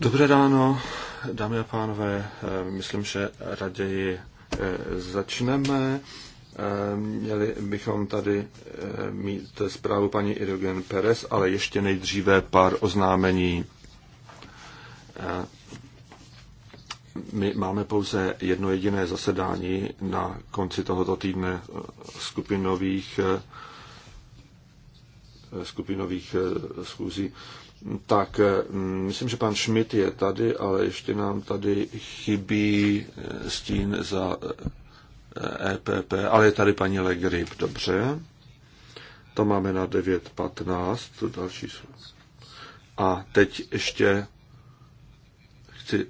Dobré ráno, dámy a pánové. Um, myslím, že raději uh, začneme. Um, měli bychom tady uh, mít zprávu paní Irogen Perez, ale ještě nejdříve pár oznámení. Uh, my máme pouze jedno jediné zasedání na konci tohoto týdne skupinových skupinových eh, schůzí, tak eh, myslím, že pan Schmidt je tady, ale ještě nám tady chybí eh, stín za EPP, e ale je tady paní Legrip, dobře. To máme na 9.15, tu další A teď ještě chci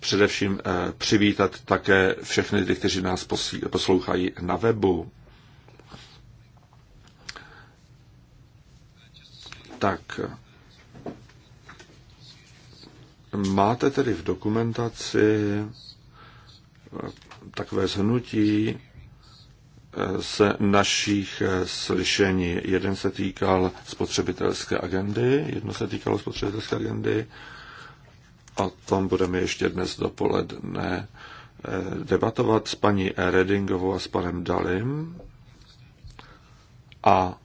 především přivítat také všechny ty, kteří nás poslouchají na webu. tak máte tedy v dokumentaci eh, takové zhnutí eh, se našich eh, slyšení. Jeden se týkal spotřebitelské agendy, jedno se týkalo spotřebitelské agendy. O tom budeme ještě dnes dopoledne debatovat s paní Redingovou a s panem Dalim. A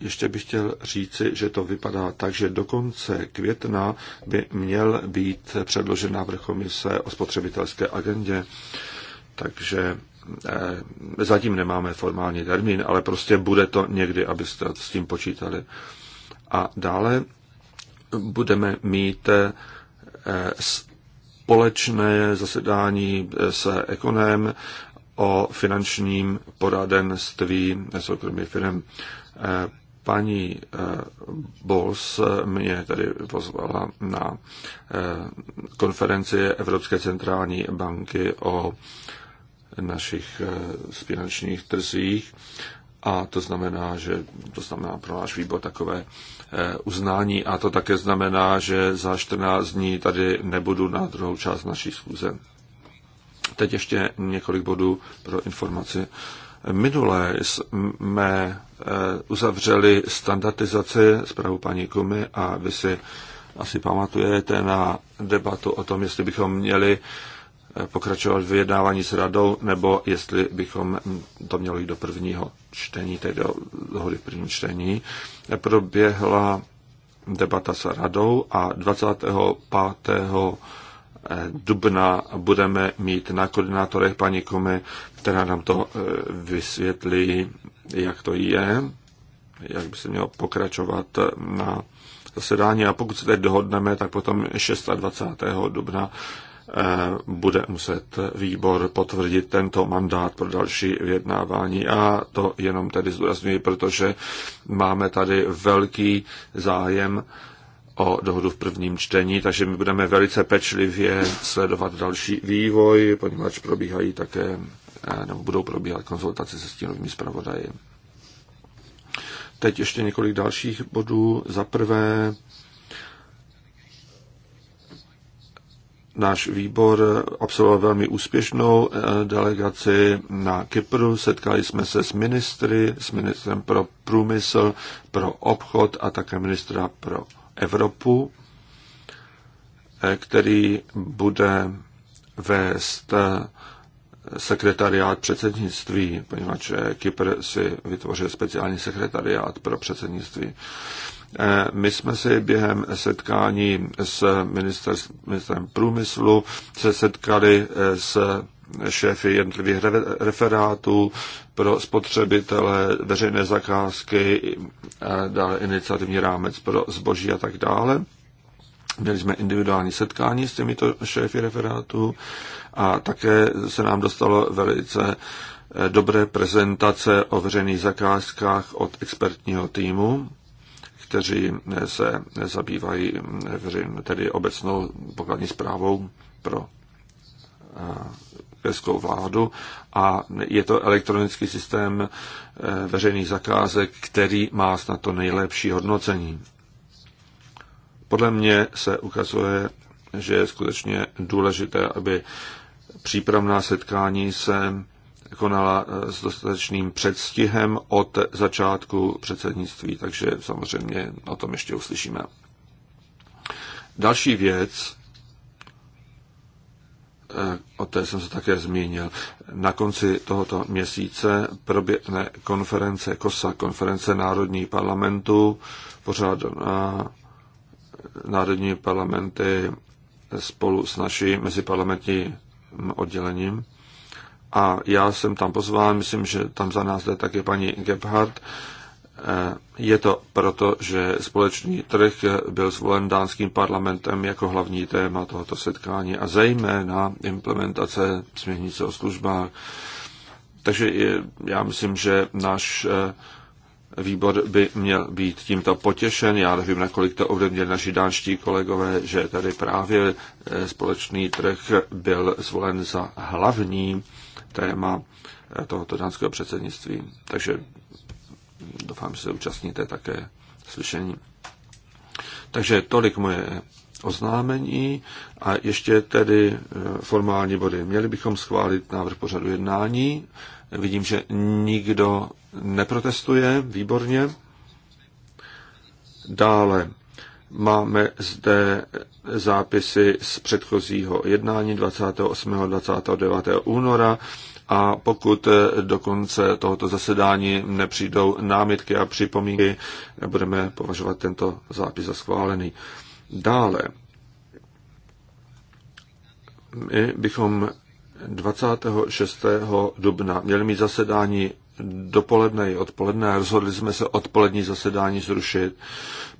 ještě bych chtěl říci, že to vypadá tak, že do konce května by měl být předložen návrh komise o spotřebitelské agendě. Takže eh, zatím nemáme formální termín, ale prostě bude to někdy, abyste s tím počítali. A dále budeme mít eh, společné zasedání s Ekonem o finančním poradenství soukromých firm. Eh, paní eh, Bols mě tady pozvala na eh, konferenci Evropské centrální banky o našich finančních eh, trzích. A to znamená, že to znamená pro náš výbor takové uznání. A to také znamená, že za 14 dní tady nebudu na druhou část naší schůze. Teď ještě několik bodů pro informaci. Minule jsme eh, uzavřeli standardizaci zprávu paní Kumy a vy si asi pamatujete na debatu o tom, jestli bychom měli eh, pokračovat v vyjednávání s radou, nebo jestli bychom hm, to měli jít do prvního čtení, tedy do dohody v prvním čtení. Proběhla debata s radou a 25 dubna budeme mít na koordinátorech paní Komy, která nám to e, vysvětlí, jak to je, jak by se mělo pokračovat na zasedání. A pokud se teď dohodneme, tak potom 26. dubna e, bude muset výbor potvrdit tento mandát pro další vyjednávání. A to jenom tedy zdůrazňuji, protože máme tady velký zájem o dohodu v prvním čtení, takže my budeme velice pečlivě sledovat další vývoj, poněvadž probíhají také, eh, nebo budou probíhat konzultace se stínovými zpravodaji. Teď ještě několik dalších bodů. Za prvé, náš výbor absolvoval velmi úspěšnou eh, delegaci na Kypru. Setkali jsme se s ministry, s ministrem pro průmysl, pro obchod a také ministra pro Evropu, eh, který bude vést eh, sekretariát předsednictví, poněvadž eh, Kypr si vytvořil speciální sekretariát pro předsednictví. My jsme si během setkání s ministerstvem ministrem průmyslu se setkali s šéfy jednotlivých referátů pro spotřebitele, veřejné zakázky, dále iniciativní rámec pro zboží a tak dále. Měli jsme individuální setkání s těmito šéfy referátů a také se nám dostalo velice e, dobré prezentace o veřejných zakázkách od expertního týmu, kteří e, se zabývají tedy obecnou pokladní zprávou pro uzbekiskou vládu a je to elektronický systém eh, veřejných zakázek, který má snad to nejlepší hodnocení. Podle mě se ukazuje, že je skutečně důležité, aby přípravná setkání se konala eh, s dostatečným předstihem od začátku předsednictví, takže samozřejmě o tom ještě uslyšíme. Další věc, o té jsem se také zmínil. Na konci tohoto měsíce proběhne konference KOSA, konference Národní parlamentu, na eh, Národní parlamenty spolu s naší meziparlamentním oddělením. A já jsem tam pozván, myslím, že tam za nás jde také paní Gebhardt, je to proto, že společný trh byl zvolen dánským parlamentem jako hlavní téma tohoto setkání a zejména implementace směrnice o službách. Takže já myslím, že náš eh, výbor by měl být tímto potěšen. Já nevím, nakolik to ovlivnili naši dánští kolegové, že tady právě eh, společný trh byl zvolen za hlavní téma eh, tohoto dánského předsednictví. Takže doufám, že se účastníte také slyšení. Takže tolik moje oznámení a ještě tedy eh, formální body. Měli bychom schválit návrh pořadu jednání. Vidím, že nikdo neprotestuje, výborně. Dále máme zde zápisy z předchozího jednání 28. a 29. února a pokud eh, do konce tohoto zasedání nepřijdou námitky a připomínky, budeme považovat tento zápis za schválený. Dále, my bychom 26. dubna měli mít zasedání dopoledne i odpoledne. Rozhodli jsme se odpolední zasedání zrušit,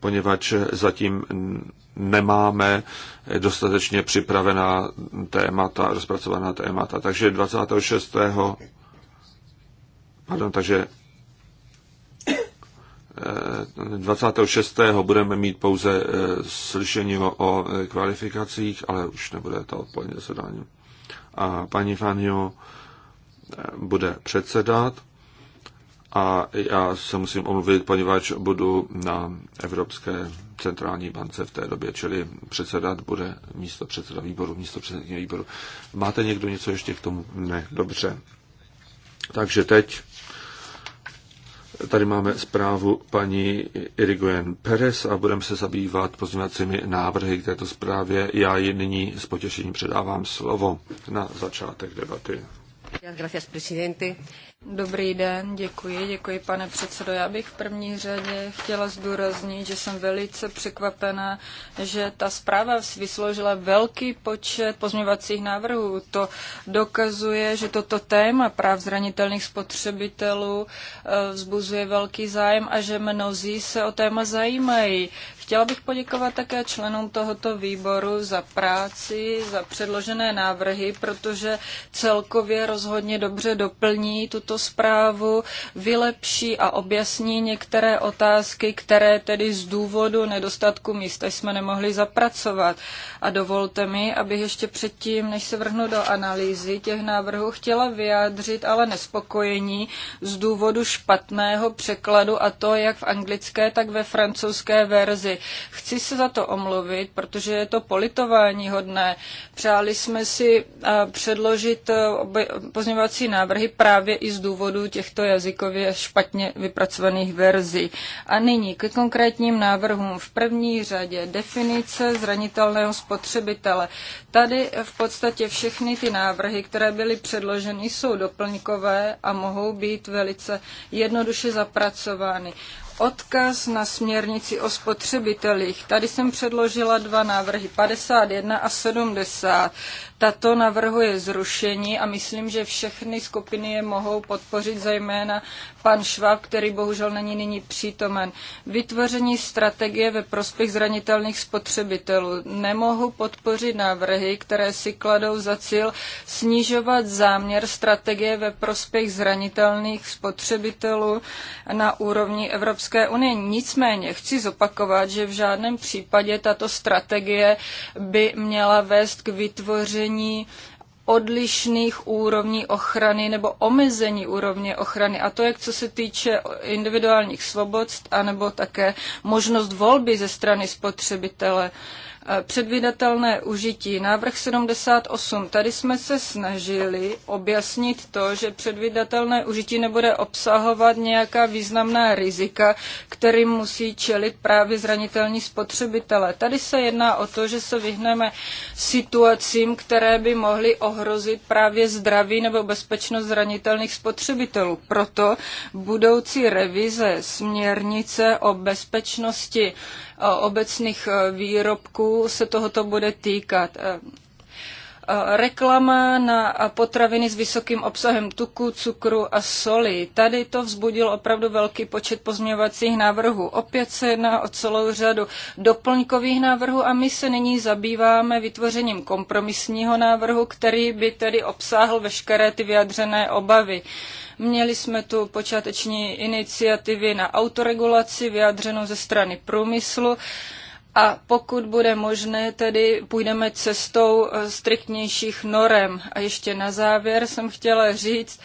poněvadž zatím nemáme dostatečně připravená témata, rozpracovaná témata. Takže 26. Pardon, takže 26. Eh, budeme mít pouze eh, slyšení o kvalifikacích, ale už nebude to odpolední zasedání. A paní Fanio eh, bude předsedat a já se musím omluvit, poněvadž budu na Evropské centrální bance v té době, čili předsedat bude místo předseda výboru, místo předsedního výboru. Máte někdo něco ještě k tomu? Ne, dobře. Takže teď tady máme zprávu paní Irigoyen Perez a budeme se zabývat pozměňovacími návrhy k této zprávě. Já ji nyní s potěšením předávám slovo na začátek debaty. Gracias, presidente. Dobrý den, děkuji, děkuji pane předsedo. Já bych v první řadě chtěla zdůraznit, že jsem velice překvapena, že ta zpráva vysložila velký počet pozměňovacích návrhů. To dokazuje, že toto téma práv zranitelných spotřebitelů eh, vzbuzuje velký zájem a že mnozí se o téma zajímají. Chtěla bych poděkovat také členům tohoto výboru za práci, za předložené návrhy, protože celkově rozhodně dobře doplní tuto zprávu, vylepší a objasní některé otázky, které tedy z důvodu nedostatku místa jsme nemohli zapracovat. A dovolte mi, abych ještě předtím, než se vrhnu do analýzy těch návrhů, chtěla vyjádřit ale nespokojení z důvodu špatného překladu a to jak v anglické, tak ve francouzské verzi. Chci se za to omluvit, protože je to politování hodné. Přáli jsme si eh, předložit eh, pozměňovací návrhy právě i z důvodu těchto jazykově špatně vypracovaných verzí. A nyní ke konkrétním návrhům. V první řadě definice zranitelného spotřebitele. Tady v podstatě všechny ty návrhy, které byly předloženy, jsou doplňkové a mohou být velice jednoduše zapracovány odkaz na směrnici o spotřebitelích. Tady jsem předložila dva návrhy, 51 a 70. Tato navrhuje zrušení a myslím, že všechny skupiny je mohou podpořit, zejména pan Šváb, který bohužel není nyní přítomen. Vytvoření strategie ve prospěch zranitelných spotřebitelů. Nemohu podpořit návrhy, které si kladou za cíl snižovat záměr strategie ve prospěch zranitelných spotřebitelů na úrovni Evropské unie. Nicméně chci zopakovat, že v žádném případě tato strategie by měla vést k vytvoření odlišných úrovní ochrany nebo omezení úrovně ochrany. A to jak co se týče individuálních svobod, anebo také možnost volby ze strany spotřebitele. Uh, Eh, předvídatelné užití. Návrh 78. Tady jsme se snažili objasnit to, že předvídatelné užití nebude obsahovat nějaká významná rizika, kterým musí čelit právě zranitelní spotřebitele. Tady se jedná o to, že se vyhneme situacím, které by mohly ohrozit právě zdraví nebo bezpečnost zranitelných spotřebitelů. Proto budoucí revize směrnice o bezpečnosti obecných e, výrobků se tohoto bude týkat. E, e, reklama na potraviny s vysokým obsahem tuku, cukru a soli. Tady to vzbudil opravdu velký počet pozměňovacích návrhů. Opět se jedná o celou řadu doplňkových návrhů a my se nyní zabýváme vytvořením kompromisního návrhu, který by tedy obsáhl veškeré ty vyjadřené obavy. Uh, Měli jsme tu počáteční iniciativy na autoregulaci vyjádřenou ze strany průmyslu. A pokud bude možné, tedy půjdeme cestou eh, striktnějších norem. A ještě na závěr jsem chtěla říct,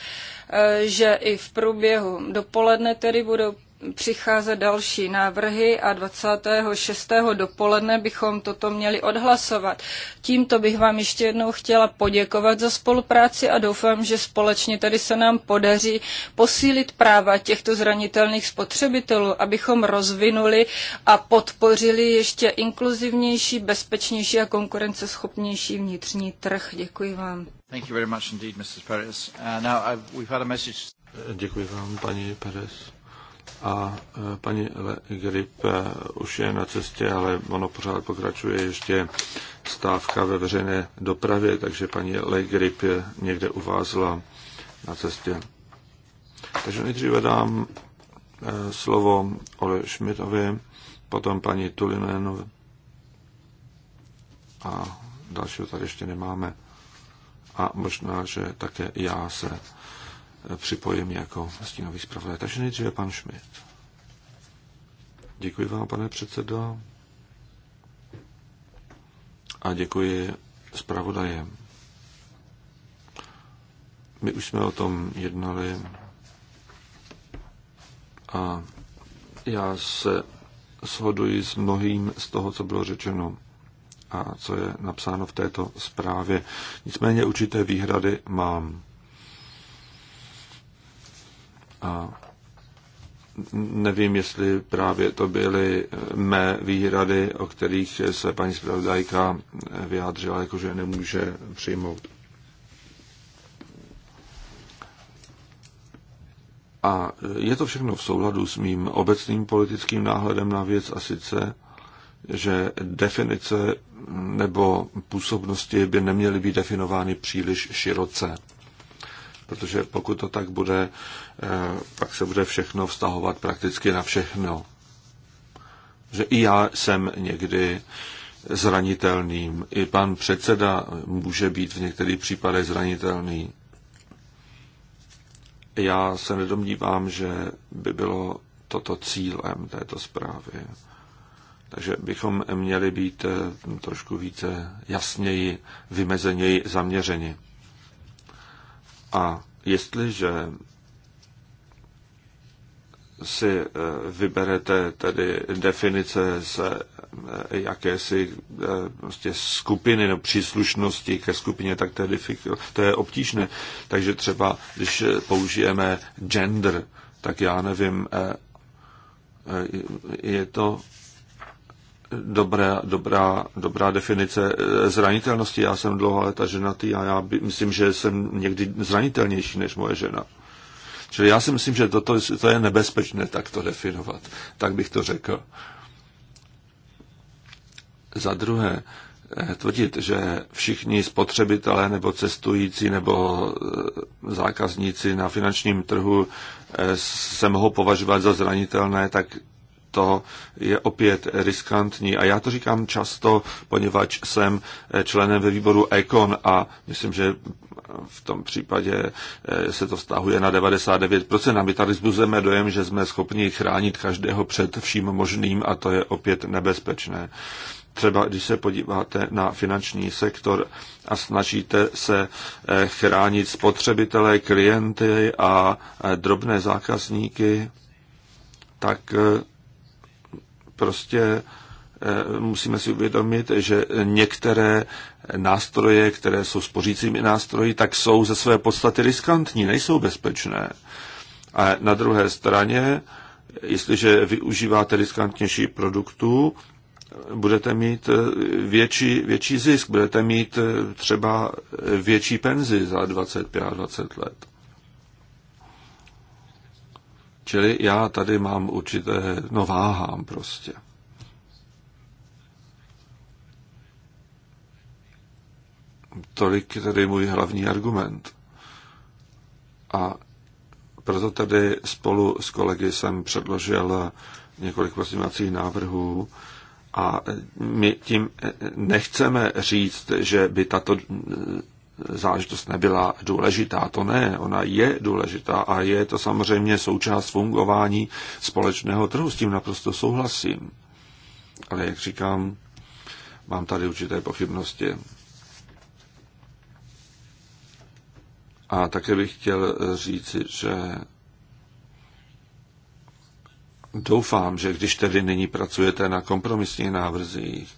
eh, že i v průběhu dopoledne tedy budou přicházet další návrhy a 26. dopoledne bychom toto měli odhlasovat. Tímto bych vám ještě jednou chtěla poděkovat za spolupráci a doufám, že společně tady se nám podaří posílit práva těchto zranitelných spotřebitelů, abychom rozvinuli a podpořili ještě inkluzivnější, bezpečnější a konkurenceschopnější vnitřní trh. Děkuji vám. Thank you very much indeed, Mrs. Perez. Uh, now I've, we've had a message. Děkuji vám, paní Perez a e, paní Le Grip e, už je na cestě, ale ono pořád pokračuje ještě stávka ve veřejné dopravě, takže paní Le Grip je někde uvázla na cestě. Takže nejdříve dám e, slovo Ole Schmidtovi, potom paní Tulinenovi a dalšího tady ještě nemáme. A možná, že také já se připojím jako stínový zpravodaj. Takže nejdříve pan Šmit. Děkuji vám, pane předsedo. A děkuji zpravodajem. My už jsme o tom jednali a já se shoduji s mnohým z toho, co bylo řečeno a co je napsáno v této zprávě. Nicméně určité výhrady mám. A nevím, jestli právě to byly eh, mé výhrady, o kterých se paní zpravodajka eh, vyjádřila, jakože nemůže přijmout. A eh, je to všechno v souladu s mým obecným politickým náhledem na věc a sice, že definice nebo působnosti by neměly být definovány příliš široce protože pokud to tak bude, eh, pak se bude všechno vztahovat prakticky na všechno. Že i já jsem někdy zranitelným, i pan předseda může být v některých případech zranitelný. Já se nedomnívám, že by bylo toto cílem této zprávy. Takže bychom měli být eh, trošku více jasněji, vymezeněji zaměřeni. A jestliže si eh, vyberete tedy definice z eh, jakési eh, prostě skupiny nebo příslušnosti ke skupině, tak to je, to je obtížné. Takže třeba, když použijeme gender, tak já nevím, je to dobrá, dobrá, dobrá definice eh, zranitelnosti. Já jsem dlouhá leta ženatý a já myslím, že jsem někdy zranitelnější než moje žena. Čili já si myslím, že toto, to je nebezpečné tak to definovat. Tak bych to řekl. Za druhé, eh, tvrdit, že všichni spotřebitelé nebo cestující nebo eh, zákazníci na finančním trhu se mohou považovat za zranitelné, tak to je opět riskantní. A já to říkám často, poněvadž jsem členem ve výboru Econ a myslím, že v tom případě eh, se to vztahuje na 99%. A my tady zbuzeme dojem, že jsme schopni chránit každého před vším možným a to je opět nebezpečné. Třeba když se podíváte na finanční sektor a snažíte se eh, chránit spotřebitele, klienty a eh, drobné zákazníky, tak Prostě eh, musíme si uvědomit, že některé nástroje, které jsou spořícími nástroji, tak jsou ze své podstaty riskantní, nejsou bezpečné. A na druhé straně, jestliže využíváte riskantnější produktů, budete mít eh, větší, větší zisk, budete mít eh, třeba větší penzi za 25-20 let. Čili já tady mám určité, no váhám prostě. Tolik tedy můj hlavní argument. A proto tady spolu s kolegy jsem předložil několik pozměňovacích návrhů a my tím nechceme říct, že by tato záležitost nebyla důležitá. To ne, ona je důležitá a je to samozřejmě součást fungování společného trhu, s tím naprosto souhlasím. Ale jak říkám, mám tady určité pochybnosti. A také bych chtěl říci, že doufám, že když tedy nyní pracujete na kompromisních návrzích,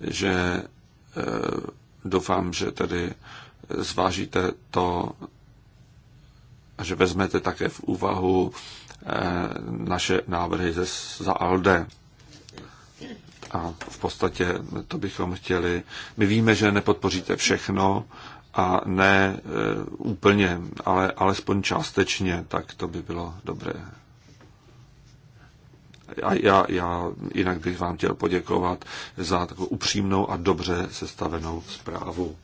že eh, doufám, že tedy zvážíte to a že vezmete také v úvahu eh, naše návrhy ze, za ALDE. A v podstatě to bychom chtěli. My víme, že nepodpoříte všechno a ne e, úplně, ale alespoň částečně, tak to by bylo dobré a já, já jinak bych vám chtěl poděkovat za takovou upřímnou a dobře sestavenou zprávu.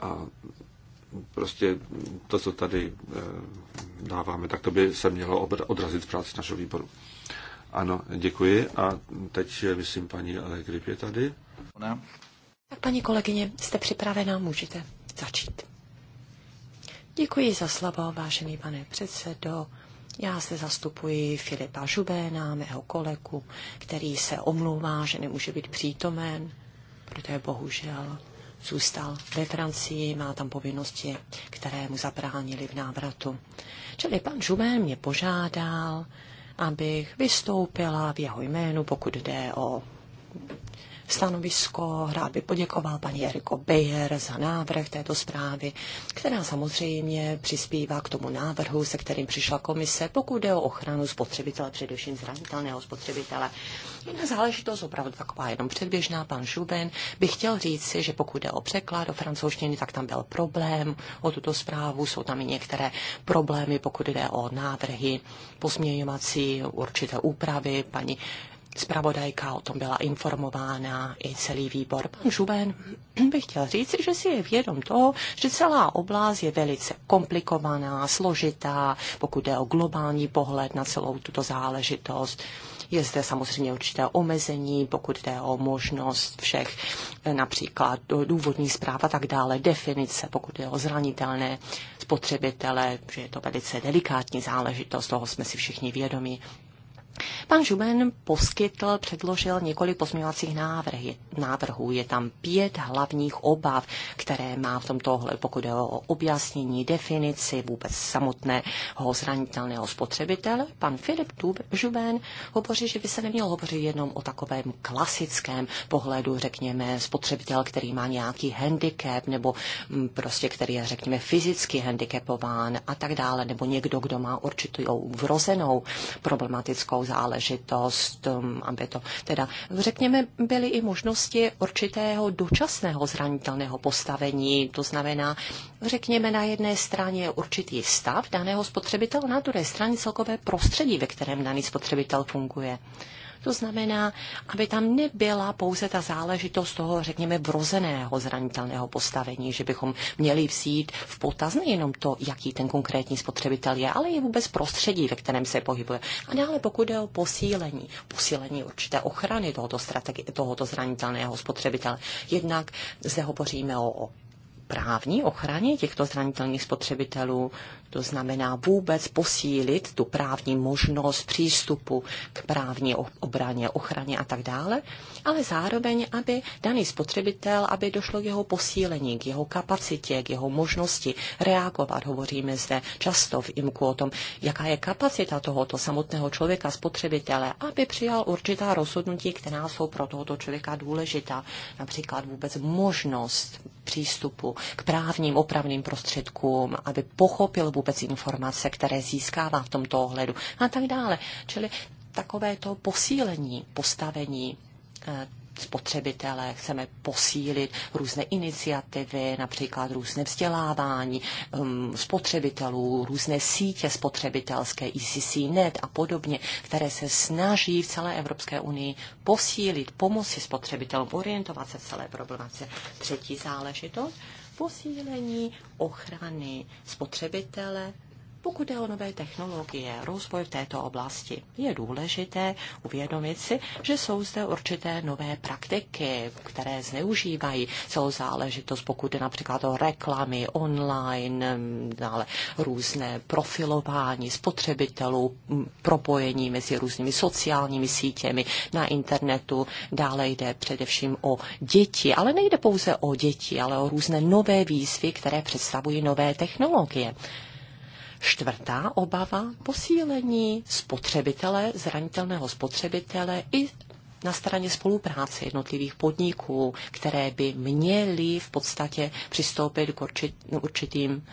A prostě to, co tady eh, dáváme, tak to by se mělo odrazit v práci našeho výboru. Ano, děkuji. A teď, myslím, paní Alegrip je tady. Ona. Tak, paní kolegyně, jste připravená, můžete začít. Děkuji za slovo, vážený pane předsedo, já se zastupuji Filipa Žubéna, mého kolegu, který se omlouvá, že nemůže být přítomen, protože bohužel zůstal ve Francii, má tam povinnosti, které mu zabránili v návratu. Čili pan Žubén mě požádal, abych vystoupila v jeho jménu, pokud jde o stanovisko. Rád by poděkoval paní Eriko Bejer za návrh této zprávy, která samozřejmě přispívá k tomu návrhu, se kterým přišla komise, pokud jde o ochranu spotřebitele, především zranitelného spotřebitele. Jedna záležitost opravdu taková jenom předběžná. Pan Žuben bych chtěl říci, že pokud jde o překlad do francouzštiny, tak tam byl problém o tuto zprávu. Jsou tam i některé problémy, pokud jde o návrhy pozměňovací, určité úpravy. Paní Spravodajka o tom byla informována i celý výbor. Pan Žuben bych chtěl říct, že si je vědom toho, že celá oblast je velice komplikovaná, složitá, pokud jde o globální pohled na celou tuto záležitost. Je zde samozřejmě určité omezení, pokud jde o možnost všech eh, například důvodní zpráv a tak dále, definice, pokud jde o zranitelné spotřebitele, že je to velice delikátní záležitost, toho jsme si všichni vědomi. Pan Žuben poskytl, předložil několik pozměňovacích návrhů. Je tam pět hlavních obav, které má v tomto ohledu, pokud je o objasnění, definici vůbec samotného zranitelného spotřebitele. Pan Filip Tub, Žuben hovoří, že by se neměl hovořit jenom o takovém klasickém pohledu, řekněme, spotřebitel, který má nějaký handicap nebo mm, prostě, který je, řekněme, fyzicky handicapován a tak dále, nebo někdo, kdo má určitou vrozenou problematickou záležitost, um, aby to teda, řekněme, byly i možnosti určitého dočasného zranitelného postavení, to znamená, řekněme, na jedné straně určitý stav daného spotřebitele, na druhé straně celkové prostředí, ve kterém daný spotřebitel funguje. To znamená, aby tam nebyla pouze ta záležitost toho, řekněme, vrozeného zranitelného postavení, že bychom měli vzít v potaz nejenom to, jaký ten konkrétní spotřebitel je, ale i vůbec prostředí, ve kterém se pohybuje. A dále, pokud jde o posílení, posílení určité ochrany tohoto, strategi- tohoto zranitelného spotřebitele. Jednak zde hovoříme o, o právní ochraně těchto zranitelných spotřebitelů, to znamená vůbec posílit tu právní možnost přístupu k právní obraně, ochraně a tak dále, ale zároveň, aby daný spotřebitel, aby došlo k jeho posílení, k jeho kapacitě, k jeho možnosti reagovat. Hovoříme zde často v IMKU o tom, jaká je kapacita tohoto samotného člověka, spotřebitele, aby přijal určitá rozhodnutí, která jsou pro tohoto člověka důležitá. Například vůbec možnost přístupu k právním opravným prostředkům, aby pochopil vůbec informace, které získává v tomto ohledu a tak dále. Čili takové to posílení postavení eh, spotřebitele, chceme posílit různé iniciativy, například různé vzdělávání um, spotřebitelů, různé sítě spotřebitelské, e net a podobně, které se snaží v celé Evropské unii posílit, pomoci spotřebitelům orientovat se v celé problematice. Třetí záležitost posílení ochrany spotřebitele pokud je o nové technologie, rozvoj v této oblasti, je důležité uvědomit si, že jsou zde určité nové praktiky, které zneužívají celou záležitost, pokud je například o reklamy online, dále různé profilování spotřebitelů, propojení mezi různými sociálními sítěmi na internetu. Dále jde především o děti, ale nejde pouze o děti, ale o různé nové výzvy, které představují nové technologie. Čtvrtá obava posílení spotřebitele, zranitelného spotřebitele i na straně spolupráce jednotlivých podniků, které by měly v podstatě přistoupit k určitým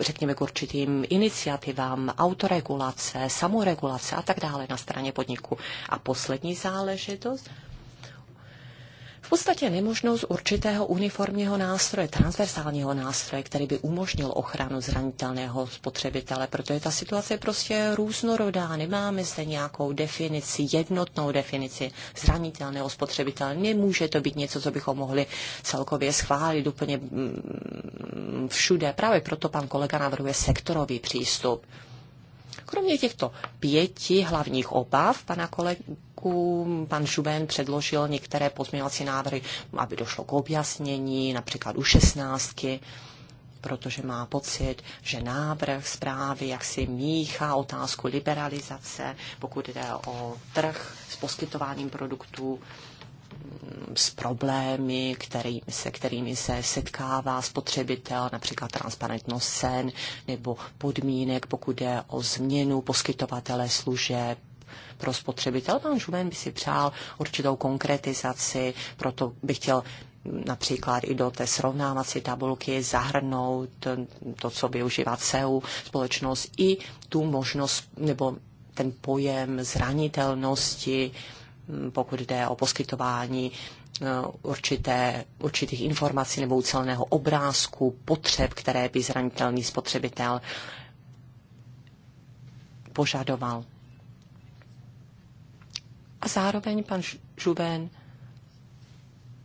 řekněme, k určitým iniciativám autoregulace, samoregulace a tak dále na straně podniku. A poslední záležitost, v podstatě nemožnost určitého uniformního nástroje, transversálního nástroje, který by umožnil ochranu zranitelného spotřebitele, protože ta situace je prostě různorodá. Nemáme zde nějakou definici, jednotnou definici zranitelného spotřebitele. Nemůže to být něco, co bychom mohli celkově schválit úplně mm, všude. Právě proto pan kolega navrhuje sektorový přístup. Kromě těchto pěti hlavních obav pana kolegy roku Pan Šuben předložil některé pozměňovací návrhy, aby došlo k objasnění, například u šestnáctky protože má pocit, že návrh zprávy jak si míchá otázku liberalizace, pokud jde o trh s poskytováním produktů, mm, s problémy, který, se kterými se setkává spotřebitel, například transparentnost cen nebo podmínek, pokud jde o změnu poskytovatele služeb, pro spotřebitel. Pan Žuven by si přál určitou konkretizaci, proto bych chtěl například i do té srovnávací tabulky zahrnout to, co využívá CEU společnost, i tu možnost nebo ten pojem zranitelnosti, hm, pokud jde o poskytování eh, určité, určitých informací nebo celného obrázku, potřeb, které by zranitelný spotřebitel požadoval. A zároveň pan Žuven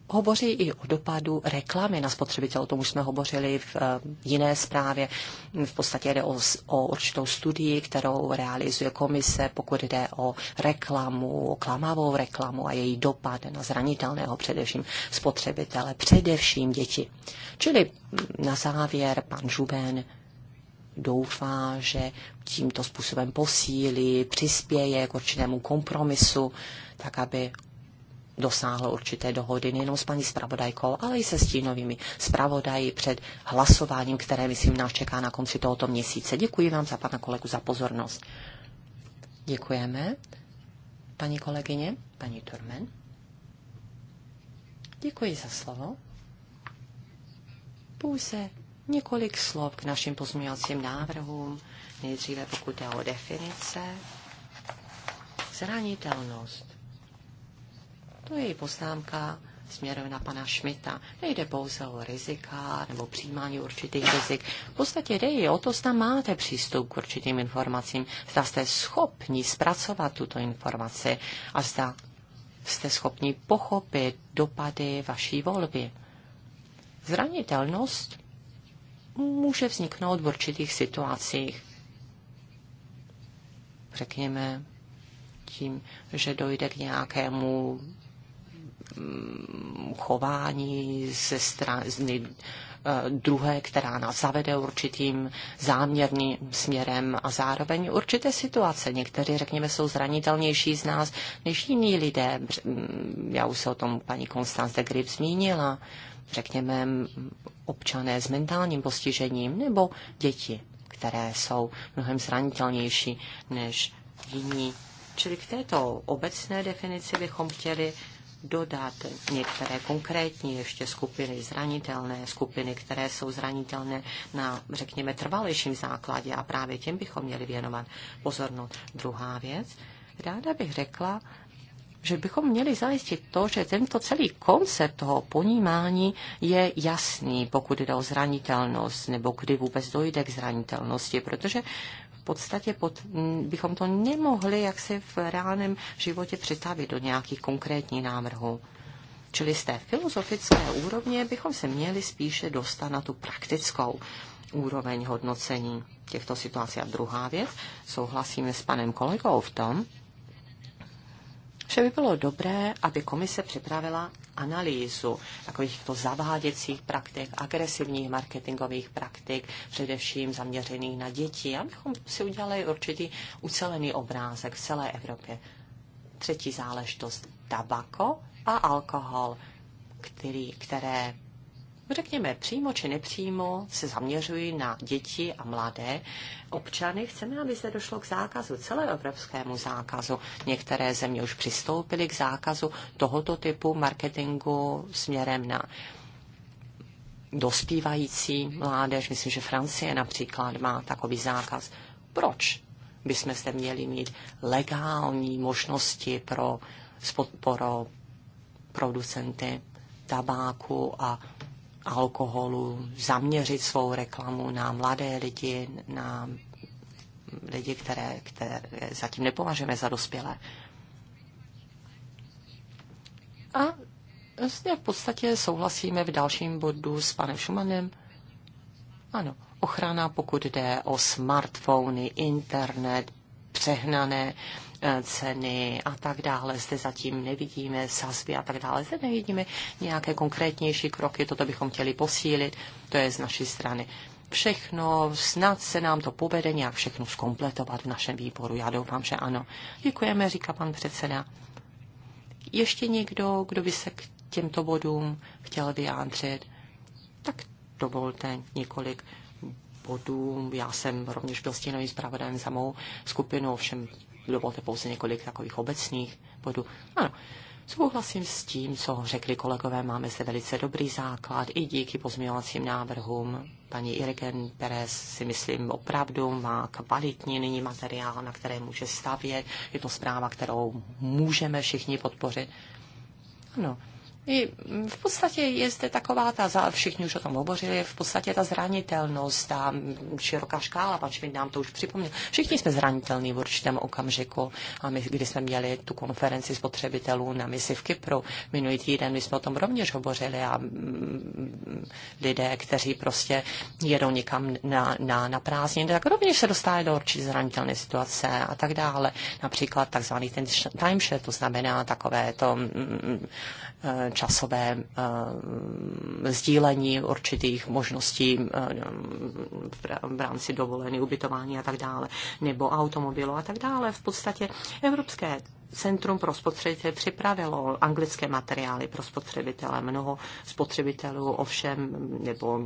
hovoří i o dopadu reklamy na spotřebitel. O tom už jsme hovořili v eh, jiné zprávě. V podstatě jde o, o určitou studii, kterou realizuje komise, pokud jde o reklamu, o klamavou reklamu a její dopad na zranitelného především spotřebitele, především děti. Čili mm, na závěr pan Žuben doufá, že tímto způsobem posílí, přispěje k určitému kompromisu, tak aby dosáhl určité dohody nejenom s paní spravodajkou, ale i se stínovými spravodají před hlasováním, které, myslím, nás čeká na konci tohoto měsíce. Děkuji vám za pana kolegu za pozornost. Děkujeme. Paní kolegyně, paní Turmen. Děkuji za slovo. Pouze Několik slov k našim pozměňovacím návrhům. Nejdříve pokud je o definice. Zranitelnost. To je její poznámka směrem na pana Šmita. Nejde pouze o rizika nebo přijímání určitých rizik. V podstatě jde i o to, zda máte přístup k určitým informacím, zda jste schopni zpracovat tuto informaci a zda jste schopni pochopit dopady vaší volby. Zranitelnost může vzniknout v určitých situacích. Řekněme tím, že dojde k nějakému mm, chování ze strany eh, druhé, která nás zavede určitým záměrným směrem a zároveň určité situace. Někteří, řekněme, jsou zranitelnější z nás než jiní lidé. Mm, já už se o tom paní Konstance Grip zmínila řekněme, občané s mentálním postižením nebo děti, které jsou mnohem zranitelnější než jiní. Čili k této obecné definici bychom chtěli dodat některé konkrétní ještě skupiny zranitelné, skupiny, které jsou zranitelné na, řekněme, trvalejším základě a právě těm bychom měli věnovat pozornost. Druhá věc, ráda bych řekla, že bychom měli zajistit to, že tento celý koncept toho ponímání je jasný, pokud jde o zranitelnost nebo kdy vůbec dojde k zranitelnosti, protože v podstatě pod, bychom to nemohli jak se v reálném životě přitavit do nějakých konkrétních návrhů. Čili z té filozofické úrovně bychom se měli spíše dostat na tu praktickou úroveň hodnocení těchto situací. A druhá věc, souhlasíme s panem kolegou v tom, že by bylo dobré, aby komise připravila analýzu takovýchto zaváděcích praktik, agresivních marketingových praktik, především zaměřených na děti, abychom si udělali určitý ucelený obrázek v celé Evropě. Třetí záležitost tabako a alkohol, který, které řekněme, přímo či nepřímo se zaměřují na děti a mladé občany. Chceme, aby se došlo k zákazu, celoevropskému zákazu. Některé země už přistoupily k zákazu tohoto typu marketingu směrem na dospívající mládež. Myslím, že Francie například má takový zákaz. Proč bychom se měli mít legální možnosti pro, pro producenty tabáku a alkoholu, zaměřit svou reklamu na mladé lidi, na lidi, které, které zatím nepovažujeme za dospělé. A vlastně v podstatě souhlasíme v dalším bodu s panem Šumanem. Ano, ochrana, pokud jde o smartfony, internet, přehnané ceny a tak dále. Zde zatím nevidíme sazby a tak dále. Zde nevidíme nějaké konkrétnější kroky. Toto bychom chtěli posílit. To je z naší strany všechno, snad se nám to povede nějak všechno zkompletovat v našem výboru. Já doufám, že ano. Děkujeme, říká pan předseda. Ještě někdo, kdo by se k těmto bodům chtěl vyjádřit, tak dovolte několik bodů. Já jsem rovněž byl stínovým zpravodajem za mou skupinu, ovšem dovolte pouze několik takových obecných bodů. Ano, souhlasím s tím, co řekli kolegové, máme zde velice dobrý základ i díky pozměňovacím návrhům. Paní Irgen Perez si myslím opravdu má kvalitní nyní materiál, na které může stavět. Je to zpráva, kterou můžeme všichni podpořit. Ano, i v podstatě je zde taková ta, všichni už o tom hovořili, v podstatě ta zranitelnost, ta široká škála, pan mi nám to už připomněl. Všichni jsme zranitelní v určitém okamžiku. A my, když jsme měli tu konferenci spotřebitelů na misi v Kypru minulý týden, my jsme o tom rovněž hovořili a mm, lidé, kteří prostě jedou někam na, na, na prázdniny, tak rovněž se dostávají do určitě zranitelné situace a tak dále. Například takzvaný ten timeshare, to znamená takové to mm, časové eh, sdílení určitých možností eh, v rámci dovolení, ubytování a tak dále, nebo automobilu a tak dále. V podstatě evropské Centrum pro spotřebitele připravilo anglické materiály pro spotřebitele. Mnoho spotřebitelů ovšem, nebo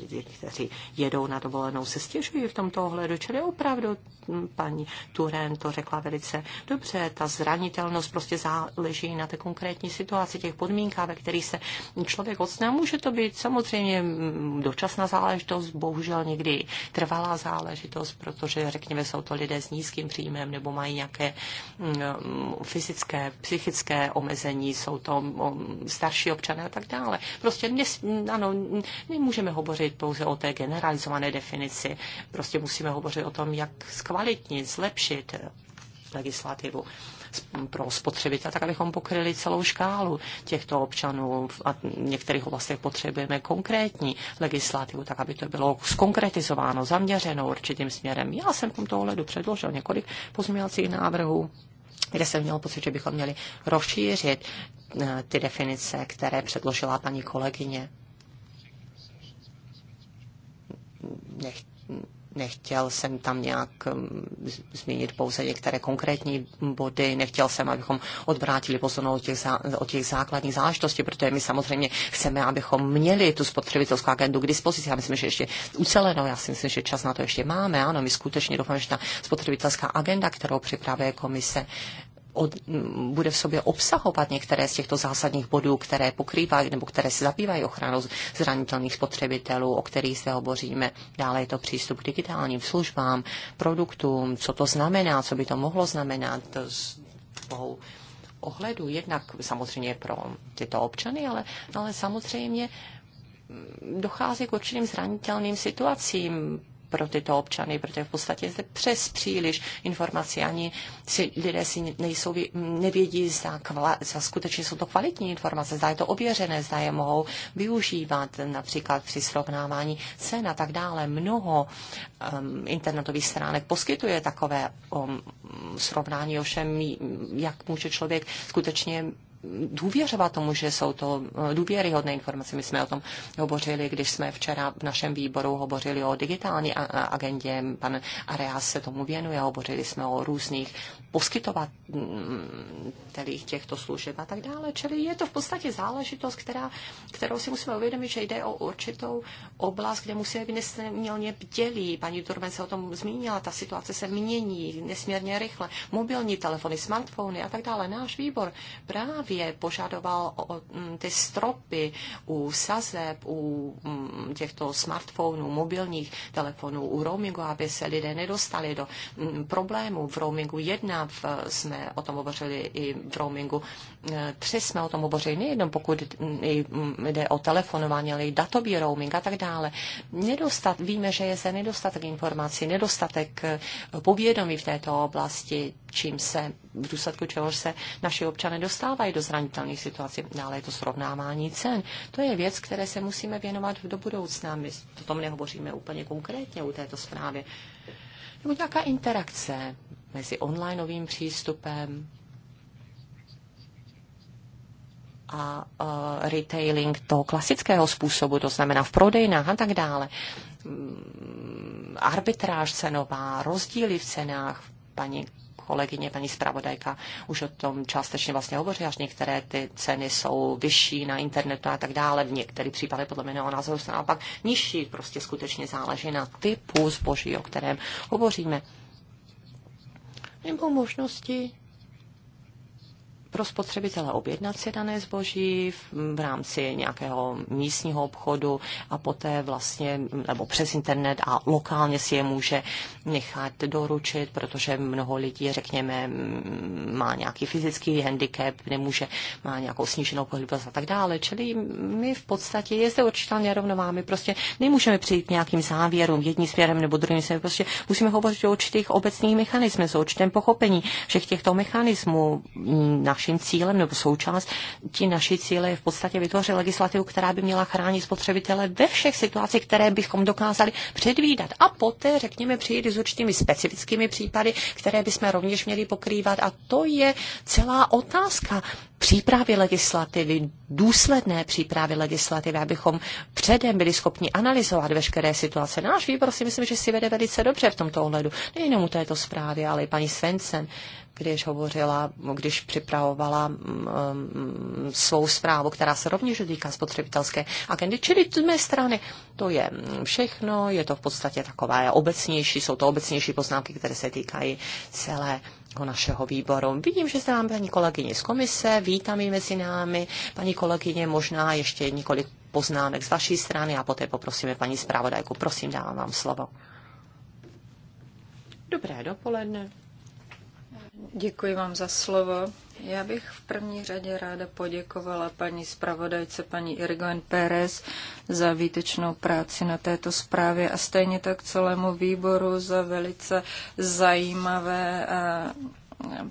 lidi, kteří jedou na dovolenou, se stěžují v tomto ohledu. Čili opravdu hm, paní Turen to řekla velice dobře. Ta zranitelnost prostě záleží na té konkrétní situaci, těch podmínkách, ve kterých se člověk ocná. Může to být samozřejmě hm, dočasná záležitost, bohužel někdy trvalá záležitost, protože řekněme, jsou to lidé s nízkým příjmem nebo mají nějaké hm, fyzické, psychické omezení, jsou to starší občané a tak dále. Prostě nes, ano, nemůžeme hovořit pouze o té generalizované definici. Prostě musíme hovořit o tom, jak zkvalitnit, zlepšit legislativu pro spotřebitele, tak abychom pokryli celou škálu těchto občanů a v některých oblastech potřebujeme konkrétní legislativu, tak aby to bylo skonkretizováno, zaměřeno určitým směrem. Já jsem v tomto ohledu předložil několik pozměňovacích návrhů kde jsem měl pocit, že bychom měli rozšířit eh, ty definice, které předložila paní kolegyně. Nech, Nechtěl jsem tam nějak mm, zmínit pouze některé konkrétní body, nechtěl jsem, abychom odvrátili pozornost od těch, od těch základních záležitostí, protože my samozřejmě chceme, abychom měli tu spotřebitelskou agendu k dispozici. Já myslím, že ještě ucelenou, já si myslím, že čas na to ještě máme. Ano, my skutečně doufám, že ta spotřebitelská agenda, kterou připravuje komise, od, bude v sobě obsahovat některé z těchto zásadních bodů, které pokrývají nebo které se zabývají ochranou zranitelných spotřebitelů, o kterých se hovoříme. Dále je to přístup k digitálním službám, produktům, co to znamená, co by to mohlo znamenat z toho ohledu, jednak samozřejmě pro tyto občany, ale, ale samozřejmě dochází k určitým zranitelným situacím pro tyto občany, protože v podstatě je přes příliš informací, ani si lidé si nejsou, nevědí, zda, kvala, zda skutečně jsou to kvalitní informace, zda je to ověřené, zda je mohou využívat například při srovnávání cen a tak dále. Mnoho um, internetových stránek poskytuje takové um, srovnání, ovšem jak může člověk skutečně důvěřovat tomu, že jsou to eh, důvěryhodné informace. My jsme o tom hovořili, když jsme včera v našem výboru hovořili o digitální agendě. Pan Areas se tomu věnuje, hovořili jsme o různých poskytovatelích mm, těchto služeb a tak dále. Čili je to v podstatě záležitost, která, kterou si musíme uvědomit, že jde o určitou oblast, kde musíme být nesmírně bdělí. Paní Turben se o tom zmínila, ta situace se mění nesmírně rychle. Mobilní telefony, smartfony a tak dále. Náš výbor právě právě požadoval mm, ty stropy u sazeb, u mm, těchto smartphonů, mobilních telefonů, u roamingu, aby se lidé nedostali do mm, problému V roamingu 1 v, jsme o tom hovořili i v roamingu 3 eh, jsme o tom hovořili nejenom pokud jde o telefonování, ale i datový roaming a tak dále. Nedostat, víme, že je zde nedostatek informací, nedostatek eh, povědomí v této oblasti čím se, v důsledku čehož se naši občané dostávají do zranitelných situací. ale je to srovnávání cen. To je věc, které se musíme věnovat do budoucna. My o tom nehovoříme úplně konkrétně u této zprávy. Nebo nějaká interakce mezi onlineovým přístupem a uh, retailing toho klasického způsobu, to znamená v prodejnách a tak dále. Um, arbitráž cenová, rozdíly v cenách, paní kolegyně, paní zpravodajka už o tom částečně vlastně hovoří, až některé ty ceny jsou vyšší na internetu a tak dále. V některých případech podle mě o názoru se naopak nižší. Prostě skutečně záleží na typu zboží, o kterém hovoříme. Nebo možnosti pro spotřebitele objednat si dané zboží v, v rámci nějakého místního obchodu a poté vlastně, nebo přes internet a lokálně si je může nechat doručit, protože mnoho lidí, řekněme, má nějaký fyzický handicap, nemůže, má nějakou sníženou pohyblivost a tak dále. Čili my v podstatě je zde určitá nerovnová. My prostě nemůžeme přijít k nějakým závěrům jedním směrem nebo druhým směrem. Prostě musíme hovořit o určitých obecných mechanismech, o určitém pochopení všech těchto mechanismů na naším cílem nebo součástí naší cíle je v podstatě vytvořit legislativu, která by měla chránit spotřebitele ve všech situacích, které bychom dokázali předvídat. A poté, řekněme, přijít s určitými specifickými případy, které bychom rovněž měli pokrývat. A to je celá otázka přípravy legislativy, důsledné přípravy legislativy, abychom předem byli schopni analyzovat veškeré situace. Náš výbor si myslím, že si vede velice dobře v tomto ohledu. Nejenom u této zprávy, ale i paní Svensen když hovořila, když připravovala um, svou zprávu, která se rovněž týká spotřebitelské agendy. Čili z mé strany to je všechno, je to v podstatě takové obecnější, jsou to obecnější poznámky, které se týkají celé našeho výboru. Vidím, že se nám paní kolegyně z komise, vítám ji mezi námi. Paní kolegyně, možná ještě několik poznámek z vaší strany a poté poprosíme paní zpravodajku. Prosím, dávám vám slovo. Dobré dopoledne. Děkuji vám za slovo. Já bych v první řadě ráda poděkovala paní zpravodajce, paní Irgoen Pérez, za výtečnou práci na této zprávě a stejně tak celému výboru za velice zajímavé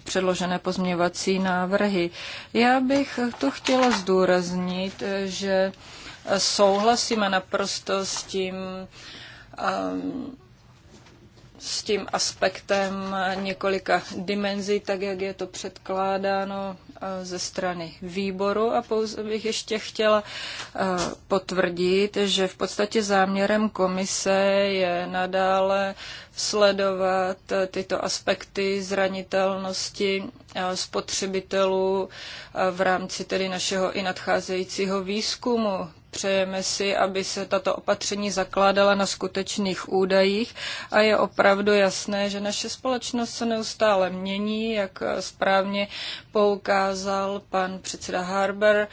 předložené pozměvací návrhy. Já bych to chtěla zdůraznit, že souhlasíme naprosto s tím, um, s tím aspektem několika dimenzí, tak jak je to předkládáno eh, ze strany výboru. A pouze bych ještě chtěla eh, potvrdit, že v podstatě záměrem komise je nadále sledovat eh, tyto aspekty zranitelnosti spotřebitelů v rámci tedy našeho i nadcházejícího výzkumu. Přejeme si, aby se tato opatření zakládala na skutečných údajích a je opravdu jasné, že naše společnost se neustále mění, jak správně poukázal pan předseda Harber.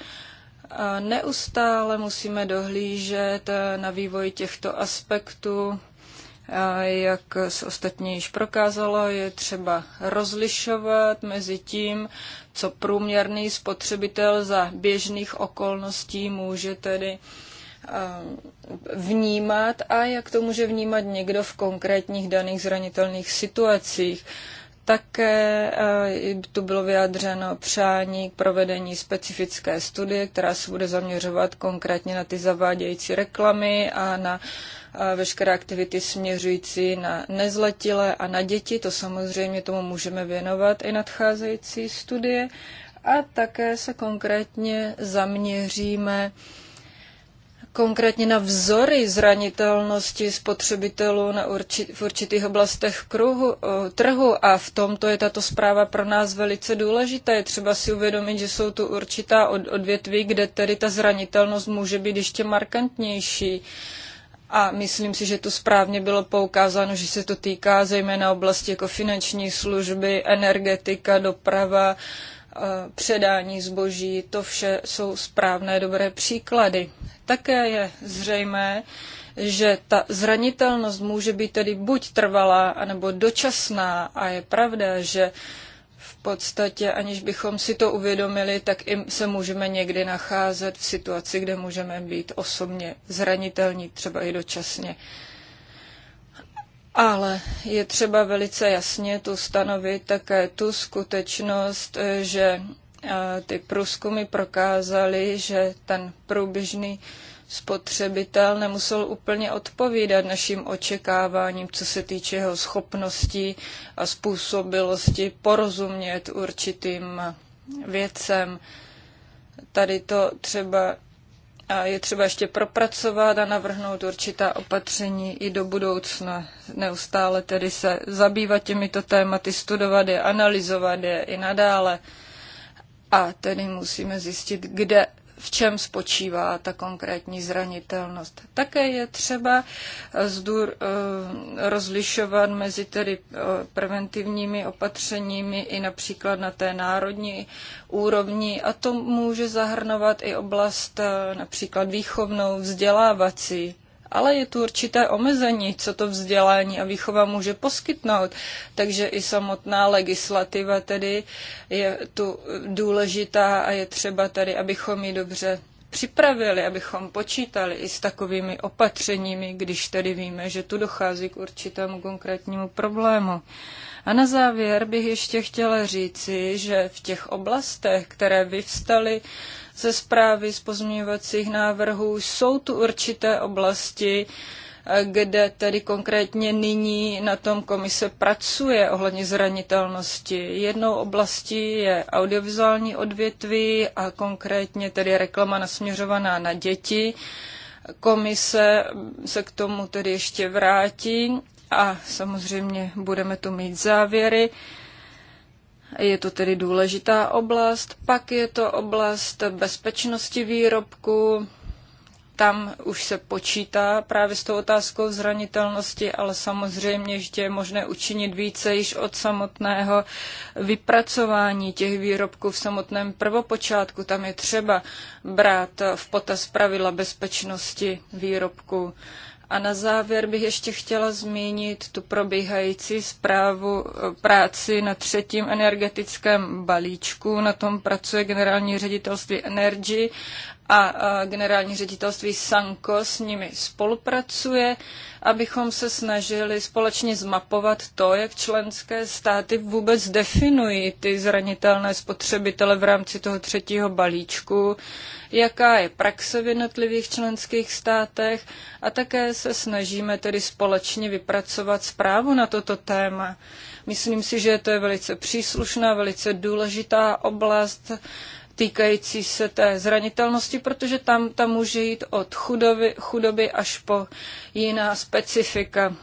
Neustále musíme dohlížet na vývoj těchto aspektů. Jak se ostatně již prokázalo, je třeba rozlišovat mezi tím, co průměrný spotřebitel za běžných okolností může tedy eh, vnímat a jak to může vnímat někdo v konkrétních daných zranitelných situacích. Také eh, tu bylo vyjádřeno přání k provedení specifické studie, která se bude zaměřovat konkrétně na ty zavádějící reklamy a na eh, veškeré aktivity směřující na nezletilé a na děti. To samozřejmě tomu můžeme věnovat i nadcházející studie. A také se konkrétně zaměříme konkrétně na vzory zranitelnosti spotřebitelů na urči, v určitých oblastech kruhu, trhu a v tomto je tato zpráva pro nás velice důležitá. Je třeba si uvědomit, že jsou tu určitá od, odvětví, kde tedy ta zranitelnost může být ještě markantnější. A myslím si, že tu správně bylo poukázáno, že se to týká zejména oblasti jako finanční služby, energetika, doprava, uh, předání zboží, to vše jsou správné dobré příklady. Také je zřejmé, že ta zranitelnost může být tedy buď trvalá, anebo dočasná a je pravda, že v podstatě, aniž bychom si to uvědomili, tak i se můžeme někdy nacházet v situaci, kde můžeme být osobně zranitelní, třeba i dočasně. Uh, ale je třeba velice jasně tu stanovit také tu skutečnost, že e, ty průzkumy prokázaly, že ten průběžný spotřebitel nemusel úplně odpovídat našim očekáváním, co se týče jeho schopností a způsobilosti porozumět určitým věcem. Tady to třeba je třeba ještě propracovat a navrhnout určitá opatření i do budoucna. Neustále tedy se zabývat těmito tématy, studovat je, analyzovat je i nadále. A tedy musíme zjistit, kde v čem spočívá ta konkrétní zranitelnost. Také je třeba eh, zdůr, eh, rozlišovat mezi tedy eh, preventivními opatřeními i například na té národní úrovni a to může zahrnovat i oblast například výchovnou, vzdělávací ale je tu určité omezení, co to vzdělání a výchova může poskytnout. Takže i samotná legislativa tedy je tu důležitá a je třeba tady, abychom ji dobře připravili, abychom počítali i s takovými opatřeními, když tedy víme, že tu dochází k určitému konkrétnímu problému. A na závěr bych ještě chtěla říci, že v těch oblastech, které vyvstaly ze zprávy z pozměňovacích návrhů. Jsou tu určité oblasti, eh, kde tedy konkrétně nyní na tom komise pracuje ohledně zranitelnosti. Jednou oblastí je audiovizuální odvětví a konkrétně tedy reklama nasměřovaná na děti. Komise se k tomu tedy ještě vrátí a samozřejmě budeme tu mít závěry. Je to tedy důležitá oblast. Pak je to oblast bezpečnosti výrobku. Tam už se počítá právě s tou otázkou zranitelnosti, ale samozřejmě ještě je možné učinit více již od samotného vypracování těch výrobků v samotném prvopočátku. Tam je třeba brát v potaz pravidla bezpečnosti výrobku. A na závěr bych ještě chtěla zmínit tu probíhající zprávu eh, práci na třetím energetickém balíčku. Na tom pracuje generální ředitelství Energy a generální ředitelství Sanko s nimi spolupracuje, abychom se snažili společně zmapovat to, jak členské státy vůbec definují ty zranitelné spotřebitele v rámci toho třetího balíčku, jaká je praxe v jednotlivých členských státech a také se snažíme tedy společně vypracovat zprávu na toto téma. Myslím si, že to je velice příslušná, velice důležitá oblast, týkající se té zranitelnosti, protože tam, tam může jít od chudoby, chudoby až po jiná specifika.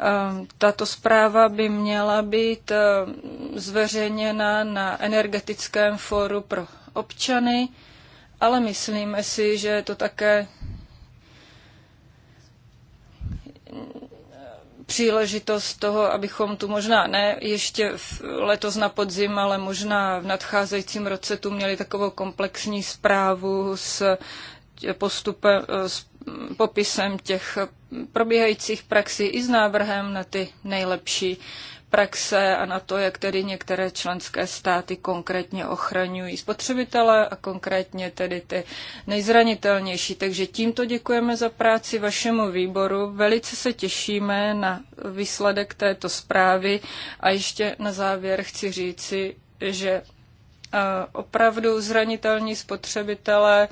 Ehm, tato zpráva by měla být ehm, zveřejněna na energetickém fóru pro občany, ale myslíme si, že je to také příležitost toho, abychom tu možná ne ještě letos na podzim, ale možná v nadcházejícím roce tu měli takovou komplexní zprávu s postupem, s popisem těch probíhajících praxí i s návrhem na ty nejlepší praxe a na to, jak tedy některé členské státy konkrétně ochraňují spotřebitele a konkrétně tedy ty nejzranitelnější. Takže tímto děkujeme za práci vašemu výboru. Velice se těšíme na výsledek této zprávy a ještě na závěr chci říci, že eh, opravdu zranitelní spotřebitelé.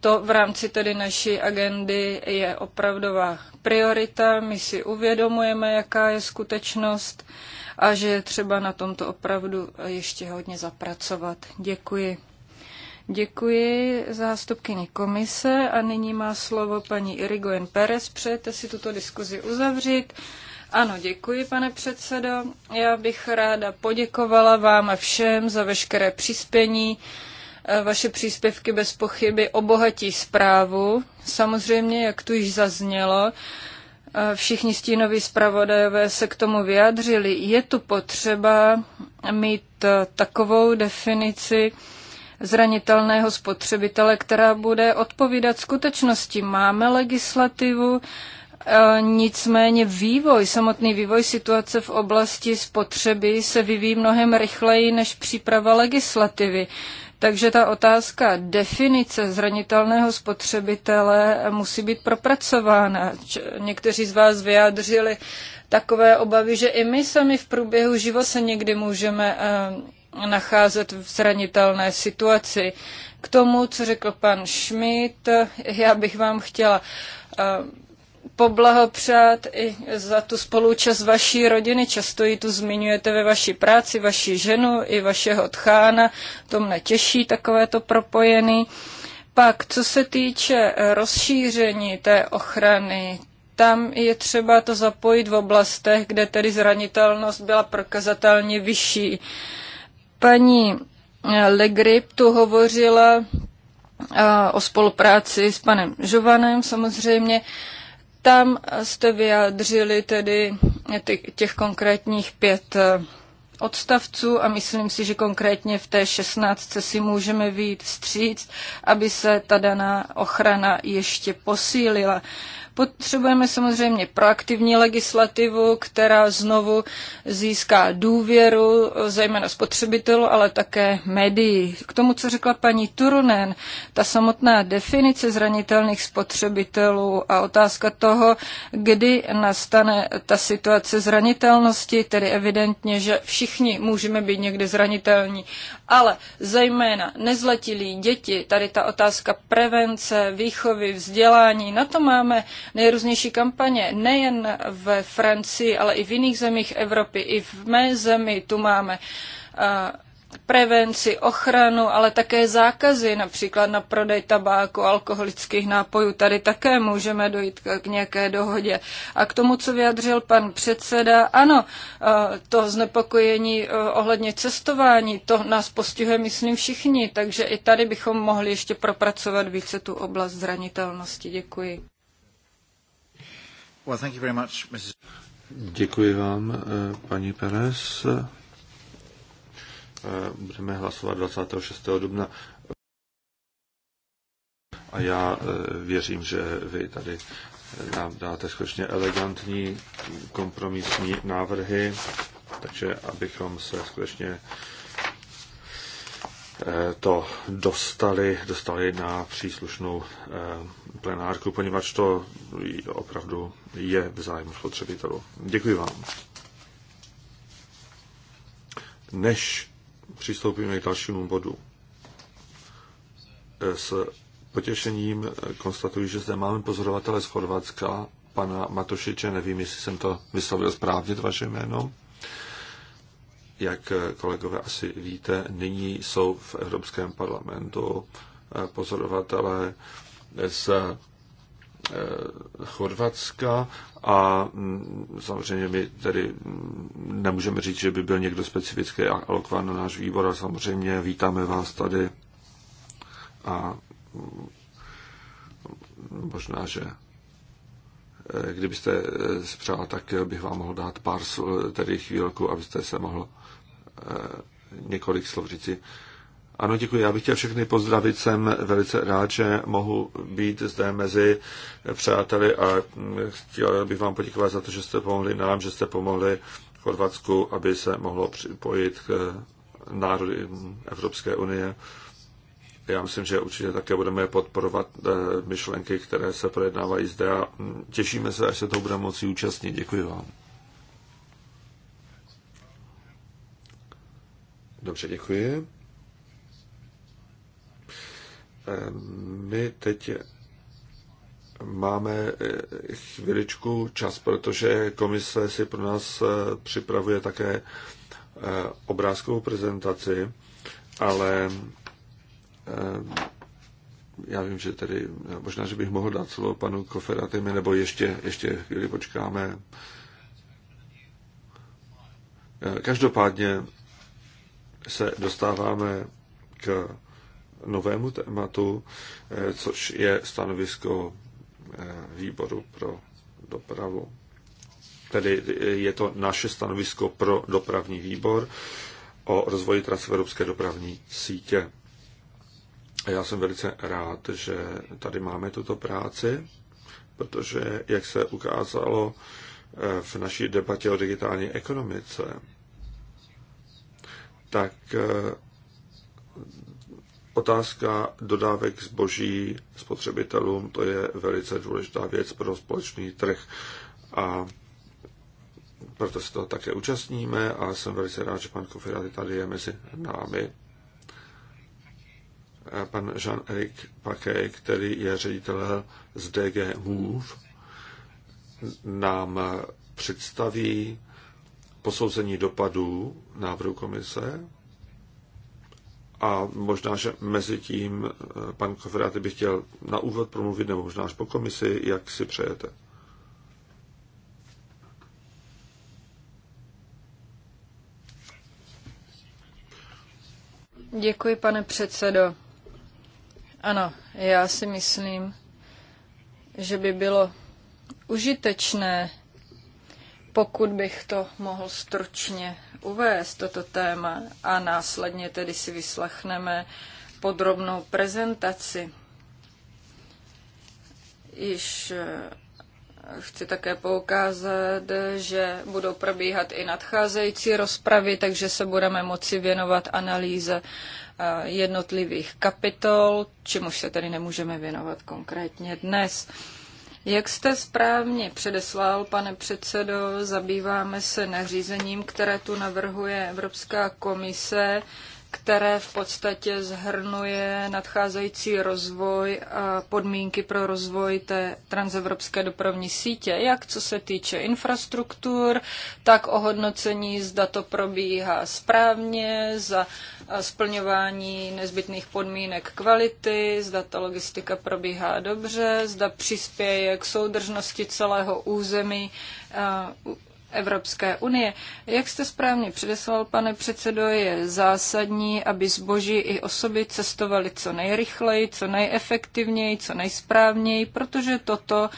To v rámci tedy naší agendy je opravdová priorita. My si uvědomujeme, jaká je skutečnost a že je třeba na tomto opravdu ještě hodně zapracovat. Děkuji. Děkuji zástupkyni komise a nyní má slovo paní Irigoyen Perez. Přejete si tuto diskuzi uzavřít? Ano, děkuji, pane předsedo. Já bych ráda poděkovala vám a všem za veškeré příspění. E, vaše příspěvky bez pochyby obohatí zprávu. Samozřejmě, jak tu již zaznělo, Všichni stínoví zpravodajové se k tomu vyjádřili. Je tu potřeba mít e, takovou definici zranitelného spotřebitele, která bude odpovídat skutečnosti. Máme legislativu, e, nicméně vývoj, samotný vývoj situace v oblasti spotřeby se vyvíjí mnohem rychleji než příprava legislativy. Takže ta otázka definice zranitelného spotřebitele musí být propracována. Někteří z vás vyjádřili takové obavy, že i my sami v průběhu života se někdy můžeme eh, nacházet v zranitelné situaci. K tomu, co řekl pan Schmidt, já bych vám chtěla eh, poblahopřát i za tu spolúčast vaší rodiny. Často ji tu zmiňujete ve vaší práci, vaši ženu i vašeho tchána. To mne těší, takovéto propojený. Pak, co se týče rozšíření té ochrany, tam je třeba to zapojit v oblastech, kde tedy zranitelnost byla prokazatelně vyšší. Paní Legrip tu hovořila o spolupráci s panem Žovanem samozřejmě. Tam jste vyjádřili tedy těch konkrétních pět eh, odstavců a myslím si, že konkrétně v té šestnáctce si můžeme vyjít vstříc, aby se ta daná ochrana ještě posílila. Potřebujeme samozřejmě proaktivní legislativu, která znovu získá důvěru, zejména spotřebitelů, ale také médií. K tomu, co řekla paní Turunen, ta samotná definice zranitelných spotřebitelů a otázka toho, kdy nastane ta situace zranitelnosti, tedy evidentně, že všichni můžeme být někde zranitelní, ale zejména nezletilí děti, tady ta otázka prevence, výchovy, vzdělání, na to máme nejrůznější kampaně, nejen ve Francii, ale i v jiných zemích Evropy, i v mé zemi tu máme uh, prevenci, ochranu, ale také zákazy, například na prodej tabáku, alkoholických nápojů. Tady také můžeme dojít k nějaké dohodě. A k tomu, co vyjadřil pan předseda, ano, eh, to znepokojení eh, ohledně cestování, to nás postihuje, myslím, všichni, takže i tady bychom mohli ještě propracovat více tu oblast zranitelnosti. Děkuji. Well, thank you very much, Mrs. Děkuji vám, eh, paní Perez. Eh, budeme hlasovat 26. dubna. A já eh, věřím, že vy tady eh, nám dáte skutečně elegantní kompromisní návrhy, takže abychom se skutečně to dostali, dostali na příslušnou plenárku, poněvadž to opravdu je v zájmu spotřebitelů. Děkuji vám. Než přistoupíme k dalšímu bodu. E, s potěšením konstatuji, že zde máme pozorovatele z Chorvatska, pana Matošiče, nevím, jestli jsem to vyslovil správně, vaše jméno. Jak e, kolegové asi víte, nyní jsou v Evropském parlamentu e, pozorovatelé z Eh, Chorvatska a mm, samozřejmě my tedy mm, nemůžeme říct, že by byl někdo specifický alokován na náš výbor a samozřejmě vítáme vás tady a mm, možná, že eh, kdybyste zpřál, eh, tak bych vám mohl dát pár, tedy chvílku, abyste se mohl několik slov říci. Ano, děkuji. Já bych chtěl všechny pozdravit. Jsem velice rád, že mohu být zde mezi přáteli a chtěl bych vám poděkovat za to, že jste pomohli nám, že jste pomohli Chorvatsku, aby se mohlo připojit k národy Evropské unie. Já myslím, že určitě také budeme podporovat eh, myšlenky, které se projednávají zde a hm, těšíme se, až se to bude moci účastnit. Děkuji vám. Dobře, děkuji. Ehm, my teď máme eh, chviličku čas, protože komise si pro nás eh, připravuje také eh, obrázkovou prezentaci, ale ehm, já vím, že tady možná, že bych mohl dát slovo panu Koferatimi, nebo ještě, ještě chvíli počkáme. Každopádně se dostáváme k novému tématu, eh, což je stanovisko eh, výboru pro dopravu. Tedy eh, je to naše stanovisko pro dopravní výbor o rozvoji transevropské dopravní sítě. Já jsem velice rád, že tady máme tuto práci, protože, jak se ukázalo v naší debatě o digitální ekonomice, tak Otázka dodávek zboží spotřebitelům, to je velice důležitá věc pro společný trh a proto se toho také účastníme a jsem velice rád, že pan Kofiráty tady je mezi námi. A pan jean éric Paquet, který je ředitel z DG Move, nám představí posouzení dopadů návrhu komise a možná, že mezi tím eh, pan Kofráty by chtěl na úvod promluvit, nebo možná až po komisi, jak si přejete. Děkuji, pane předsedo. Ano, já si myslím, že by bylo užitečné pokud bych to mohl stručně uvést, toto téma, a následně tedy si vyslechneme podrobnou prezentaci. Již eh, chci také poukázat, že budou probíhat i nadcházející rozpravy, takže se budeme moci věnovat analýze eh, jednotlivých kapitol, čemuž se tedy nemůžeme věnovat konkrétně dnes. Jak jste správně předeslal, pane předsedo, zabýváme se nařízením, které tu navrhuje Evropská komise které v podstatě zhrnuje nadcházející rozvoj a podmínky pro rozvoj té transevropské dopravní sítě, jak co se týče infrastruktur, tak ohodnocení, zda to probíhá správně, za splňování nezbytných podmínek kvality, zda ta logistika probíhá dobře, zda přispěje k soudržnosti celého území Evropské unie. Jak jste správně předeslal, pane předsedo, je zásadní, aby zboží i osoby cestovaly co nejrychleji, co nejefektivněji, co nejsprávněji, protože toto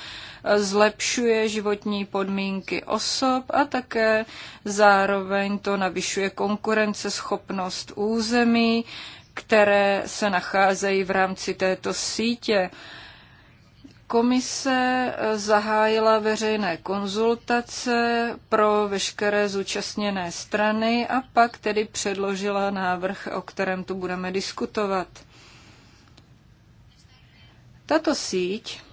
eh, zlepšuje životní podmínky osob a také zároveň to navyšuje konkurenceschopnost území, které se nacházejí v rámci této sítě. Komise eh, zahájila veřejné konzultace pro veškeré zúčastněné strany a pak tedy předložila návrh, o kterém tu budeme diskutovat. Tato síť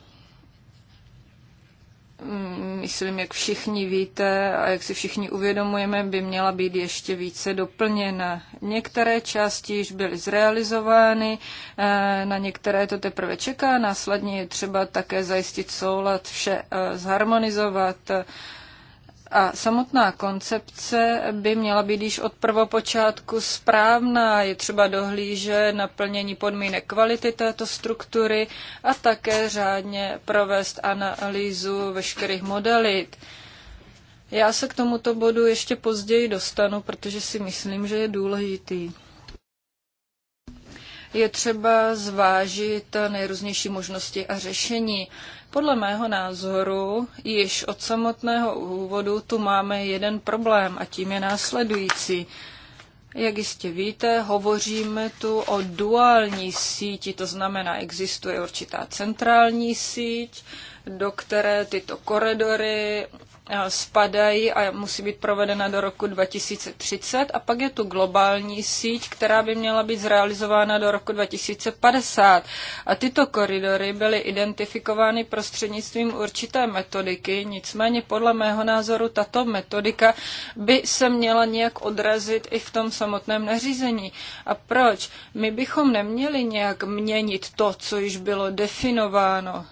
myslím, jak všichni víte a jak si všichni uvědomujeme, by měla být ještě více doplněna. Některé části již byly zrealizovány, eh, na některé to teprve čeká, následně je třeba také zajistit soulad, vše eh, zharmonizovat, a samotná koncepce by měla být již od prvopočátku správná. Je třeba dohlížet na plnění podmínek kvality této struktury a také řádně provést analýzu veškerých modelit. Já se k tomuto bodu ještě později dostanu, protože si myslím, že je důležitý je třeba zvážit nejrůznější možnosti a řešení. Podle mého názoru již od samotného úvodu tu máme jeden problém a tím je následující. Jak jistě víte, hovoříme tu o duální síti, to znamená, existuje určitá centrální síť, do které tyto koridory eh, spadají a musí být provedena do roku 2030. A pak je tu globální síť, která by měla být zrealizována do roku 2050. A tyto koridory byly identifikovány prostřednictvím určité metodiky, nicméně podle mého názoru tato metodika by se měla nějak odrazit i v tom samotném nařízení. A proč? My bychom neměli nějak měnit to, co již bylo definováno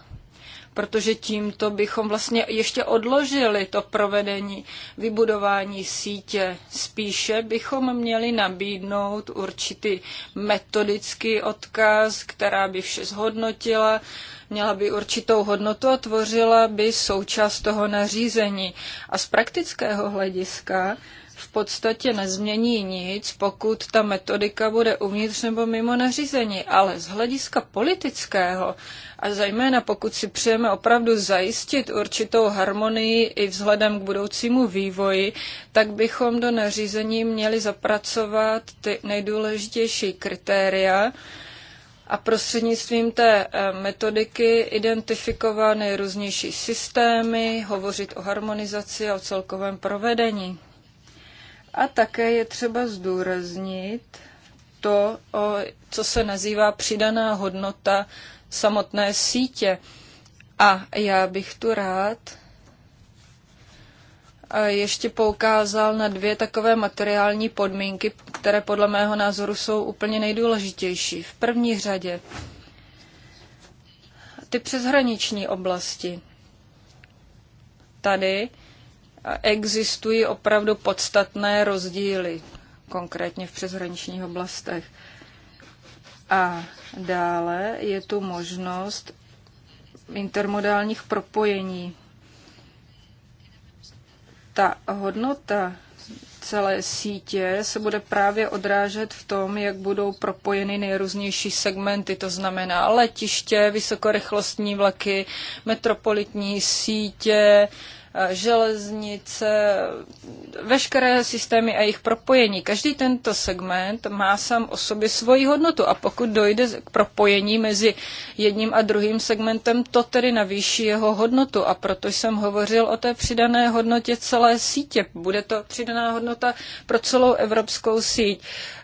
protože tímto bychom vlastně ještě odložili to provedení vybudování sítě. Spíše bychom měli nabídnout určitý metodický odkaz, která by vše zhodnotila, měla by určitou hodnotu a tvořila by součást toho nařízení. A z praktického hlediska v podstatě nezmění nic, pokud ta metodika bude uvnitř nebo mimo nařízení, ale z hlediska politického a zejména pokud si přejeme opravdu zajistit určitou harmonii i vzhledem k budoucímu vývoji, tak bychom do nařízení měli zapracovat ty nejdůležitější kritéria, a prostřednictvím té eh, metodiky identifikovat nejrůznější systémy, hovořit o harmonizaci a o celkovém provedení. A také je třeba zdůraznit to, co se nazývá přidaná hodnota samotné sítě. A já bych tu rád ještě poukázal na dvě takové materiální podmínky, které podle mého názoru jsou úplně nejdůležitější. V první řadě ty přeshraniční oblasti. Tady existují opravdu podstatné rozdíly, konkrétně v přeshraničních oblastech. A dále je tu možnost intermodálních propojení. Ta hodnota celé sítě se bude právě odrážet v tom, jak budou propojeny nejrůznější segmenty, to znamená letiště, vysokorychlostní vlaky, metropolitní sítě, železnice, veškeré systémy a jejich propojení. Každý tento segment má sám o sobě svoji hodnotu a pokud dojde k propojení mezi jedním a druhým segmentem, to tedy navýší jeho hodnotu a proto jsem hovořil o té přidané hodnotě celé sítě. Bude to přidaná hodnota pro celou evropskou síť.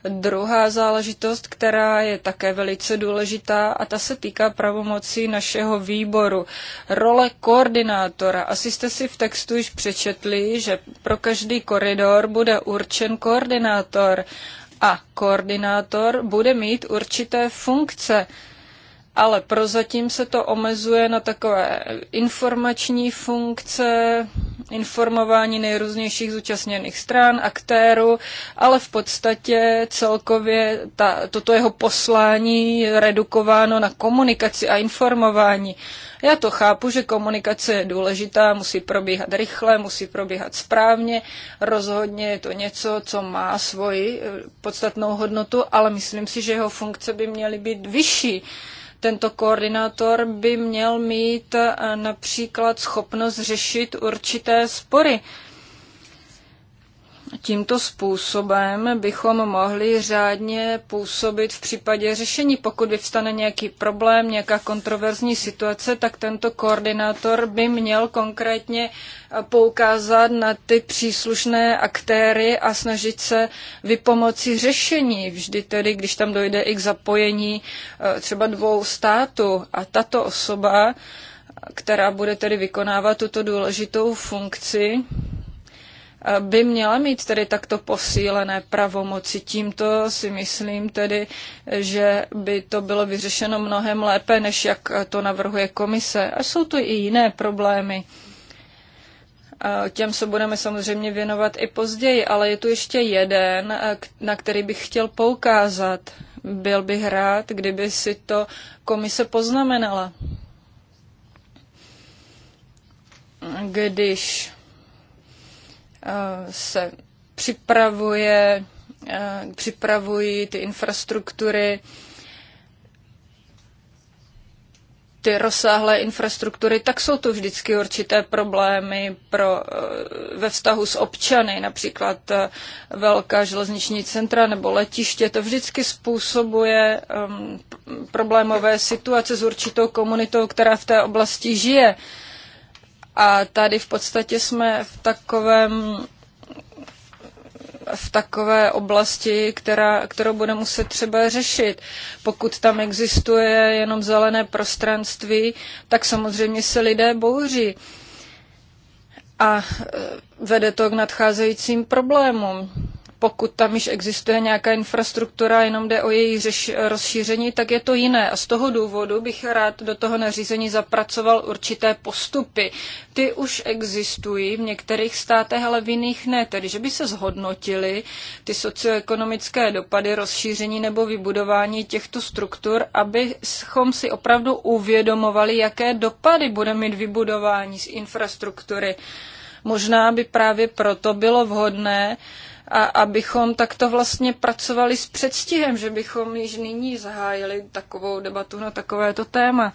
Druhá záležitost, která je také velice důležitá a ta se týká pravomocí našeho výboru. Role koordinátora. Asi jste si v textu již přečetli, že pro každý koridor bude určen koordinátor a koordinátor bude mít určité funkce ale prozatím se to omezuje na takové informační funkce, informování nejrůznějších zúčastněných stran, aktérů, ale v podstatě celkově ta, toto jeho poslání je redukováno na komunikaci a informování. Já to chápu, že komunikace je důležitá, musí probíhat rychle, musí probíhat správně, rozhodně je to něco, co má svoji eh, podstatnou hodnotu, ale myslím si, že jeho funkce by měly být vyšší. Tento koordinátor by měl mít eh, například schopnost řešit určité spory. Tímto způsobem bychom mohli řádně působit v případě řešení. Pokud vyvstane nějaký problém, nějaká kontroverzní situace, tak tento koordinátor by měl konkrétně poukázat na ty příslušné aktéry a snažit se vypomoci řešení. Vždy tedy, když tam dojde i k zapojení e, třeba dvou států a tato osoba, která bude tedy vykonávat tuto důležitou funkci, by měla mít tedy takto posílené pravomoci. Tímto si myslím tedy, že by to bylo vyřešeno mnohem lépe, než jak to navrhuje komise. A jsou tu i jiné problémy. Těm se budeme samozřejmě věnovat i později, ale je tu ještě jeden, na který bych chtěl poukázat. Byl bych rád, kdyby si to komise poznamenala. Když se připravuje, eh, připravují ty infrastruktury, ty rozsáhlé infrastruktury, tak jsou to vždycky určité problémy pro, eh, ve vztahu s občany, například eh, velká železniční centra nebo letiště. To vždycky způsobuje um, problémové situace s určitou komunitou, která v té oblasti žije. Uh, a tady v podstatě jsme v takovém v takové oblasti, která, kterou bude muset třeba řešit. Pokud tam existuje jenom zelené prostranství, tak samozřejmě se lidé bouří. A e, vede to k nadcházejícím problémům pokud tam již existuje nějaká infrastruktura, jenom jde o její řeš, rozšíření, tak je to jiné. A z toho důvodu bych rád do toho nařízení zapracoval určité postupy. Ty už existují v některých státech, ale v jiných ne. Tedy, že by se zhodnotily ty socioekonomické dopady rozšíření nebo vybudování těchto struktur, abychom si opravdu uvědomovali, jaké dopady bude mít vybudování z infrastruktury. Možná by právě proto bylo vhodné, a abychom takto vlastně pracovali s předstihem, že bychom již nyní zahájili takovou debatu na takovéto téma.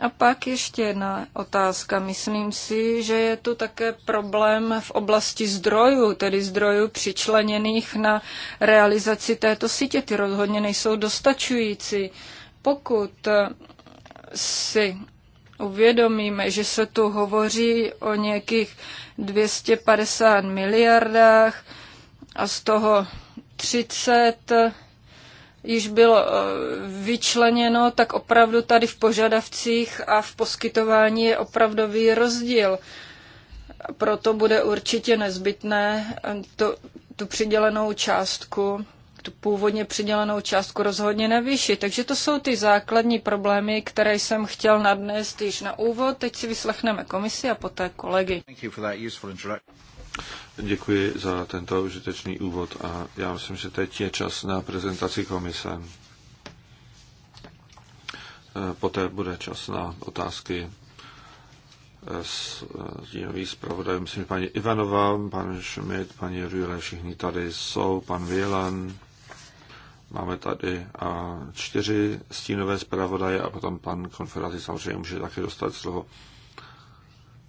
A pak ještě jedna otázka. Myslím si, že je tu také problém v oblasti zdrojů, tedy zdrojů přičleněných na realizaci této sítě. Ty rozhodně nejsou dostačující. Pokud si uvědomíme, že se tu hovoří o nějakých 250 miliardách, a z toho 30 již bylo eh, vyčleněno, tak opravdu tady v požadavcích a v poskytování je opravdový rozdíl. Proto bude určitě nezbytné eh, to, tu přidělenou částku, tu původně přidělenou částku rozhodně nevyšit. Takže to jsou ty základní problémy, které jsem chtěl nadnést již na úvod. Teď si vyslechneme komisi a poté kolegy. Děkuji za tento užitečný úvod a já myslím, že teď je čas na prezentaci komise. Eh, poté bude čas na otázky eh, s dílovým eh, zpravodajem. Myslím, paní Ivanová, pan Šmit, paní Rüle, všichni tady jsou, pan Vělan. Máme tady a čtyři stínové zpravodaje a potom pan konferenci samozřejmě může také dostat slovo.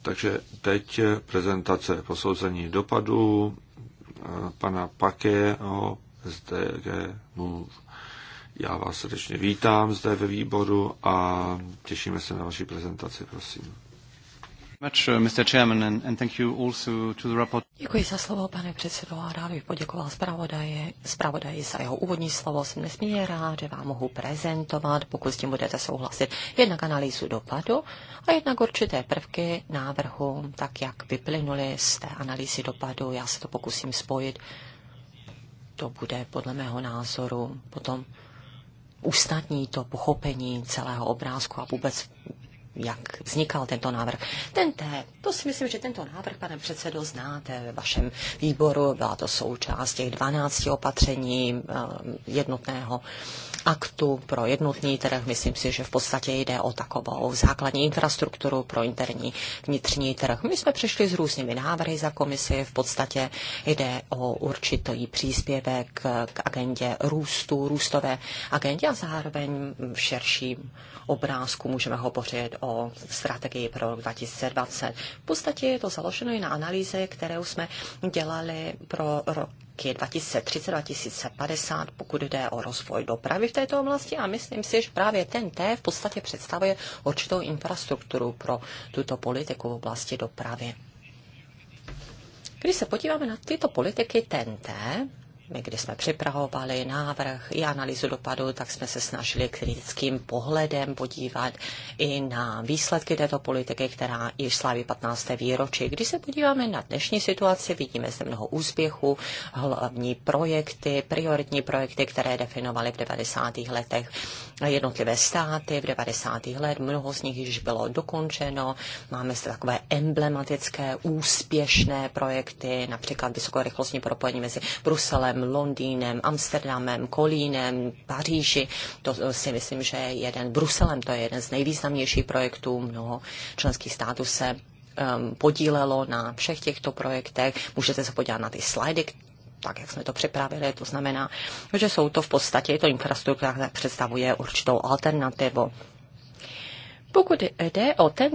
Takže teď prezentace posouzení dopadů eh, pana Pakého z DG Move. Já vás srdečně vítám zde ve výboru a těšíme se na vaši prezentaci, prosím. Děkuji za slovo, pane předsedo, a rád bych poděkoval zpravodaji, zpravodaji za jeho úvodní slovo. Jsem nesmírně rád, že vám mohu prezentovat, pokud s tím budete souhlasit, jednak analýzu dopadu a jednak určité prvky návrhu, tak jak vyplynuly z té analýzy dopadu. Já se to pokusím spojit. To bude podle mého názoru potom usnadní to pochopení celého obrázku a vůbec jak vznikal tento návrh. Ten té, to si myslím, že tento návrh, pane předsedo, znáte ve vašem výboru, byla to součást těch 12 opatření eh, jednotného aktu pro jednotný trh. Myslím si, že v podstatě jde o takovou základní infrastrukturu pro interní vnitřní trh. My jsme přišli s různými návrhy za komisi. V podstatě jde o určitý příspěvek k agendě růstu, růstové agendě a zároveň v širším obrázku můžeme hovořit o strategii pro rok 2020. V podstatě je to založeno i na analýze, kterou jsme dělali pro rok roky 2030-2050, pokud jde o rozvoj dopravy v této oblasti a myslím si, že právě ten T v podstatě představuje určitou infrastrukturu pro tuto politiku v oblasti dopravy. Když se podíváme na tyto politiky TNT, my, když jsme připravovali návrh i analýzu dopadu, tak jsme se snažili kritickým pohledem podívat i na výsledky této politiky, která již slaví 15. výročí. Když se podíváme na dnešní situaci, vidíme zde mnoho úspěchů, hlavní projekty, prioritní projekty, které definovaly v 90. letech jednotlivé státy v 90. let. Mnoho z nich již bylo dokončeno. Máme zde takové emblematické, úspěšné projekty, například vysokorychlostní propojení mezi Bruselem Bruselem, Londýnem, Amsterdamem, Kolínem, Paříži. To eh, si myslím, že je jeden Bruselem, to je jeden z nejvýznamnějších projektů. Mnoho členských států se um, podílelo na všech těchto projektech. Můžete se podívat na ty slajdy, tak, jak jsme to připravili. To znamená, že jsou to v podstatě, to infrastruktura která představuje určitou alternativu. Pokud jde o té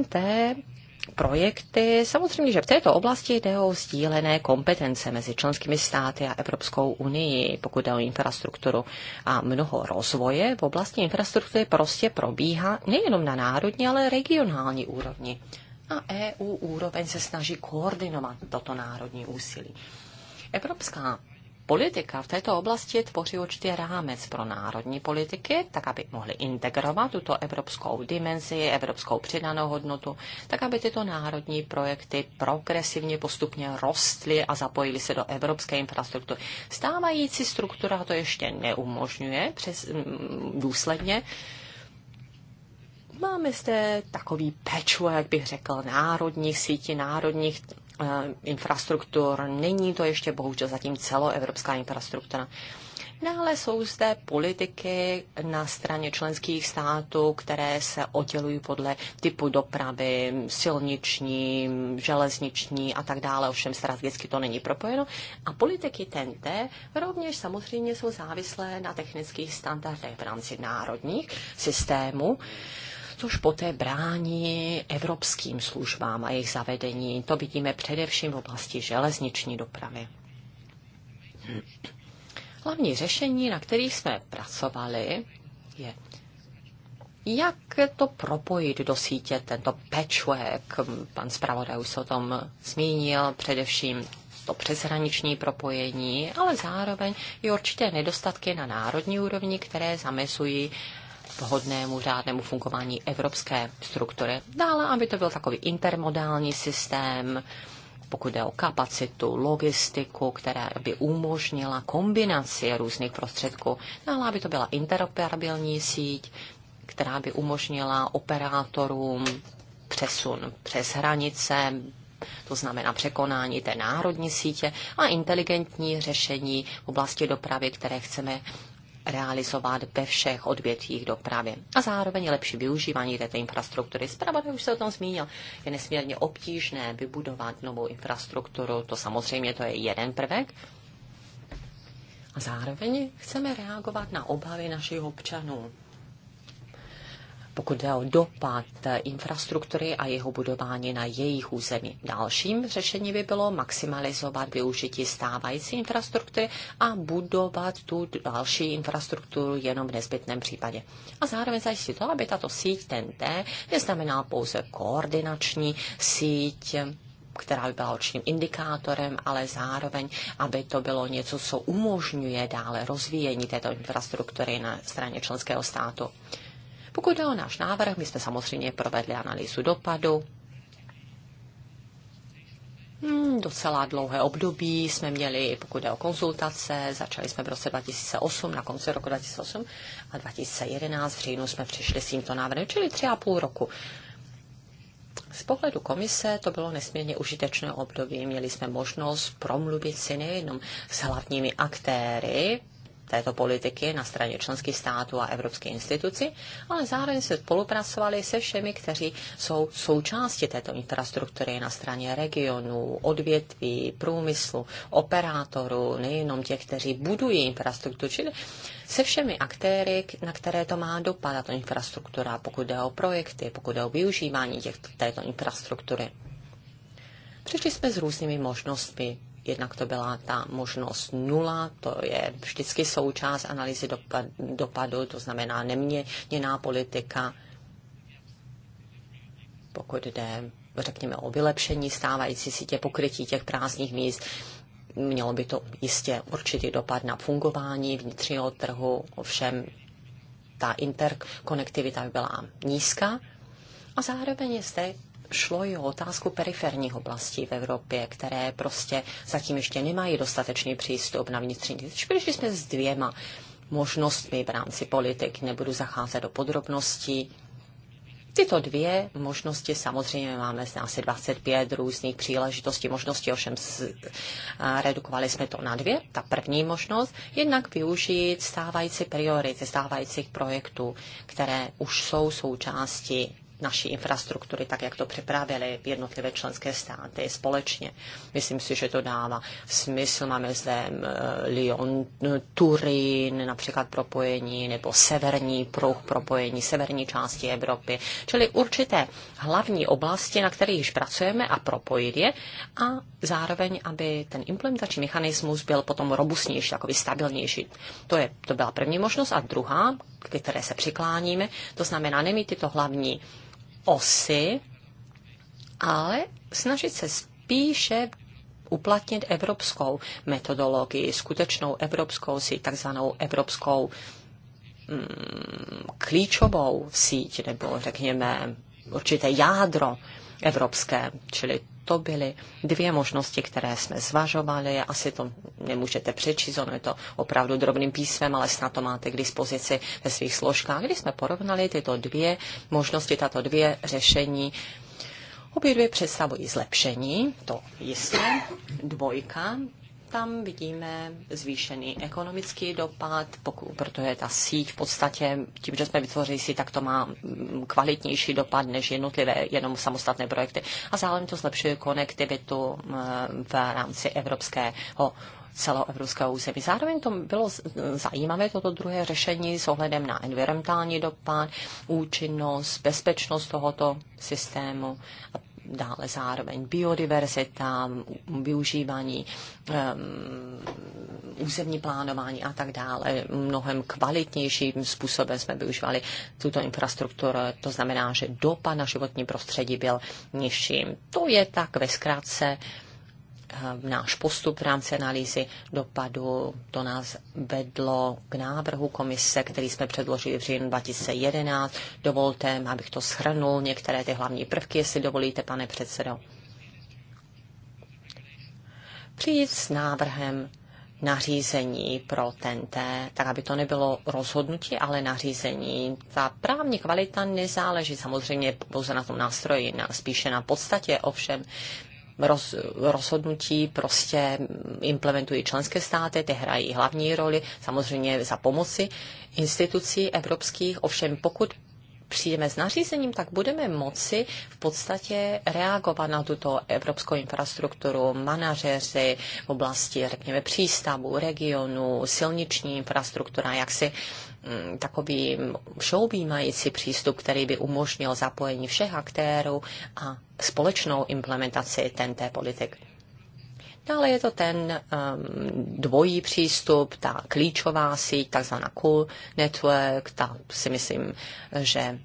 projekty. Samozřejmě, že v této oblasti jde o sdílené kompetence mezi členskými státy a Evropskou unii, pokud jde o infrastrukturu. A mnoho rozvoje v oblasti infrastruktury prostě probíhá nejenom na národní, ale regionální úrovni. A EU úroveň se snaží koordinovat toto národní úsilí. Evropská politika v této oblasti tvoří určitě rámec pro národní politiky, tak aby mohly integrovat tuto evropskou dimenzi, evropskou přidanou hodnotu, tak aby tyto národní projekty progresivně postupně rostly a zapojily se do evropské infrastruktury. Stávající struktura to ještě neumožňuje přes, mm, důsledně, máme zde takový patchwork, jak bych řekl, národních sítí, národních Eh, infrastruktur. Není to ještě bohužel zatím celoevropská infrastruktura. Dále jsou zde politiky na straně členských států, které se oddělují podle typu dopravy, silniční, železniční a tak dále, ovšem strategicky to není propojeno. A politiky TNT rovněž samozřejmě jsou závislé na technických standardech v rámci národních systémů což poté brání evropským službám a jejich zavedení. To vidíme především v oblasti železniční dopravy. Hlavní řešení, na kterých jsme pracovali, je jak to propojit do sítě, tento patchwork. Pan zpravodaj už se o tom zmínil, především to přeshraniční propojení, ale zároveň i určité nedostatky na národní úrovni, které zamezují vhodnému řádnému fungování evropské struktury. Dále, aby to byl takový intermodální systém, pokud jde o kapacitu, logistiku, která by umožnila kombinaci různých prostředků, Dále, aby to byla interoperabilní síť, která by umožnila operátorům přesun přes hranice, to znamená překonání té národní sítě a inteligentní řešení v oblasti dopravy, které chceme realizovat ve všech odvětvích dopravy. A zároveň lepší využívání této infrastruktury. Zpravodaj už se o tom zmínil. Je nesmírně obtížné vybudovat novou infrastrukturu. To samozřejmě to je jeden prvek. A zároveň chceme reagovat na obavy našich občanů pokud jde o dopad infrastruktury a jeho budování na jejich území. Dalším řešením by bylo maximalizovat využití stávající infrastruktury a budovat tu další infrastrukturu jenom v nezbytném případě. A zároveň zajistit to, aby tato síť TNT neznamenala pouze koordinační síť která by byla určitým indikátorem, ale zároveň, aby to bylo něco, co umožňuje dále rozvíjení této infrastruktury na straně členského státu. Pokud jde o náš návrh, my jsme samozřejmě provedli analýzu dopadu. Hmm, docela dlouhé období jsme měli, pokud jde o konzultace, začali jsme v roce 2008, na konci roku 2008 a 2011 v říjnu jsme přišli s tímto návrhem, čili tři a půl roku. Z pohledu komise to bylo nesmírně užitečné období. Měli jsme možnost promluvit si nejenom s hlavními aktéry této politiky na straně členských států a evropské instituci, ale zároveň se spolupracovali se všemi, kteří jsou součástí této infrastruktury na straně regionů, odvětví, průmyslu, operátorů, nejenom těch, kteří budují infrastrukturu, čili se všemi aktéry, na které to má dopad, tato infrastruktura, pokud jde o projekty, pokud jde o využívání těch, této infrastruktury. Přišli jsme s různými možnostmi, Jednak to byla ta možnost nula, to je vždycky součást analýzy dopadu, to znamená neměněná politika, pokud jde, řekněme, o vylepšení stávající sítě pokrytí těch prázdných míst, mělo by to jistě určitý dopad na fungování vnitřního trhu, ovšem ta interkonektivita by byla nízká. A zároveň je zde šlo i o otázku periferních oblastí v Evropě, které prostě zatím ještě nemají dostatečný přístup na vnitřní trh. Přišli jsme s dvěma možnostmi v rámci politik, nebudu zacházet do podrobností. Tyto dvě možnosti samozřejmě máme z asi 25 různých příležitostí, možností, ovšem z, a, redukovali jsme to na dvě. Ta první možnost, jednak využít stávající priority, stávajících projektů, které už jsou součástí naší infrastruktury, tak jak to připravili jednotlivé členské státy společně. Myslím si, že to dává smysl. Máme zde eh, Lyon, eh, Turín, například propojení, nebo severní pruh, propojení severní části Evropy. Čili určité hlavní oblasti, na kterých již pracujeme a propojit je a zároveň, aby ten implementační mechanismus byl potom robustnější, takový stabilnější. To, je, to byla první možnost. A druhá, které se přikláníme, to znamená nemít tyto hlavní osy, ale snažit se spíše uplatnit evropskou metodologii, skutečnou evropskou síť, takzvanou evropskou mm, klíčovou síť, nebo řekněme určité jádro evropské, čili to byly dvě možnosti, které jsme zvažovali. Asi to nemůžete přečíst, ono je to opravdu drobným písmem, ale snad to máte k dispozici ve svých složkách. Když jsme porovnali tyto dvě možnosti, tato dvě řešení, Obě dvě představují zlepšení, to jisté, Dvojka tam vidíme zvýšený ekonomický dopad, pokud, protože ta síť v podstatě, tím, že jsme vytvořili si, tak to má mm, kvalitnější dopad než jednotlivé, jenom samostatné projekty. A zároveň to zlepšuje konektivitu mm, v rámci evropského celoevropského území. Zároveň to bylo zajímavé, toto druhé řešení s ohledem na environmentální dopad, účinnost, bezpečnost tohoto systému. A dále zároveň biodiverzita, využívání um, územní plánování a tak dále. Mnohem kvalitnějším způsobem jsme využívali tuto infrastrukturu, to znamená, že dopad na životní prostředí byl nižší. To je tak ve zkratce Eh, náš postup v rámci analýzy dopadu. To nás vedlo k návrhu komise, který jsme předložili v říjnu 2011. Dovolte, abych to shrnul, některé ty hlavní prvky, jestli dovolíte, pane předsedo. Přijít s návrhem nařízení pro TNT, tak aby to nebylo rozhodnutí, ale nařízení. Ta právní kvalita nezáleží samozřejmě pouze na tom nástroji, na, spíše na podstatě. Ovšem, roz, rozhodnutí prostě implementují členské státy, ty hrají hlavní roli, samozřejmě za pomoci institucí evropských, ovšem pokud přijdeme s nařízením, tak budeme moci v podstatě reagovat na tuto evropskou infrastrukturu, manažeři v oblasti, řekněme, přístavu, regionu, silniční infrastruktura, jak si Mm, takový všeobjímající přístup, který by umožnil zapojení všech aktérů a společnou implementaci TNT politik. Dále je to ten um, dvojí přístup, ta klíčová síť, takzvaná cool network, ta si myslím, že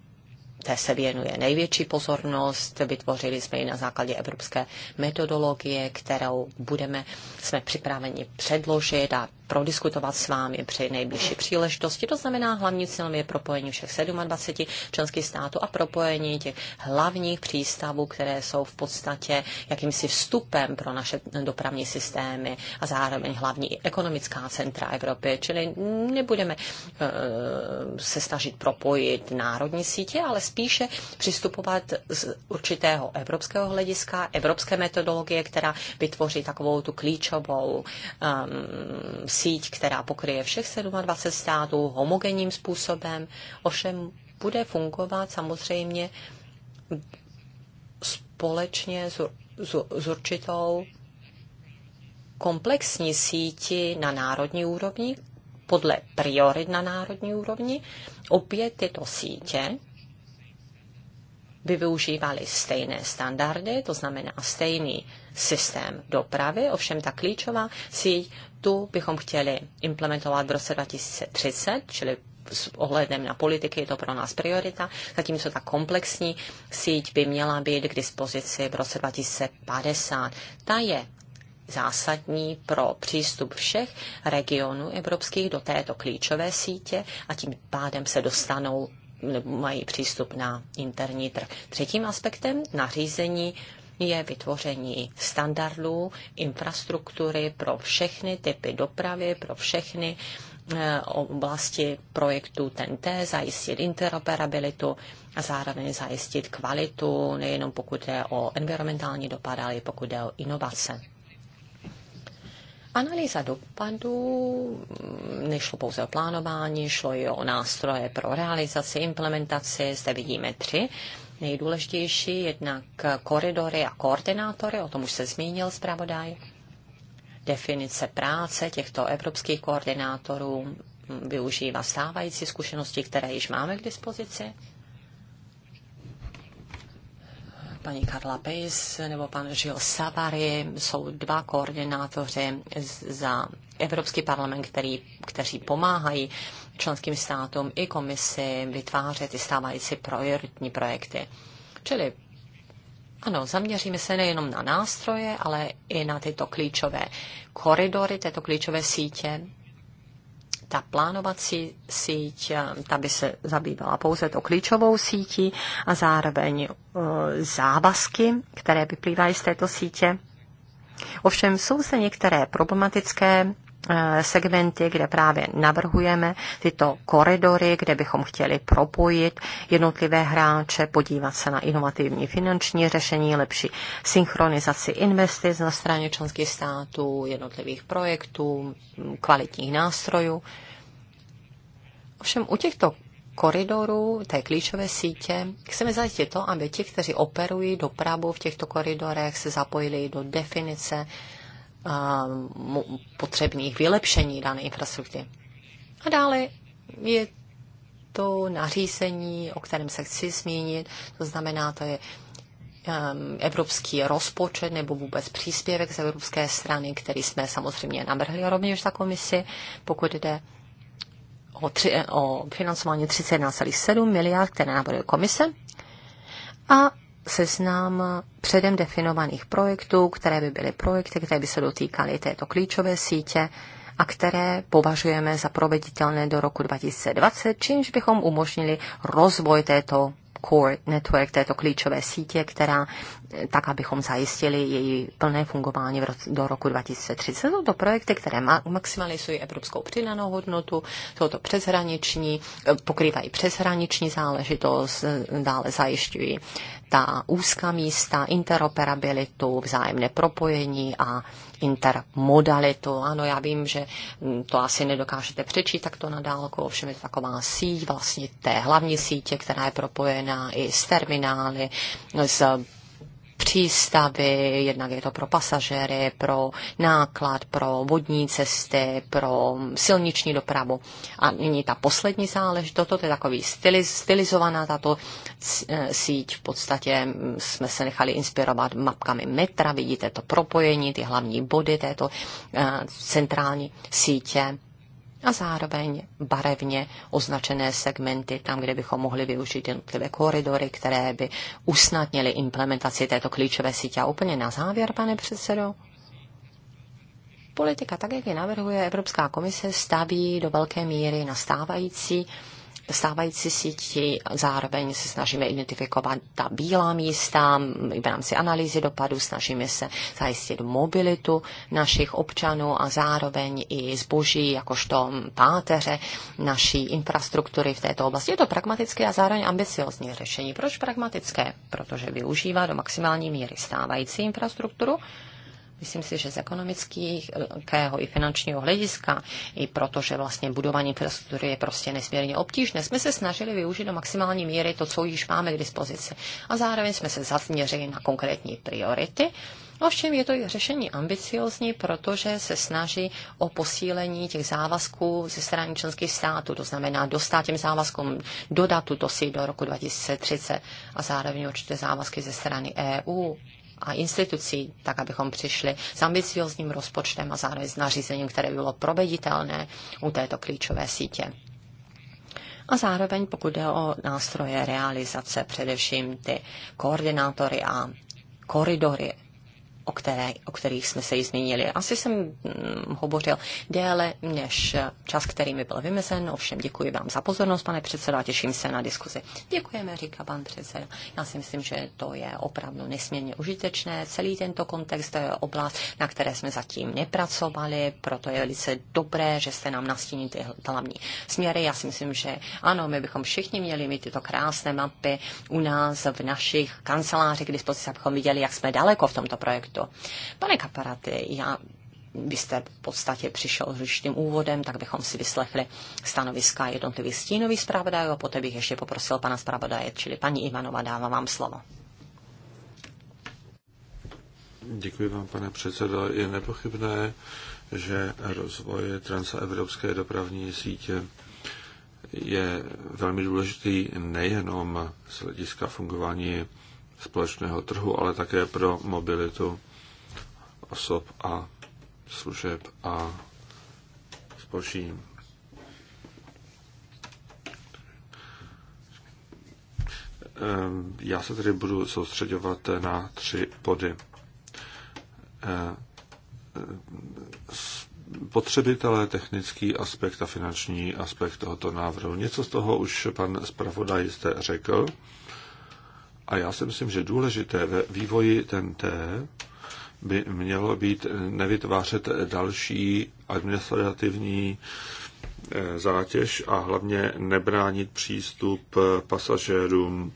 té se věnuje největší pozornost. Vytvořili jsme ji na základě evropské metodologie, kterou budeme, jsme připraveni předložit a prodiskutovat s vámi při nejbližší příležitosti. To znamená, hlavní cíl je propojení všech 27 členských států a propojení těch hlavních přístavů, které jsou v podstatě jakýmsi vstupem pro naše dopravní systémy a zároveň hlavní ekonomická centra Evropy. Čili nebudeme uh, se snažit propojit národní sítě, ale spíše přistupovat z určitého evropského hlediska, evropské metodologie, která vytvoří takovou tu klíčovou um, síť, která pokryje všech 27 států homogenním způsobem, ovšem bude fungovat samozřejmě společně s, s, s určitou komplexní síti na národní úrovni, podle priorit na národní úrovni. Obě tyto sítě by využívaly stejné standardy, to znamená stejný systém dopravy, ovšem ta klíčová síť tu bychom chtěli implementovat v roce 2030, čili s ohledem na politiky je to pro nás priorita, zatímco ta komplexní síť by měla být k dispozici v roce 2050. Ta je zásadní pro přístup všech regionů evropských do této klíčové sítě a tím pádem se dostanou nebo mají přístup na interní trh. Třetím aspektem nařízení je vytvoření standardů, infrastruktury pro všechny typy dopravy, pro všechny eh, oblasti projektu TNT, zajistit interoperabilitu a zároveň zajistit kvalitu, nejenom pokud je o environmentální dopad, ale i pokud je o inovace. Analýza dopadů mm, nešlo pouze o plánování, šlo i o nástroje pro realizaci, implementaci. Zde vidíme tři nejdůležitější, jednak koridory a koordinátory, o tom už se zmínil zpravodaj, definice práce těchto evropských koordinátorů, využívá stávající zkušenosti, které již máme k dispozici. Paní Karla Pejs nebo pan Žil Savary jsou dva koordinátoři za Evropský parlament, který, kteří pomáhají členským státům i komisi vytvářet i stávající prioritní projekty. Čili ano, zaměříme se nejenom na nástroje, ale i na tyto klíčové koridory, tyto klíčové sítě. Ta plánovací síť, eh, ta by se zabývala pouze to klíčovou sítí a zároveň eh, závazky, které vyplývají z této sítě. Ovšem jsou se některé problematické Eh, segmenty, kde právě navrhujeme tyto koridory, kde bychom chtěli propojit jednotlivé hráče, podívat se na inovativní finanční řešení, lepší synchronizaci investic na straně členských států, jednotlivých projektů, kvalitních nástrojů. Ovšem u těchto koridorů, té klíčové sítě, chceme zajistit to, aby ti, kteří operují dopravu v těchto koridorech, se zapojili do definice potřebných vylepšení dané infrastruktury. A dále je to nařízení, o kterém se chci zmínit, to znamená, to je um, evropský rozpočet nebo vůbec příspěvek z evropské strany, který jsme samozřejmě navrhli rovněž za komisi, pokud jde o, tři, o financování 31,7 miliard, které navrhuje komise. A seznam předem definovaných projektů, které by byly projekty, které by se dotýkaly této klíčové sítě a které považujeme za proveditelné do roku 2020, čímž bychom umožnili rozvoj této core network, této klíčové sítě, která tak abychom zajistili její plné fungování do roku 2030. Jsou to projekty, které maximalizují evropskou přidanou hodnotu, jsou to přeshraniční, pokrývají přeshraniční záležitost, dále zajišťují ta úzká místa, interoperabilitu, vzájemné propojení a intermodalitu. Ano, já vím, že hm, to asi nedokážete přečít takto na dálku, ovšem je to taková síť vlastně té hlavní sítě, která je propojená i s terminály, s přístavy, jednak je to pro pasažéry, pro náklad, pro vodní cesty, pro silniční dopravu. A nyní ta poslední záležitost, to je takový styliz, stylizovaná tato e, síť. V podstatě jsme se nechali inspirovat mapkami metra, vidíte to propojení, ty hlavní body této e, centrální sítě a zároveň barevně označené segmenty tam, kde bychom mohli využít jednotlivé koridory, které by usnadnily implementaci této klíčové sítě. A úplně na závěr, pane předsedo, politika, tak jak ji navrhuje Evropská komise, staví do velké míry na stávající stávající síti, zároveň se snažíme identifikovat ta bílá místa v rámci analýzy dopadu, snažíme se zajistit mobilitu našich občanů a zároveň i zboží, jakožto páteře naší infrastruktury v této oblasti. Je to pragmatické a zároveň ambiciozní řešení. Proč pragmatické? Protože využívá do maximální míry stávající infrastrukturu, Myslím si, že z ekonomického i finančního hlediska, i protože vlastně budování infrastruktury je prostě nesmírně obtížné, jsme se snažili využít do maximální míry to, co již máme k dispozici. A zároveň jsme se zaměřili na konkrétní priority, Ovšem je to i řešení ambiciozní, protože se snaží o posílení těch závazků ze strany členských států, to znamená dostat těm závazkům, dodat tuto si do roku 2030 a zároveň určité závazky ze strany EU a institucí, tak abychom přišli s ambiciozním rozpočtem a zároveň s nařízením, které bylo proveditelné u této klíčové sítě. A zároveň, pokud jde o nástroje realizace, především ty koordinátory a koridory o, které, o kterých jsme se ji zmínili. Asi jsem hm, hovořil déle než čas, který mi byl vymezen. Ovšem děkuji vám za pozornost, pane předsedo, a těším se na diskuzi. Děkujeme, říká pan předseda. Já si myslím, že to je opravdu nesmírně užitečné. Celý tento kontext to je oblast, na které jsme zatím nepracovali, proto je velice dobré, že jste nám nastínili ty hlavní směry. Já si myslím, že ano, my bychom všichni měli mít tyto krásné mapy u nás v našich kancelářích k dispozici, abychom viděli, jak jsme daleko v tomto projektu to. Pane Kaparaty, já vy jste v podstatě přišel s určitým úvodem, tak bychom si vyslechli stanoviska jednotlivých stínových zpravodajů a poté bych ještě poprosil pana zpravodaje, čili paní Ivanova dává vám slovo. Děkuji vám, pane předsedo. Je nepochybné, že rozvoj transevropské dopravní sítě je velmi důležitý nejenom z hlediska fungování společného trhu, ale také pro mobilitu osob a služeb a zboží. Ehm, já se tedy budu soustředovat na tři body. Ehm, potřebitelé, technický aspekt a finanční aspekt tohoto návrhu. Něco z toho už pan zpravodaj jste řekl. A já si myslím, že důležité ve vývoji TNT by mělo být nevytvářet další administrativní eh, zátěž a hlavně nebránit přístup eh, pasažérům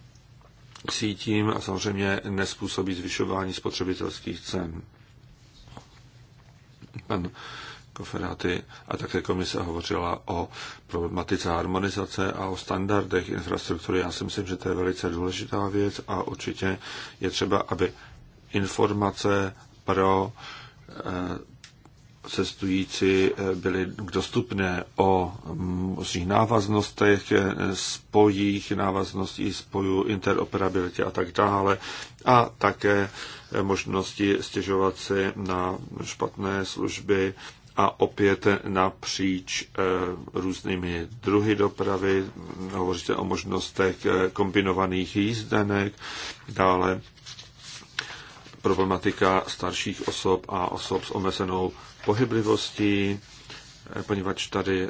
k sítím a samozřejmě nespůsobit zvyšování spotřebitelských cen. Pan Koferaty a také komise hovořila o problematice harmonizace a o standardech infrastruktury. Já si myslím, že to je velice důležitá věc a určitě je třeba, aby informace pro eh, cestující eh, byly dostupné o možných návaznostech, eh, spojích, návazností spojů, interoperabilitě a tak dále a také možnosti stěžovat si na špatné služby a opět napříč eh, různými druhy dopravy. Hovoříte o možnostech eh, kombinovaných jízdenek, dále problematika starších osob a osob s omezenou pohyblivostí, eh, poněvadž tady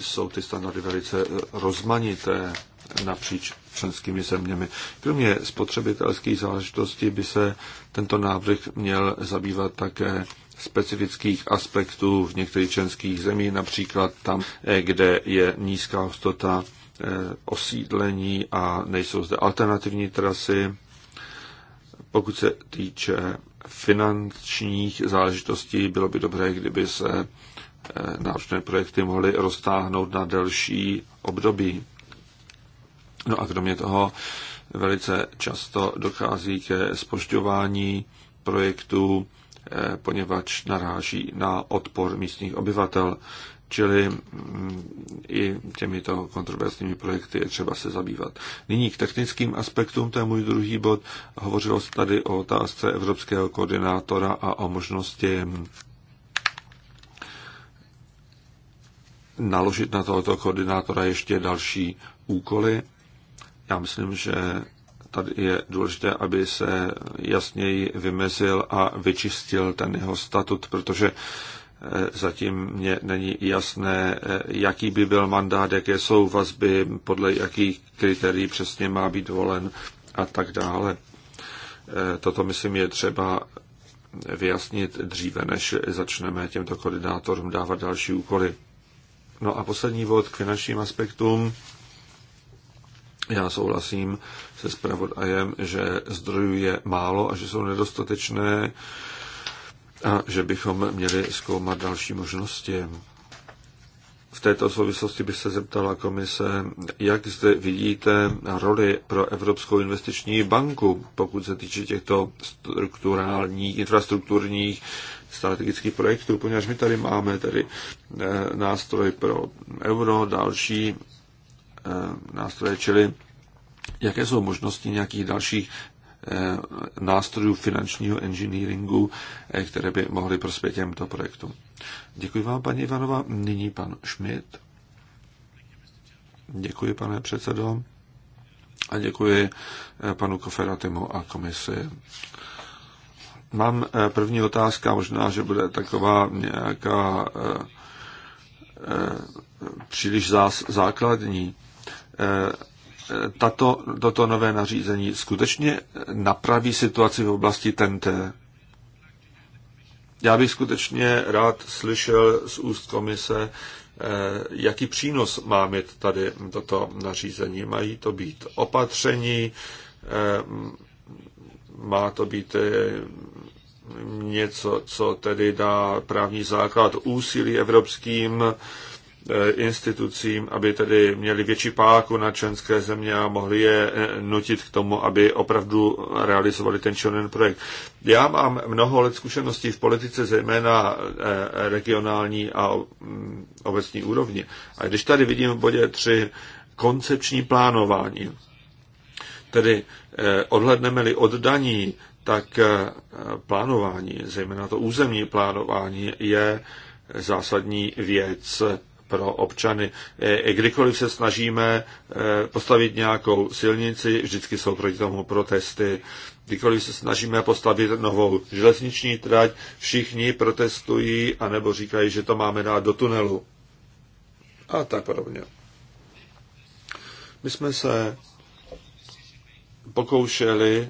jsou ty standardy velice rozmanité napříč členskými zeměmi. Kromě spotřebitelských záležitostí by se tento návrh měl zabývat také specifických aspektů v některých členských zemí, například tam, eh, kde je nízká hustota eh, osídlení a nejsou zde alternativní trasy. Pokud se týče finančních záležitostí, bylo by dobré, kdyby se eh, náročné projekty mohly roztáhnout na delší období. No a kromě toho velice často dochází ke spožďování projektů Eh, poněvadž naráží na odpor místních obyvatel. Čili mm, i těmito kontroverzními projekty je třeba se zabývat. Nyní k technickým aspektům, to je můj druhý bod. Hovořilo se tady o otázce evropského koordinátora a o možnosti mm, naložit na tohoto koordinátora ještě další úkoly. Já myslím, že tady je důležité, aby se jasněji vymezil a vyčistil ten jeho statut, protože eh, zatím mě není jasné, eh, jaký by byl mandát, jaké jsou vazby, podle jakých kritérií přesně má být volen a tak dále. Eh, toto, myslím, je třeba vyjasnit dříve, než začneme těmto koordinátorům dávat další úkoly. No a poslední bod k finančním aspektům. Já souhlasím se zpravodajem, že zdrojů je málo a že jsou nedostatečné a že bychom měli zkoumat další možnosti. V této souvislosti bych se zeptala komise, jak zde vidíte roli pro Evropskou investiční banku, pokud se týče těchto strukturálních, infrastrukturních strategických projektů, poněvadž my tady máme tady eh, nástroj pro euro, další eh, nástroje, čili jaké jsou možnosti nějakých dalších eh, nástrojů finančního engineeringu, eh, které by mohly prospět těmto projektům. Děkuji vám, paní Ivanova. Nyní pan Schmidt. Děkuji, pane předsedo. A děkuji eh, panu Koferatimu a komisi. Mám první otázka, možná, že bude taková nějaká příliš základní tato, toto nové nařízení skutečně napraví situaci v oblasti TNT? Já bych skutečně rád slyšel z úst komise, eh, jaký přínos má mít tady toto nařízení. Mají to být opatření, eh, má to být eh, něco, co tedy dá právní základ úsilí evropským Eh, institucím, aby tedy měli větší páku na členské země a mohli je eh, nutit k tomu, aby opravdu realizovali ten Shonen projekt. Já mám mnoho let zkušeností v politice, zejména eh, regionální a mm, obecní úrovni. A když tady vidím v bodě tři koncepční plánování, tedy odhledneme-li od daní, tak plánování, zejména to územní plánování, je zásadní věc pro občany. Kdykoliv se snažíme e, postavit nějakou silnici, vždycky jsou proti tomu protesty. Kdykoliv se snažíme postavit novou železniční trať, všichni protestují anebo říkají, že to máme dát do tunelu. A tak podobně. My jsme se pokoušeli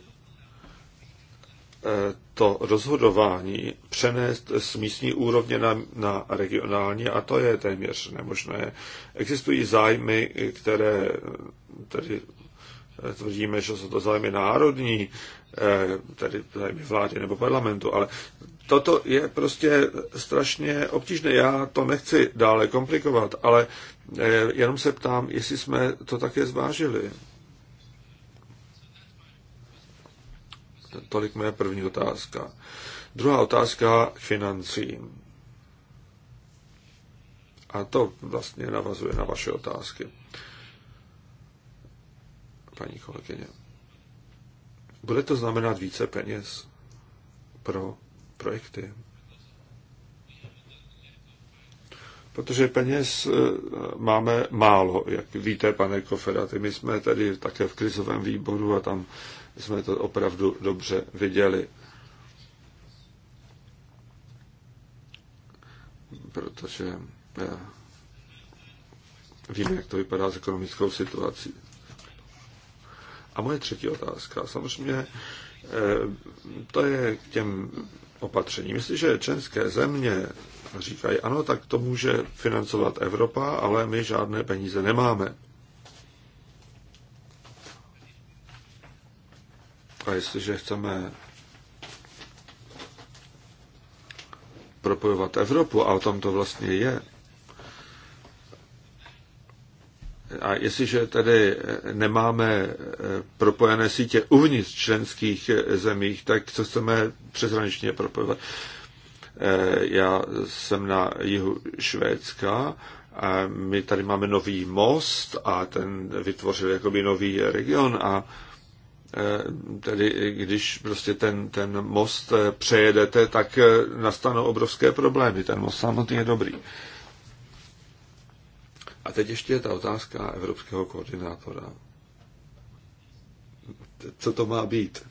Eh, to rozhodování přenést z místní úrovně na, na regionální a to je téměř nemožné. Existují zájmy, které eh, tedy eh, tvrdíme, že jsou to zájmy národní, tedy zájmy vlády nebo parlamentu, ale toto je prostě strašně obtížné. Já to nechci dále komplikovat, ale jenom se ptám, jestli jsme to také zvážili. Tolik moje první otázka. Druhá otázka k financím. A to vlastně navazuje na vaše otázky, paní kolegyně. Bude to znamenat více peněz pro projekty? Protože peněz eh, máme málo, jak víte, pane Koferaty. My jsme tady také v krizovém výboru a tam jsme to opravdu dobře viděli. Protože eh, víme, jak to vypadá s ekonomickou situací. A moje třetí otázka. Samozřejmě eh, to je k těm opatřením. Jestliže členské země říkají, ano, tak to může financovat Evropa, ale my žádné peníze nemáme. A jestliže chceme propojovat Evropu, a o tom to vlastně je, a jestliže tedy nemáme propojené sítě uvnitř členských zemích, tak co chceme přeshraničně propojovat? Já jsem na jihu Švédska a my tady máme nový most a ten vytvořil jakoby nový region a Eh, tedy když prostě ten, ten most eh, přejedete, tak eh, nastanou obrovské problémy. Ten most samotný je dobrý. A teď ještě je ta otázka evropského koordinátora. Co to má být?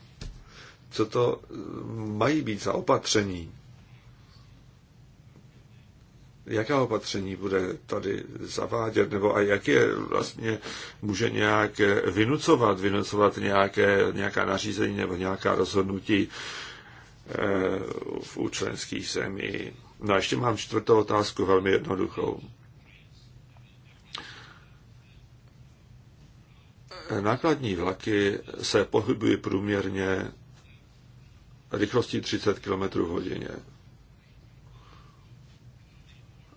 Co to mají být za opatření? jaká opatření bude tady zavádět, nebo a jak je vlastně může nějak vynucovat, vynucovat nějaké, nějaká nařízení nebo nějaká rozhodnutí eh, v účlenských zemí. No a ještě mám čtvrtou otázku, velmi jednoduchou. Nákladní vlaky se pohybují průměrně rychlostí 30 km hodině.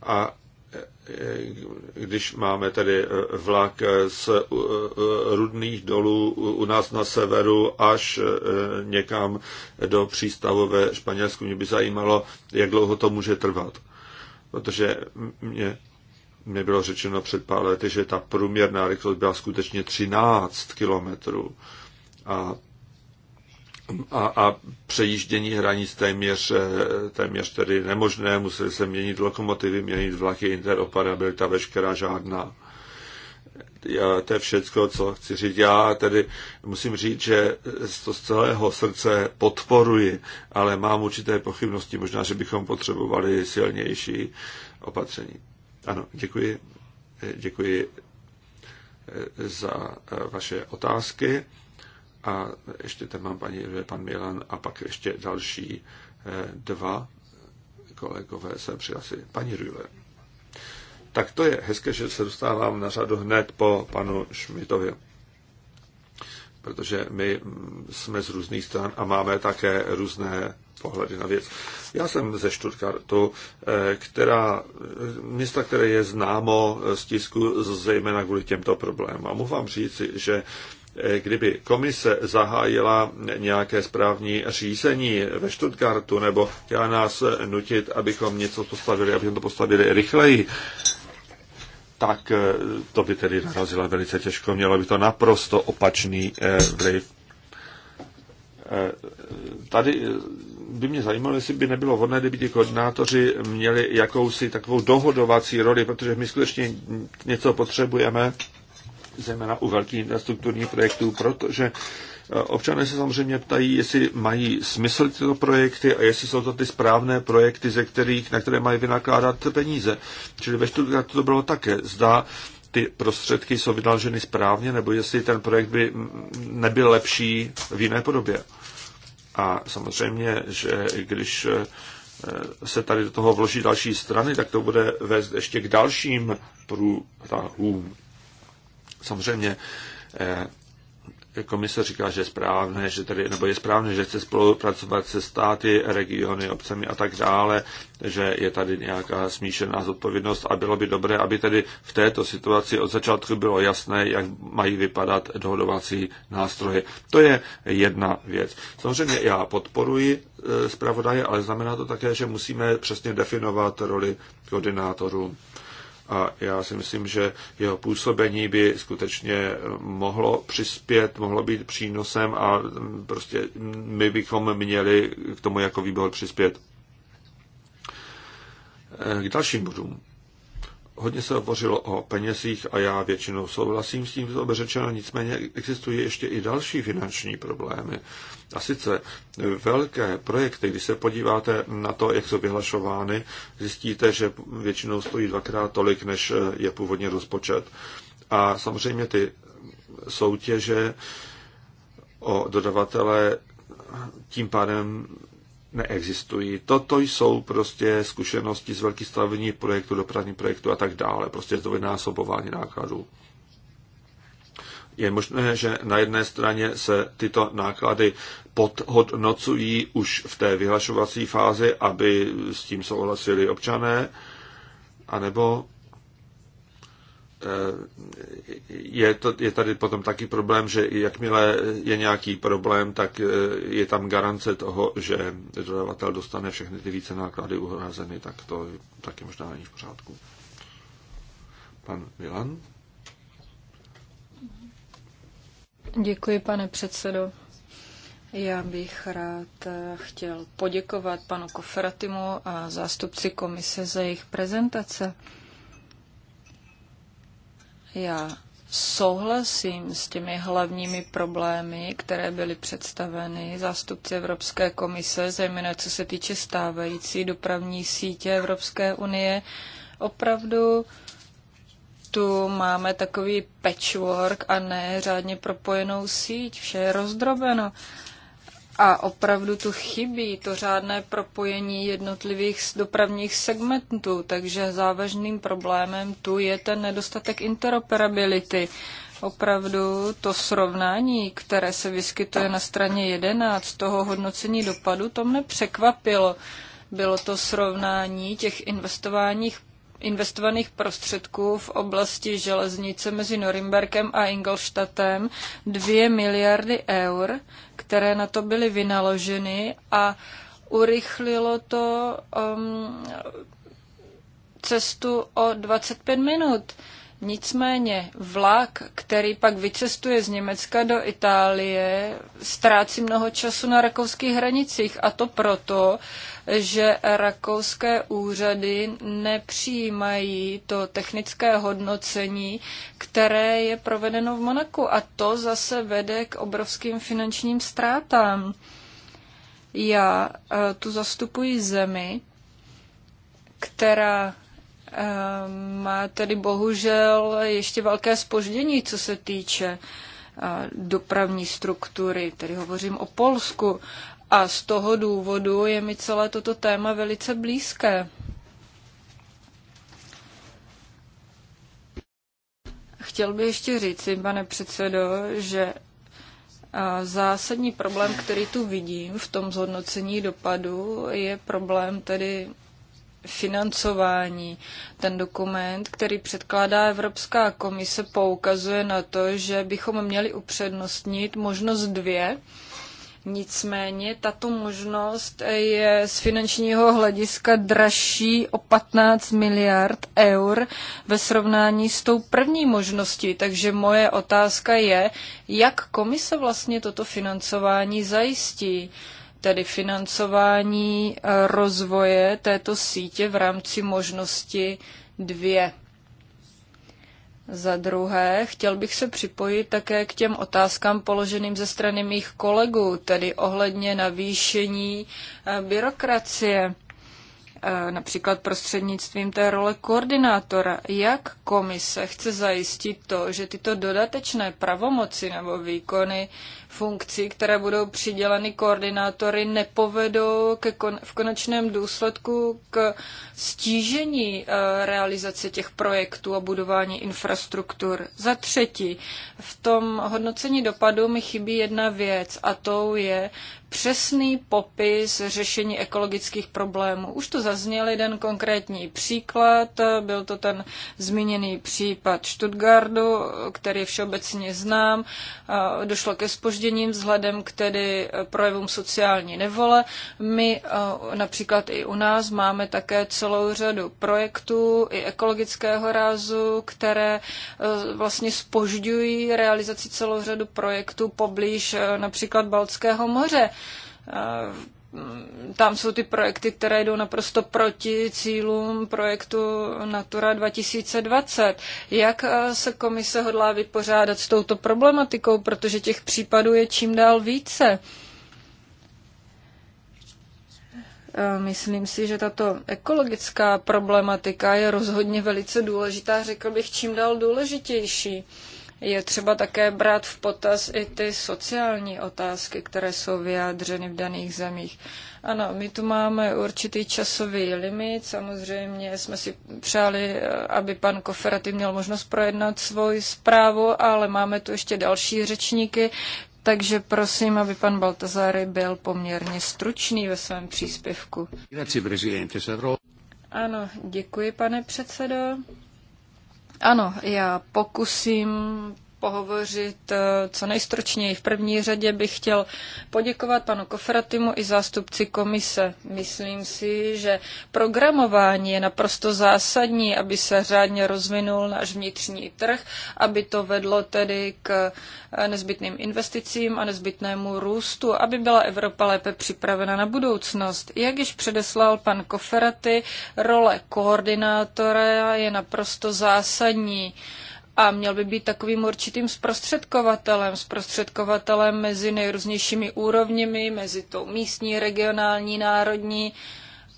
A e, e, když máme tedy e, vlak z rudných dolů u nás na severu až někam do přístavu ve Španělsku, mě by zajímalo, jak dlouho to může trvat. Protože mě, mě bylo řečeno před pár lety, že ta průměrná rychlost byla skutečně 13 kilometrů. A a, a přejíždění hranic téměř, eh, téměř tedy nemožné, museli se měnit lokomotivy, měnit vlaky, interoperabilita veškerá žádná. Já, to je všecko, co chci říct. Já tedy musím říct, že to z celého srdce podporuji, ale mám určité pochybnosti, možná, že bychom potřebovali silnější opatření. Ano, děkuji. Děkuji eh, za eh, vaše otázky. A ještě tam mám paní pan Milan a pak ještě další eh, dva kolegové se přihlásili. Paní Rüle. Tak to je hezké, že se dostávám na řadu hned po panu Šmitovi. Protože my mm, jsme z různých stran a máme také různé pohledy na věc. Já jsem ze Stuttgartu, eh, která, eh, města, které je známo z tisku zejména kvůli těmto problémům. A mohu vám říct, že kdyby komise zahájila nějaké správní řízení ve Stuttgartu nebo chtěla nás nutit, abychom něco postavili, abychom to postavili rychleji, tak eh, to by tedy narazila velice těžko. Mělo by to naprosto opačný eh, vliv. Eh, tady by mě zajímalo, jestli by nebylo vhodné, kdyby ti koordinátoři měli jakousi takovou dohodovací roli, protože my skutečně něco potřebujeme zejména u velkých infrastrukturních projektů, protože eh, občané se samozřejmě ptají, jestli mají smysl tyto projekty a jestli jsou to ty správné projekty, ze kterých, na které mají vynakládat peníze. Čili ve Stuttgartu to bylo také. Zdá, ty prostředky jsou vynaloženy správně, nebo jestli ten projekt by nebyl lepší v jiné podobě. A samozřejmě, že když eh, se tady do toho vloží další strany, tak to bude vést ještě k dalším průtahům. Samozřejmě eh, komise říká, že je správné, že tady nebo je správné, že chce spolupracovat se státy, regiony, obcemi a tak dále, že je tady nějaká smíšená zodpovědnost a bylo by dobré, aby tedy v této situaci od začátku bylo jasné, jak mají vypadat dohodovací nástroje. To je jedna věc. Samozřejmě já podporuji eh, zpravodaje, ale znamená to také, že musíme přesně definovat roli koordinátorů a já si myslím, že jeho působení by skutečně mohlo přispět, mohlo být přínosem a prostě my bychom měli k tomu jako výbor přispět. K dalším bodům. Hodně se hovořilo o penězích a já většinou souhlasím s tím, co by řečeno, nicméně existují ještě i další finanční problémy. A sice velké projekty, když se podíváte na to, jak jsou vyhlašovány, zjistíte, že většinou stojí dvakrát tolik, než je původně rozpočet. A samozřejmě ty soutěže o dodavatele tím pádem neexistují. Toto jsou prostě zkušenosti z velkých stavení projektů, dopravních projektů a tak dále. Prostě to dovinásobování nákladů. Je možné, že na jedné straně se tyto náklady podhodnocují už v té vyhlašovací fázi, aby s tím souhlasili občané, anebo Eh, je, to, je tady potom taky problém, že jakmile je nějaký problém, tak eh, je tam garance toho, že dodavatel dostane všechny ty více náklady uhrazeny, tak to taky možná není v pořádku. Pan Milan? Děkuji, pane předsedo. Já bych rád eh, chtěl poděkovat panu Kofratimu a zástupci komise za jejich prezentace. Já souhlasím s těmi hlavními problémy, které byly představeny zástupci Evropské komise, zejména co se týče stávající dopravní sítě Evropské unie. Opravdu tu máme takový patchwork a ne řádně propojenou síť, vše je rozdrobeno. A opravdu tu chybí to řádné propojení jednotlivých dopravních segmentů, takže závažným problémem tu je ten nedostatek interoperability. Opravdu to srovnání, které se vyskytuje na straně 11 toho hodnocení dopadu, to mne překvapilo. Bylo to srovnání těch investováních investovaných prostředků v oblasti železnice mezi Norimberkem a Ingolštatem 2 miliardy eur, které na to byly vynaloženy a urychlilo to um, cestu o 25 minut. Nicméně vlak, který pak vycestuje z Německa do Itálie, ztrácí mnoho času na rakouských hranicích a to proto, že rakouské úřady nepřijímají to technické hodnocení, které je provedeno v Monaku a to zase vede k obrovským finančním ztrátám. Já eh, tu zastupuji zemi, která eh, má tedy bohužel ještě velké spoždění, co se týče eh, dopravní struktury, tedy hovořím o Polsku. A z toho důvodu je mi celé toto téma velice blízké. Chtěl bych ještě říci, pane předsedo, že zásadní problém, který tu vidím v tom zhodnocení dopadu, je problém tedy financování. Ten dokument, který předkládá Evropská komise, poukazuje na to, že bychom měli upřednostnit možnost dvě, Nicméně tato možnost je z finančního hlediska dražší o 15 miliard eur ve srovnání s tou první možností. Takže moje otázka je, jak komise vlastně toto financování zajistí tedy financování eh, rozvoje této sítě v rámci možnosti dvě. Za druhé, chtěl bych se připojit také k těm otázkám položeným ze strany mých kolegů, tedy ohledně navýšení eh, byrokracie. Eh, například prostřednictvím té role koordinátora. Jak komise chce zajistit to, že tyto dodatečné pravomoci nebo výkony funkcí, které budou přiděleny koordinátory, nepovedou ke kon- v konečném důsledku k stížení eh, realizace těch projektů a budování infrastruktur. Za třetí, v tom hodnocení dopadu mi chybí jedna věc a tou je, přesný popis řešení ekologických problémů. Už to zazněl jeden konkrétní příklad, byl to ten zmíněný případ Stuttgartu, který všeobecně znám. Došlo ke spožděním vzhledem k tedy projevům sociální nevole. My například i u nás máme také celou řadu projektů i ekologického rázu, které e, vlastně spožďují realizaci celou řadu projektů poblíž e, například Baltského moře. Eh, tam jsou ty projekty, které jdou naprosto proti cílům projektu Natura 2020. Jak eh, se komise hodlá vypořádat s touto problematikou, protože těch případů je čím dál více? Eh, myslím si, že tato ekologická problematika je rozhodně velice důležitá, řekl bych čím dál důležitější je třeba také brát v potaz i ty sociální otázky, které jsou vyjádřeny v daných zemích. Ano, my tu máme určitý časový limit. Samozřejmě jsme si přáli, eh, aby pan Koferaty měl možnost projednat svoji zprávu, ale máme tu ještě další řečníky, takže prosím, aby pan Baltazary byl poměrně stručný ve svém příspěvku. Ano, děkuji, pane předsedo. Ano, já pokusím pohovořit eh, co nejstročněji. V první řadě bych chtěl poděkovat panu Koferatimu i zástupci komise. Myslím si, že programování je naprosto zásadní, aby se řádně rozvinul náš vnitřní trh, aby to vedlo tedy k eh, nezbytným investicím a nezbytnému růstu, aby byla Evropa lépe připravena na budoucnost. Jak již předeslal pan Koferaty, role koordinátora je naprosto zásadní a měl by být takovým určitým zprostředkovatelem, zprostředkovatelem mezi nejrůznějšími úrovněmi, mezi tou místní, regionální, národní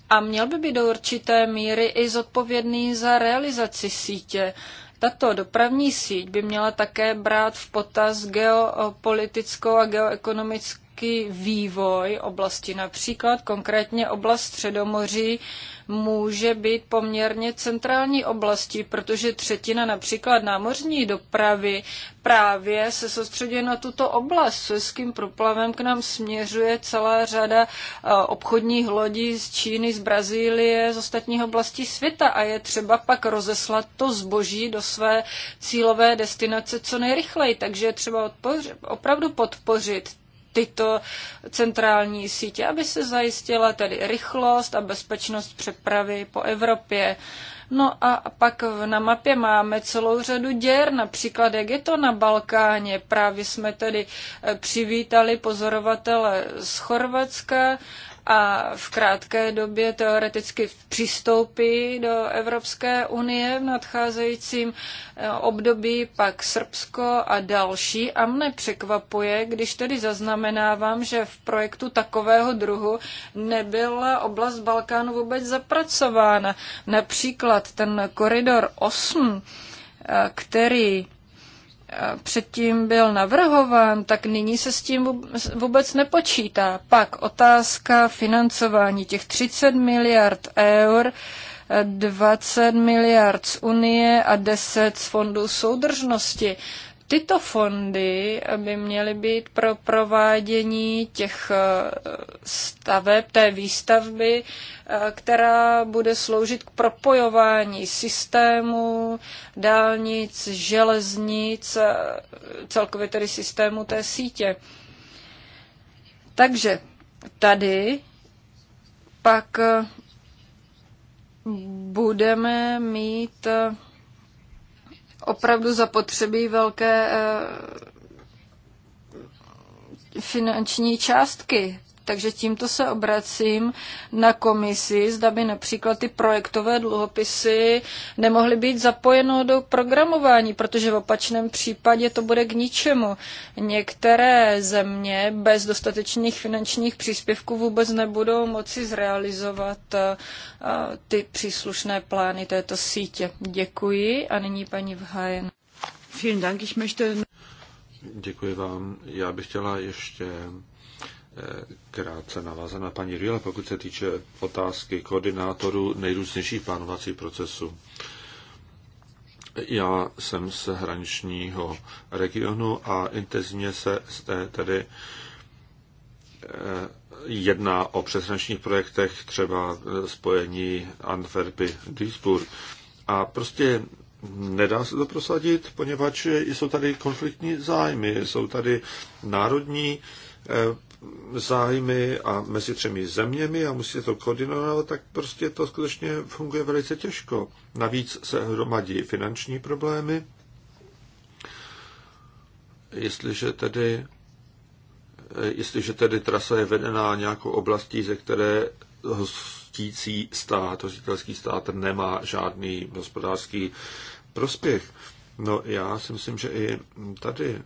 a měl by být do určité míry i zodpovědný za realizaci sítě. Tato dopravní síť by měla také brát v potaz geopolitickou a geoekonomickou taky vývoj oblasti. Například konkrétně oblast Středomoří může být poměrně centrální oblastí, protože třetina například námořní dopravy právě se soustředí na tuto oblast. S Suezkým proplavem k nám směřuje celá řada eh, obchodních lodí z Číny, z Brazílie, z ostatních oblastí světa a je třeba pak rozeslat to zboží do své cílové destinace co nejrychleji. Takže je třeba opravdu podpořit tyto centrální sítě, aby se zajistila tedy rychlost a bezpečnost přepravy po Evropě. No a pak na mapě máme celou řadu děr, například jak je to na Balkáně. Právě jsme tedy eh, přivítali pozorovatele z Chorvatska a v krátké době teoreticky přistoupí do Evropské unie v nadcházejícím eh, období, pak Srbsko a další. A mne překvapuje, když tedy zaznamenávám, že v projektu takového druhu nebyla oblast Balkánu vůbec zapracována. Například ten koridor 8, eh, který Eh, předtím byl navrhován, tak nyní se s tím vůbec nepočítá. Pak otázka financování těch 30 miliard eur, 20 eh, miliard z Unie a 10 z fondů soudržnosti. Tyto fondy by měly být pro provádění těch eh, staveb, té výstavby, eh, která bude sloužit k propojování systému, dálnic, železnic, eh, celkově tedy systému té sítě. Takže tady pak budeme mít opravdu zapotřebí velké eh, finanční částky. Takže tímto se obracím na komisi, zda by například ty projektové dluhopisy nemohly být zapojeno do programování, protože v opačném případě to bude k ničemu. Některé země bez dostatečných finančních příspěvků vůbec nebudou moci zrealizovat eh, ty příslušné plány této sítě. Děkuji a nyní paní Vhajen. Vielen Dank, ich möchte... Děkuji vám. Já bych chtěla ještě krátce navázaná. paní Riele, pokud se týče otázky koordinátorů nejrůznějších plánovacích procesů. Já jsem z hraničního regionu a intenzivně se zde tedy eh, jedná o přeshraničních projektech, třeba eh, spojení Antwerpy Duisburg. A prostě nedá se to prosadit, poněvadž jsou tady konfliktní zájmy, jsou tady národní eh, zájmy a mezi třemi zeměmi a musíte to koordinovat, tak prostě to skutečně funguje velice těžko. Navíc se hromadí finanční problémy. Jestliže tedy, jestliže tedy trasa je vedená nějakou oblastí, ze které hostící stát, hostitelský stát nemá žádný hospodářský prospěch. No já si myslím, že i tady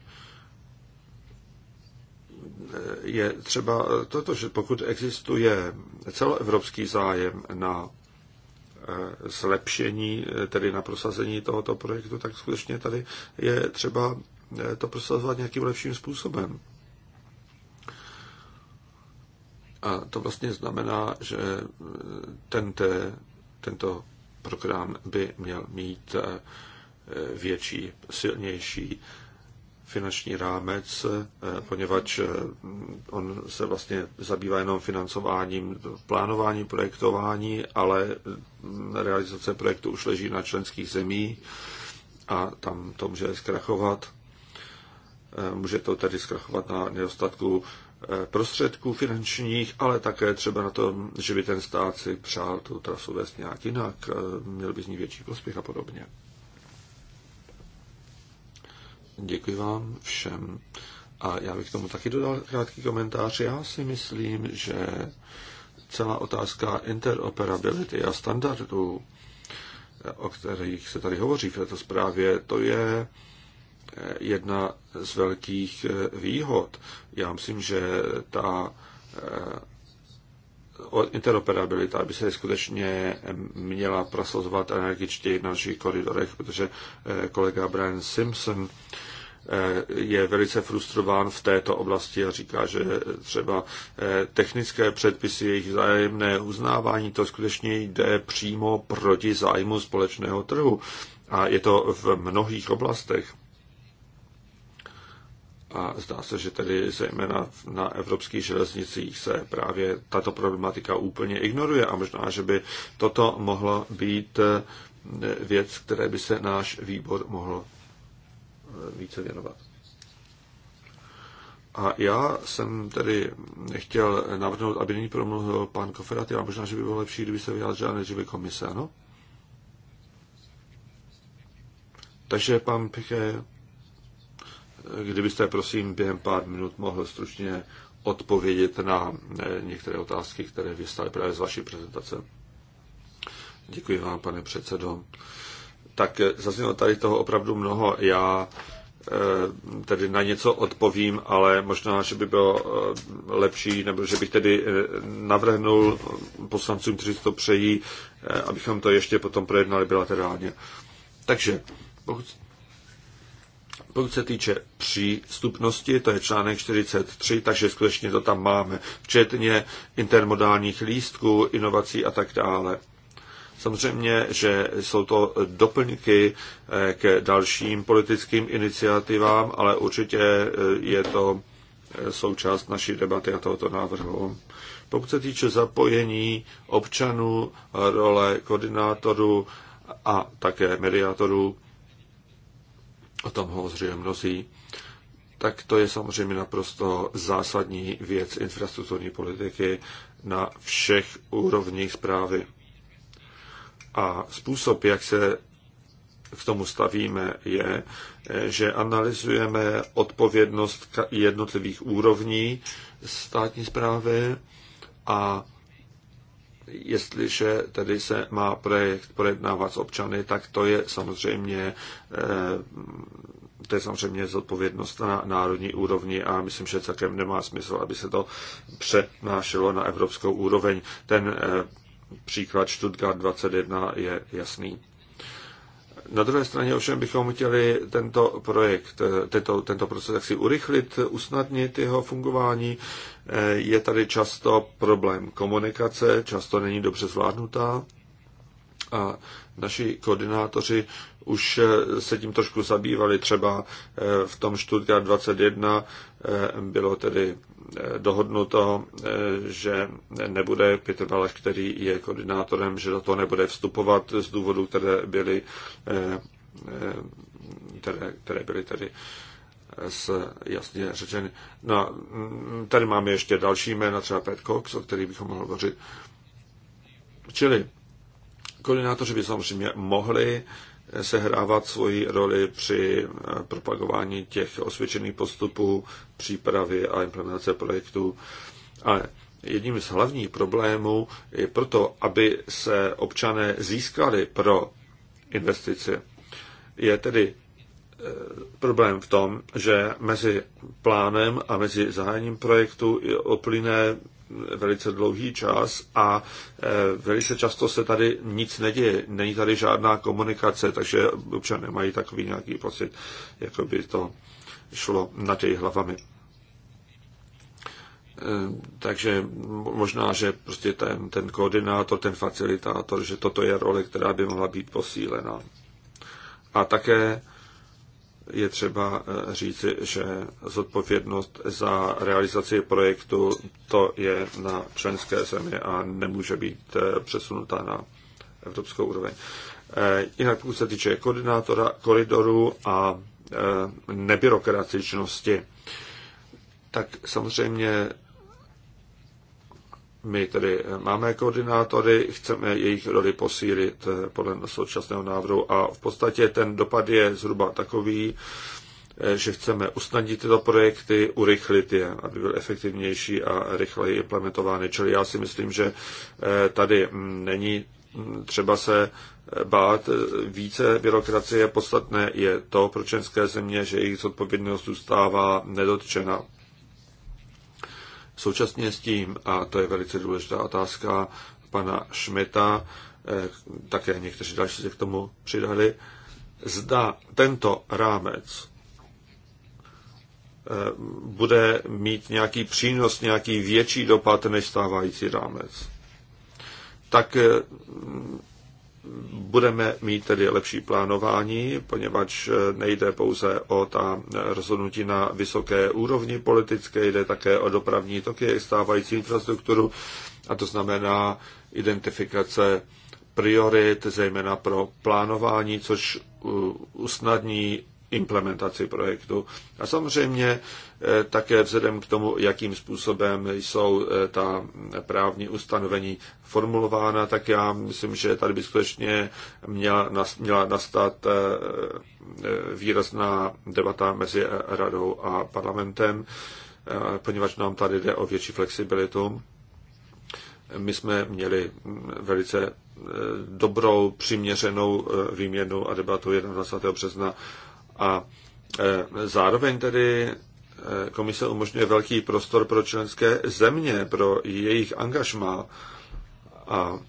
je třeba toto, že pokud existuje celoevropský zájem na eh, zlepšení, tedy na prosazení tohoto projektu, tak skutečně tady je třeba eh, to prosazovat nějakým lepším způsobem. A to vlastně znamená, že eh, tento, tento program by měl mít větší, silnější finanční rámec, eh, poněvadž eh, on se vlastně zabývá jenom financováním, plánování, projektování, ale mm, realizace projektu už leží na členských zemí a tam to může zkrachovat. Eh, může to tedy zkrachovat na nedostatku prostředků finančních, ale také třeba na tom, že by ten stát si přál tu trasu vést nějak jinak, měl by z ní větší prospěch a podobně. Děkuji vám všem. A já bych tomu taky dodal krátký komentář. Já si myslím, že celá otázka interoperability a standardů, o kterých se tady hovoří v této zprávě, to je eh, jedna z velkých eh, výhod. Já myslím, že ta eh, interoperabilita by se skutečně měla prosazovat energičtěji v našich koridorech, protože kolega Brian Simpson Eh, je velice frustrován v této oblasti a říká, že třeba eh, technické předpisy, jejich zájemné uznávání, to skutečně jde přímo proti zájmu společného trhu. A je to v mnohých oblastech. A zdá se, že tedy zejména na evropských železnicích se právě tato problematika úplně ignoruje a možná, že by toto mohlo být eh, věc, které by se náš výbor mohl více věnovat. A já jsem tedy chtěl navrhnout, aby nyní promluvil pan Koferaty, a možná, že by bylo lepší, kdyby se vyjádřila nejdříve komise, ano? Takže pan Piché, kdybyste prosím během pár minut mohl stručně odpovědět na eh, některé otázky, které vystaly právě z vaší prezentace. Děkuji vám, pane předsedo tak eh, zaznělo tady toho opravdu mnoho. Já eh, tedy na něco odpovím, ale možná, že by bylo eh, lepší, nebo že bych tedy navrhnul poslancům, kteří to přejí, abychom to ještě potom projednali bilaterálně. Takže, pokud, pokud se týče přístupnosti, to je článek 43, takže skutečně to tam máme, včetně intermodálních lístků, inovací a tak dále. Samozřejmě, že jsou to doplňky eh, k dalším politickým iniciativám, ale určitě eh, je to eh, součást naší debaty a tohoto návrhu. Pokud se týče zapojení občanů, role koordinátorů a také mediátorů, o tom hovoří mnozí, tak to je samozřejmě naprosto zásadní věc infrastrukturní politiky na všech úrovních zprávy. A způsob, jak se k tomu stavíme, je, že analyzujeme odpovědnost jednotlivých úrovní státní zprávy a jestliže tedy se má projekt projednávat s občany, tak to je samozřejmě eh, to je samozřejmě zodpovědnost na národní úrovni a myslím, že celkem nemá smysl, aby se to přenášelo na evropskou úroveň. Ten eh, příklad Stuttgart 21 je jasný. Na druhé straně ovšem bychom chtěli tento projekt, tento, tento proces jaksi urychlit, usnadnit jeho fungování. Je tady často problém komunikace, často není dobře zvládnutá a naši koordinátoři už eh, se tím trošku zabývali. Třeba eh, v tom Stuttgart 21 eh, bylo tedy dohodnuto, že nebude Petr Valaš, který je koordinátorem, že do toho nebude vstupovat z důvodů, které byly, které, které byly tedy s jasně řečeny. No, mm, tady máme ještě další jména, třeba Pat Cox, o který bychom mohli hovořit. Čili koordinátoři by samozřejmě mohli sehrávat svoji roli při eh, propagování těch osvědčených postupů, přípravy a implementace projektů. Ale jedním z hlavních problémů je proto, aby se občané získali pro investici. Je tedy eh, problém v tom, že mezi plánem a mezi zahájením projektu oplyné velice dlouhý čas a e, velice často se tady nic neděje, není tady žádná komunikace, takže občané mají takový nějaký pocit, jako by to šlo nad jejich hlavami. E, takže možná, že prostě ten, ten koordinátor, ten facilitátor, že toto je role, která by mohla být posílena. A také je třeba eh, říci, že zodpovědnost za realizaci projektu to je na členské zemi a nemůže být eh, přesunutá na evropskou úroveň. Eh, jinak pokud se týče koordinátora koridoru a nebyrokratičnosti, tak samozřejmě my tedy eh, máme koordinátory, chceme jejich roli posílit eh, podle současného návrhu a v podstatě ten dopad je zhruba takový, eh, že chceme usnadnit tyto projekty, urychlit je, aby byly efektivnější a rychleji implementovány. Čili já si myslím, že tady není hm, třeba se bát více byrokracie. Podstatné je to pro české země, že jejich zodpovědnost zůstává nedotčena. Současně s tím, a to je velice důležitá otázka pana Šmita, eh, také někteří další se k tomu přidali, zda tento rámec eh, bude mít nějaký přínos, nějaký větší dopad než stávající rámec. Tak eh, budeme mít tedy lepší plánování, poněvadž nejde pouze o ta rozhodnutí na vysoké úrovni politické, jde také o dopravní toky, stávající infrastrukturu a to znamená identifikace priorit, zejména pro plánování, což usnadní implementaci projektu. A samozřejmě eh, také vzhledem k tomu, jakým způsobem jsou eh, ta právní ustanovení formulována, tak já myslím, že tady by skutečně měla, nastat eh, výrazná debata mezi radou a parlamentem, poněvadž nám tady jde o větší flexibilitu. My jsme měli hm, velice dobrou, přiměřenou výměnu a debatu 21. března a e, zároveň tedy e, komise umožňuje velký prostor pro členské země, pro jejich angažma a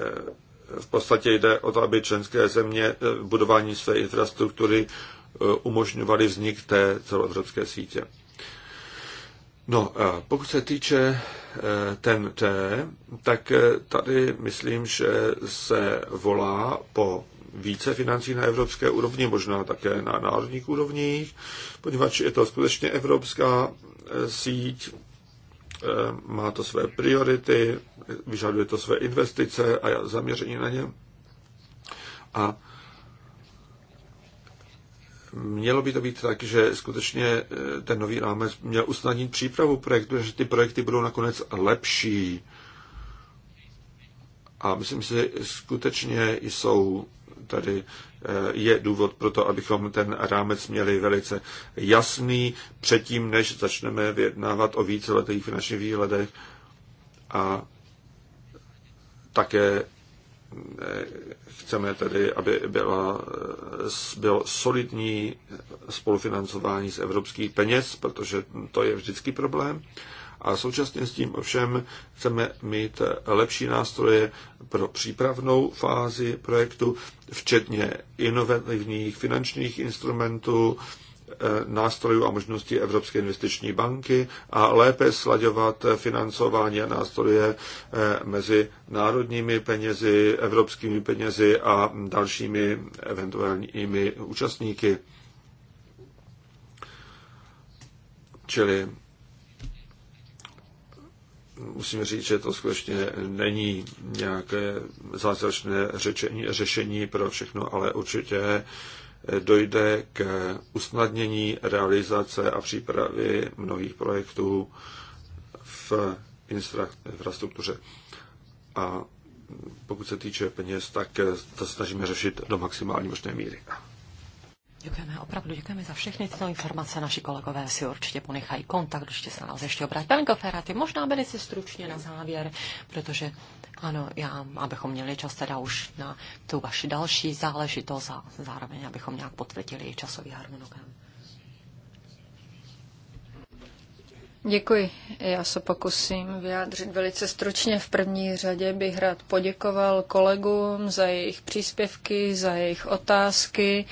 e, v podstatě jde o to, aby členské země budování své infrastruktury umožňovaly vznik té celoevropské sítě. No, pokud se týče ten T, tak tady myslím, že se volá po více financí na evropské úrovni, možná také na národních úrovních, poněvadž je to skutečně evropská eh, síť, eh, má to své priority, vyžaduje to své investice a zaměření na ně. A mělo by to být tak, že skutečně eh, ten nový rámec měl usnadnit přípravu projektu, že ty projekty budou nakonec lepší. A myslím si, skutečně jsou tady eh, je důvod pro to, abychom ten rámec měli velice jasný předtím, než začneme vyjednávat o více víceletých finančních výhledech a také eh, chceme tedy, aby byla, eh, byl solidní spolufinancování z evropských peněz, protože to je vždycky problém a současně s tím ovšem chceme mít lepší nástroje pro přípravnou fázi projektu, včetně inovativních finančních instrumentů, eh, nástrojů a možností Evropské investiční banky a lépe slaďovat financování a nástroje eh, mezi národními penězi, evropskými penězi a dalšími eventuálními účastníky. Čili musím říct, že to skutečně není nějaké zázračné řečení, řešení pro všechno, ale určitě dojde k usnadnění realizace a přípravy mnohých projektů v infrastruktuře. A pokud se týče peněz, tak to snažíme řešit do maximální možné míry. Děkujeme, opravdu děkujeme za všechny tyto informace. Naši kolegové si určitě ponechají kontakt, určitě se nás ještě obrátí. Pane Koferaty, možná velice stručně na závěr, protože ano, já, abychom měli čas teda už na tu vaši další záležitost a zároveň, abychom nějak potvrdili časový harmonogram. Děkuji. Já se pokusím vyjádřit velice stručně. V první řadě bych rád poděkoval kolegům za jejich příspěvky, za jejich otázky.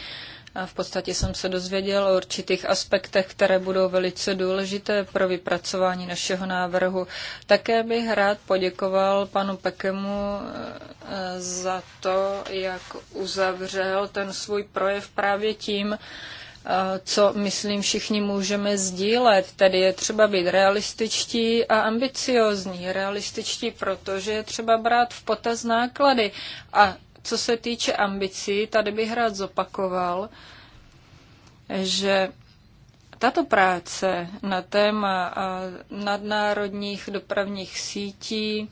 A v podstatě jsem se dozvěděl o určitých aspektech, které budou velice důležité pro vypracování našeho návrhu. Také bych rád poděkoval panu Pekemu eh, za to, jak uzavřel ten svůj projev právě tím, eh, co, myslím, všichni můžeme sdílet. Tedy je třeba být realističtí a ambiciozní. Realističtí, protože je třeba brát v potaz náklady a co se týče ambicí, tady bych rád zopakoval, že tato práce na téma nadnárodních dopravních sítí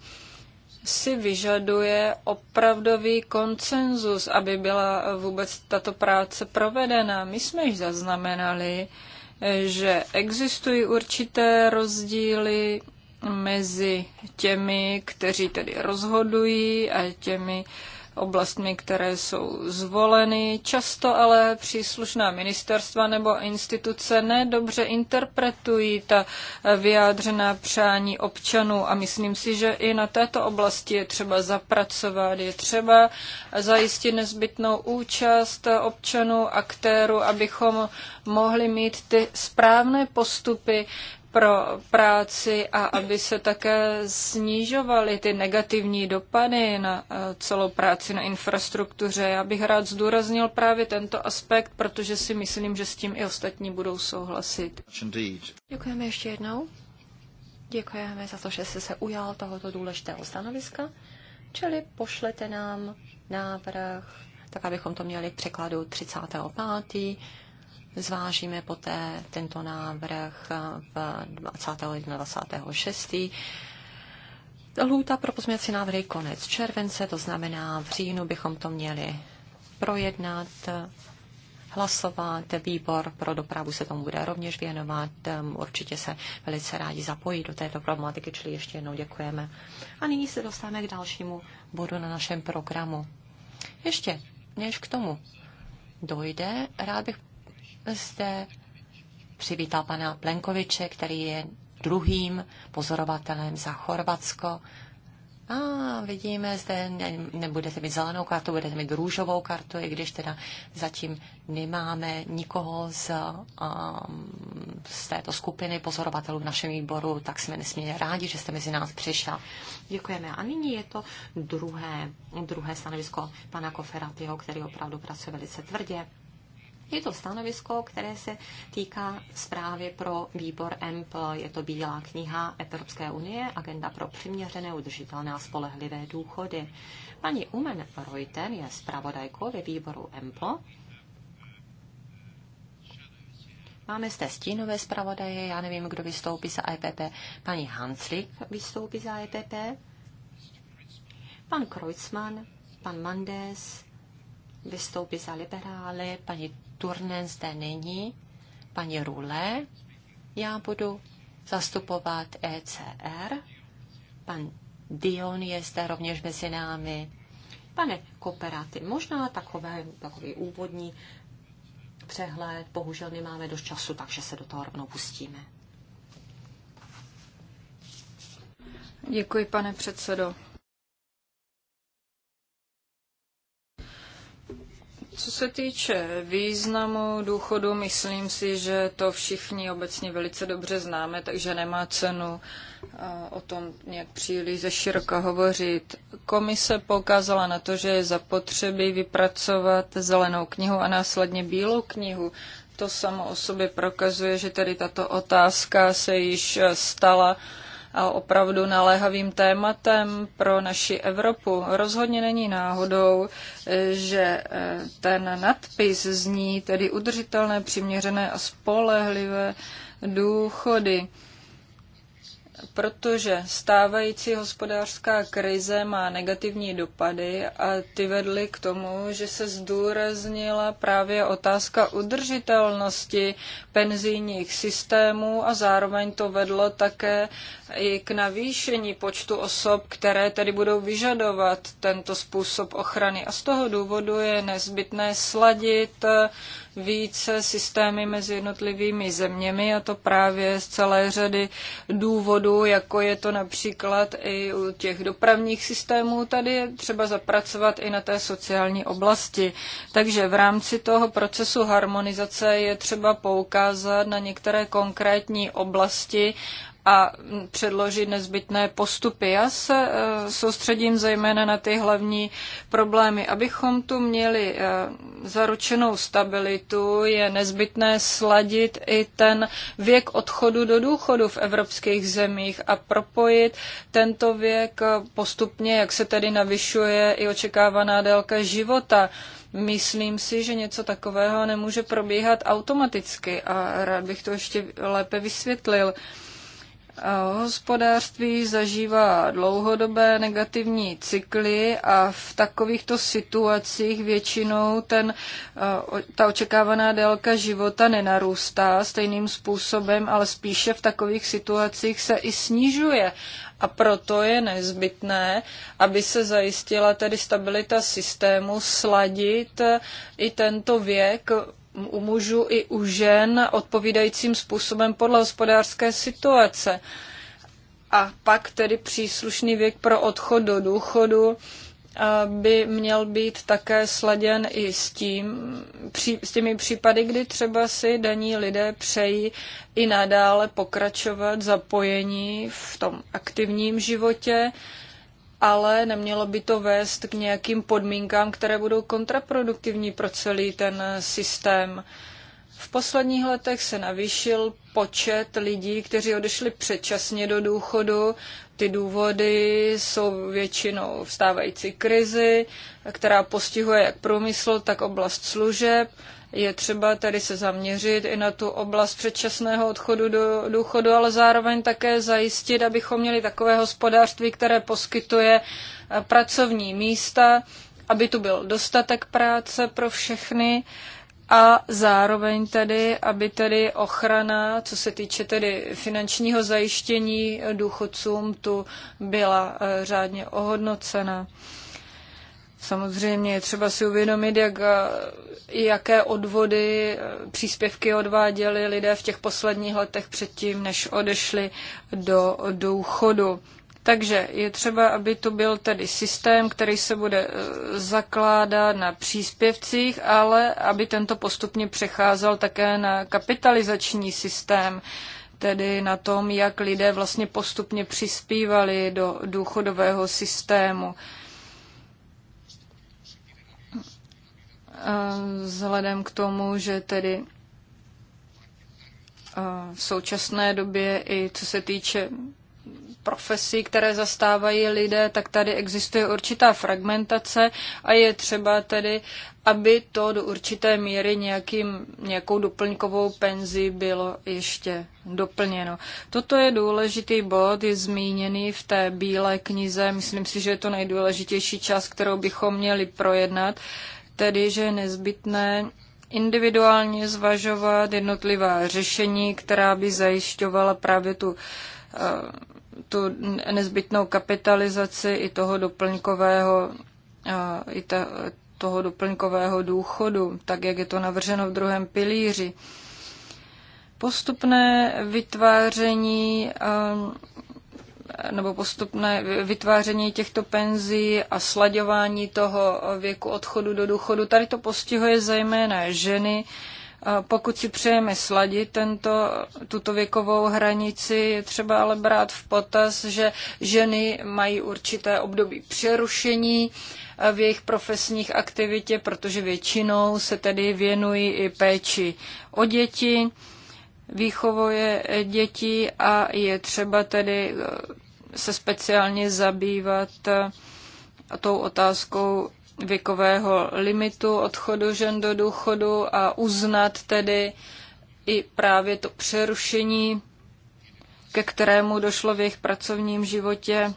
si vyžaduje opravdový koncenzus, aby byla vůbec tato práce provedena. My jsme již zaznamenali, že existují určité rozdíly mezi těmi, kteří tedy rozhodují a těmi, oblastmi, které jsou zvoleny. Často ale příslušná ministerstva nebo instituce nedobře interpretují ta vyjádřená přání občanů a myslím si, že i na této oblasti je třeba zapracovat, je třeba zajistit nezbytnou účast občanů, aktérů, abychom mohli mít ty správné postupy, pro práci a aby se také snižovaly ty negativní dopady na eh, celou práci na infrastruktuře. Já bych rád zdůraznil právě tento aspekt, protože si myslím, že s tím i ostatní budou souhlasit. Děkujeme ještě jednou. Děkujeme za to, že jste se ujal tohoto důležitého stanoviska, čili pošlete nám návrh, tak abychom to měli k překladu 35 Zvážíme poté tento návrh v 21. 26. Lhůta pro pozměňovací návrhy konec července, to znamená v říjnu bychom to měli projednat, hlasovat. Výbor pro dopravu se tomu bude rovněž věnovat. Určitě se velice rádi zapojí do této problematiky, čili ještě jednou děkujeme. A nyní se dostáváme k dalšímu bodu na našem programu. Ještě než k tomu dojde, rád bych zde přivítal pana Plenkoviče, který je druhým pozorovatelem za Chorvatsko. A vidíme, zde ne, nebudete mít zelenou kartu, budete mít růžovou kartu, i když teda zatím nemáme nikoho z, um, z této skupiny pozorovatelů v našem výboru, tak jsme nesmírně rádi, že jste mezi nás přišel. Děkujeme. A nyní je to druhé, druhé stanovisko pana Koferatyho, který opravdu pracuje velice tvrdě je to stanovisko, které se týká zprávy pro výbor EMP. Je to Bílá kniha Evropské unie, agenda pro přiměřené, udržitelné a spolehlivé důchody. Paní Umen Reuter je zpravodajkou ve výboru EMP. Máme zde stínové zpravodaje, já nevím, kdo vystoupí za EPP. Paní Hanslik vystoupí za EPP. Pan Kreuzmann, pan Mandes, vystoupí za liberály, paní Turnen zde není, paní Rule. Já budu zastupovat ECR. Pan Dion je zde rovněž mezi námi. Pane Koperaty, možná takové, takový úvodní přehled. Bohužel nemáme dost času, takže se do toho rovnou pustíme. Děkuji, pane předsedo. Co se týče významu důchodu, myslím si, že to všichni obecně velice dobře známe, takže nemá cenu eh, o tom nějak příliš ze široka hovořit. Komise poukázala na to, že je zapotřebí vypracovat zelenou knihu a následně bílou knihu. To samo o sobě prokazuje, že tedy tato otázka se již eh, stala uh, a opravdu naléhavým tématem pro naši Evropu. Rozhodně není náhodou, eh, že eh, ten nadpis zní tedy udržitelné, přiměřené a spolehlivé důchody protože stávající hospodářská krize má negativní dopady a ty vedly k tomu, že se zdůraznila právě otázka udržitelnosti penzijních systémů a zároveň to vedlo také i k navýšení počtu osob, které tedy budou vyžadovat tento způsob ochrany. A z toho důvodu je nezbytné sladit více systémy mezi jednotlivými zeměmi a to právě z celé řady důvodů, jako je to například i u těch dopravních systémů. Tady je třeba zapracovat i na té sociální oblasti. Takže v rámci toho procesu harmonizace je třeba poukázat na některé konkrétní oblasti a předložit nezbytné postupy. Já se eh, soustředím zejména na ty hlavní problémy. Abychom tu měli eh, zaručenou stabilitu, je nezbytné sladit i ten věk odchodu do důchodu v evropských zemích a propojit tento věk eh, postupně, jak se tedy navyšuje i očekávaná délka života. Myslím si, že něco takového nemůže probíhat automaticky a rád bych to ještě lépe vysvětlil. Hospodářství zažívá dlouhodobé negativní cykly a v takovýchto situacích většinou ten, eh, ta očekávaná délka života nenarůstá stejným způsobem, ale spíše v takových situacích se i snižuje. A proto je nezbytné, aby se zajistila tedy stabilita systému, sladit eh, i tento věk u mužů i u žen odpovídajícím způsobem podle hospodářské situace. A pak tedy příslušný věk pro odchod do důchodu eh, by měl být také sladěn i s, tím, s těmi případy, kdy třeba si daní lidé přejí i nadále pokračovat zapojení v tom aktivním životě, ale nemělo by to vést k nějakým podmínkám, které budou kontraproduktivní pro celý ten systém. V posledních letech se navýšil počet lidí, kteří odešli předčasně do důchodu. Ty důvody jsou většinou vstávající krizi, která postihuje jak průmysl, tak oblast služeb je třeba tedy se zaměřit i na tu oblast předčasného odchodu do důchodu, ale zároveň také zajistit, abychom měli takové hospodářství, které poskytuje eh, pracovní místa, aby tu byl dostatek práce pro všechny a zároveň tedy, aby tedy ochrana, co se týče tedy finančního zajištění důchodcům, tu byla eh, řádně ohodnocena. Samozřejmě je třeba si uvědomit, jak, eh, jaké odvody, eh, příspěvky odváděli lidé v těch posledních letech předtím, než odešli do důchodu. Takže je třeba, aby to byl tedy systém, který se bude eh, zakládat na příspěvcích, ale aby tento postupně přecházel také na kapitalizační systém, tedy na tom, jak lidé vlastně postupně přispívali do důchodového systému. Eh, vzhledem k tomu, že tedy eh, v současné době i co se týče profesí, které zastávají lidé, tak tady existuje určitá fragmentace a je třeba tedy, aby to do určité míry nějakým, nějakou doplňkovou penzi bylo ještě doplněno. Toto je důležitý bod, je zmíněný v té bílé knize. Myslím si, že je to nejdůležitější část, kterou bychom měli projednat. Uh, tedy, že je nezbytné individuálně zvažovat jednotlivá řešení, která by zajišťovala právě tu, eh, tu nezbytnou kapitalizaci i toho doplňkového, eh, i ta, toho doplňkového důchodu, tak jak je to navrženo v druhém pilíři. Postupné vytváření eh, nebo postupné vytváření těchto penzí a slaďování toho věku odchodu do důchodu. Tady to postihuje zejména ženy. Pokud si přejeme sladit tento, tuto věkovou hranici, je třeba ale brát v potaz, že ženy mají určité období přerušení v jejich profesních aktivitě, protože většinou se tedy věnují i péči o děti výchovuje eh, dětí a je třeba tedy eh, se speciálně zabývat eh, tou otázkou věkového limitu odchodu žen do důchodu a uznat tedy i právě to přerušení, ke kterému došlo v jejich pracovním životě.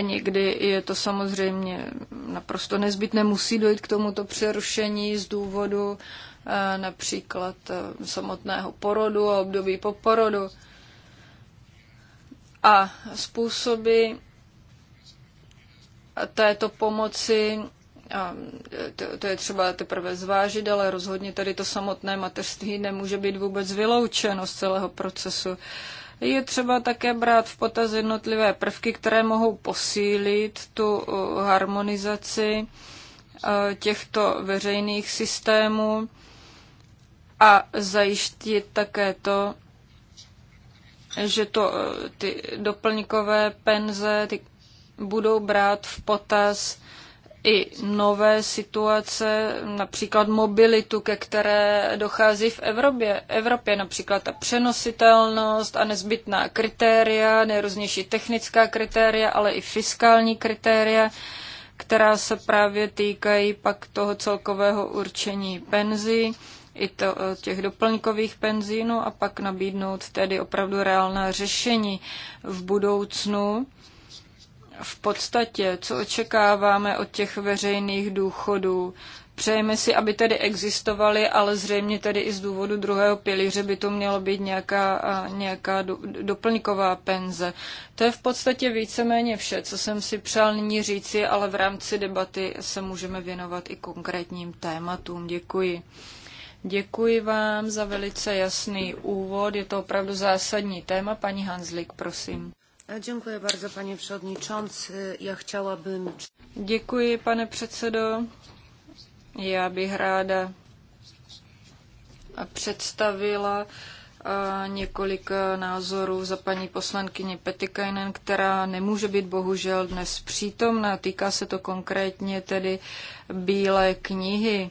Někdy je to samozřejmě naprosto nezbytné, musí dojít k tomuto přerušení z důvodu Eh, například eh, samotného porodu a období po porodu. A způsoby této pomoci, a eh, to, to je třeba teprve zvážit, ale rozhodně tady to samotné mateřství nemůže být vůbec vyloučeno z celého procesu. Je třeba také brát v potaz jednotlivé prvky, které mohou posílit tu harmonizaci těchto veřejných systémů a zajistit také to, že to, eh, ty doplňkové penze ty budou brát v potaz i nové situace, například mobilitu, ke které dochází v Evropě. Evropě například ta přenositelnost a nezbytná kritéria, nejrůznější technická kritéria, ale i fiskální kritéria, která se právě týkají pak toho celkového určení penzí i to, eh, těch doplňkových penzínů a pak nabídnout tedy opravdu reálná řešení v budoucnu. V podstatě, co očekáváme od těch veřejných důchodů, Přejeme si, aby tedy existovaly, ale zřejmě tedy i z důvodu druhého pilíře by to mělo být nějaká, nějaká doplňková penze. To je v podstatě víceméně vše, co jsem si přál nyní říci, ale v rámci debaty se můžeme věnovat i konkrétním tématům. Děkuji. Děkuji vám za velice jasný úvod. Je to opravdu zásadní téma. Paní Hanslik, prosím. Děkuji bardzo, pane předsedající. Já chtěla bym... Děkuji, pane předsedo. Já bych ráda představila několik názorů za paní poslankyni Petikainen, která nemůže být bohužel dnes přítomna. Týká se to konkrétně tedy Bílé knihy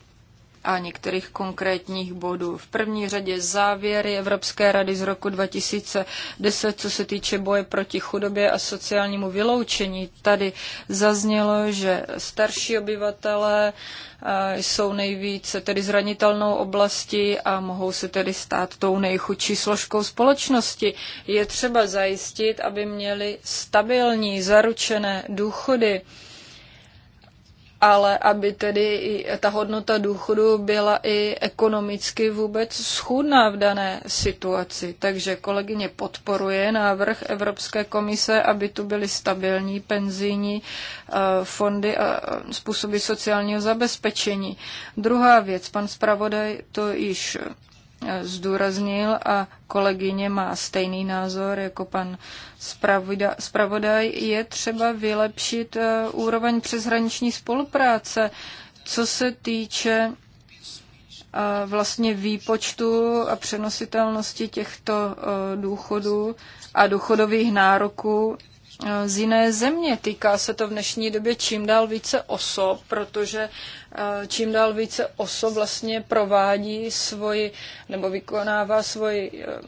a některých konkrétních bodů. V první řadě závěry Evropské rady z roku 2010, co se týče boje proti chudobě a sociálnímu vyloučení. Tady zaznělo, že starší obyvatelé jsou nejvíce tedy zranitelnou oblastí a mohou se tedy stát tou nejchudší složkou společnosti. Je třeba zajistit, aby měli stabilní, zaručené důchody ale aby tedy i ta hodnota důchodu byla i ekonomicky vůbec schůdná v dané situaci. Takže kolegyně podporuje návrh Evropské komise, aby tu byly stabilní penzijní eh, fondy a způsoby sociálního zabezpečení. Druhá věc, pan zpravodaj to již zdůraznil a kolegyně má stejný názor jako pan zpravodaj, je třeba vylepšit eh, úroveň přeshraniční spolupráce, co se týče eh, vlastně výpočtu a přenositelnosti těchto eh, důchodů a důchodových nároků Eh, z jiné země. Týká se to v dnešní době čím dál více osob, protože eh, čím dál více osob vlastně provádí svoji nebo vykonává svoji eh,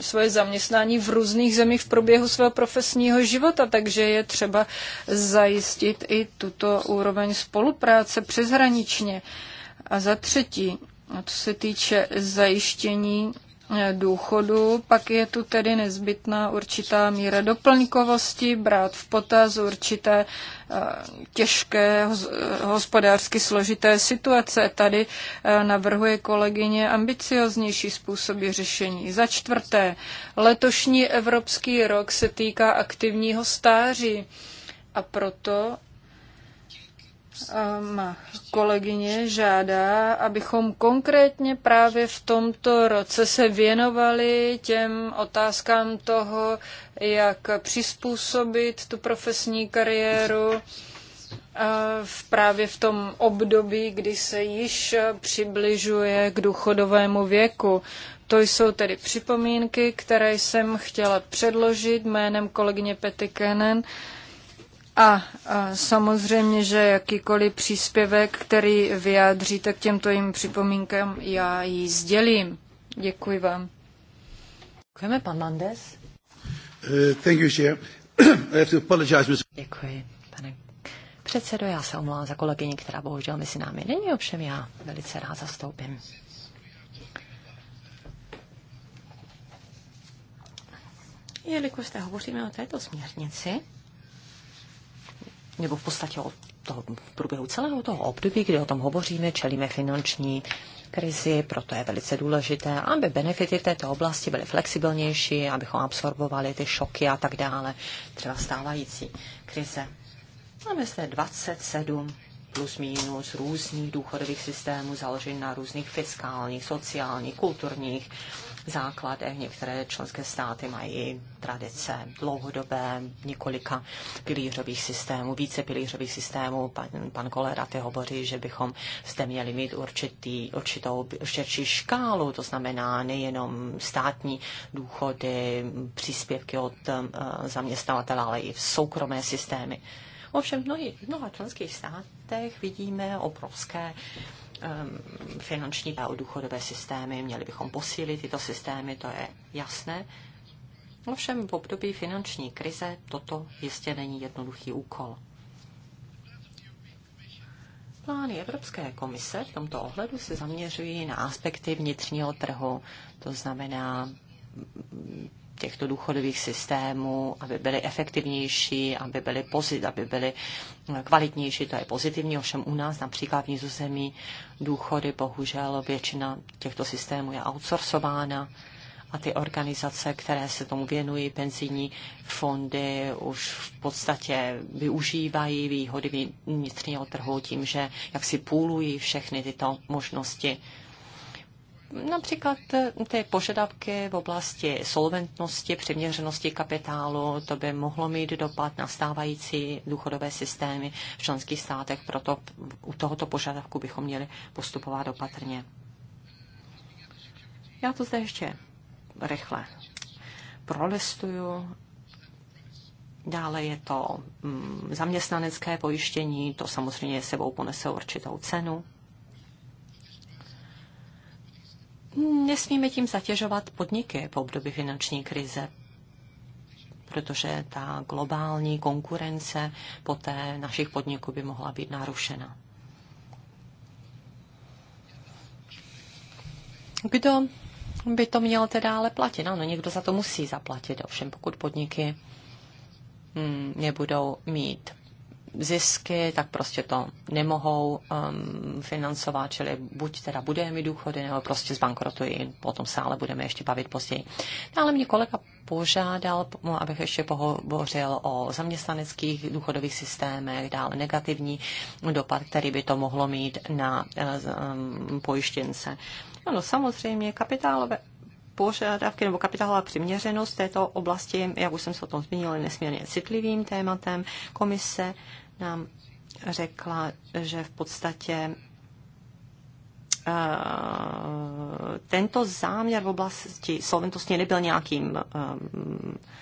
svoje zaměstnání v různých zemích v průběhu svého profesního života, takže je třeba zajistit i tuto úroveň spolupráce přeshraničně. A za třetí, co se týče zajištění Eh, důchodu, pak je tu tedy nezbytná určitá míra doplňkovosti, brát v potaz určité eh, těžké hospodářsky složité situace. Tady eh, navrhuje kolegyně ambicioznější způsoby řešení. Za čtvrté, letošní evropský rok se týká aktivního stáří a proto má kolegyně žádá, abychom konkrétně právě v tomto roce se věnovali těm otázkám toho, jak přizpůsobit tu profesní kariéru v právě v tom období, kdy se již přibližuje k důchodovému věku. To jsou tedy připomínky, které jsem chtěla předložit jménem kolegyně Petty Kennen. Uh, a, a samozřejmě, že jakýkoliv příspěvek, který vyjádříte k těmto jim připomínkám, já ji sdělím. Děkuji vám. Děkujeme, pan Mandes. Uh, thank you, Chair. I have to apologize, Mr. Děkuji, pane předsedo. Já se omlouvám za kolegyni, která bohužel mezi námi není, ovšem já velice rád zastoupím. Jelikož zde hovoříme o této směrnici, nebo v podstatě od toho, v průběhu celého toho období, kdy o tom hovoříme, čelíme finanční krizi, proto je velice důležité, aby benefity v této oblasti byly flexibilnější, abychom absorbovali ty šoky a tak dále, třeba stávající krize. Máme zde 27 plus minus různých důchodových systémů založených na různých fiskálních, sociálních, kulturních základech. Některé členské státy mají tradice dlouhodobé, několika pilířových systémů, více pilířových systémů. Pan, pan Kolera ty hovoří, že bychom zde měli mít určitý, určitou širší škálu, to znamená nejenom státní důchody, příspěvky od eh, zaměstnavatele, ale i v soukromé systémy. Ovšem v mnoha členských státech vidíme obrovské Ehm, finanční a důchodové systémy. Měli bychom posílit tyto systémy, to je jasné. Ovšem v období finanční krize toto jistě není jednoduchý úkol. Plány Evropské komise v tomto ohledu se zaměřují na aspekty vnitřního trhu, to znamená těchto důchodových systémů, aby byly efektivnější, aby byly pozit, aby byly eh, kvalitnější, to je pozitivní, ovšem u nás například v Nizozemí důchody, bohužel většina těchto systémů je outsourcována a ty organizace, které se tomu věnují, penzijní fondy už v podstatě využívají výhody vnitřního trhu tím, že jak si půlují všechny tyto možnosti Například eh, ty požadavky v oblasti solventnosti, přiměřenosti kapitálu, to by mohlo mít dopad na stávající důchodové systémy v členských státech, proto u tohoto požadavku bychom měli postupovat opatrně. Já to zde ještě rychle prolistuju. Dále je to mm, zaměstnanecké pojištění, to samozřejmě sebou ponese určitou cenu. nesmíme tím zatěžovat podniky v období finanční krize, protože ta globální konkurence poté našich podniků by mohla být narušena. Kdo by to měl teda ale platit? Ano, někdo za to musí zaplatit, ovšem pokud podniky hm, nebudou mít zisky, tak prostě to nemohou um, financovat, čili buď teda budeme mít důchody, nebo prostě zbankrotují, potom se ale budeme ještě bavit později. No, ale mě kolega požádal, no, abych ještě pohovořil o zaměstnaneckých důchodových systémech, dále negativní dopad, který by to mohlo mít na eh, um, pojištěnce. Ano, samozřejmě kapitálové, požadavky nebo kapitálová přiměřenost této oblasti, jak už jsem se o tom zmínila, nesmírně citlivým tématem. Komise nám řekla, že v podstatě eh, tento záměr v oblasti solventnosti nebyl nějakým eh,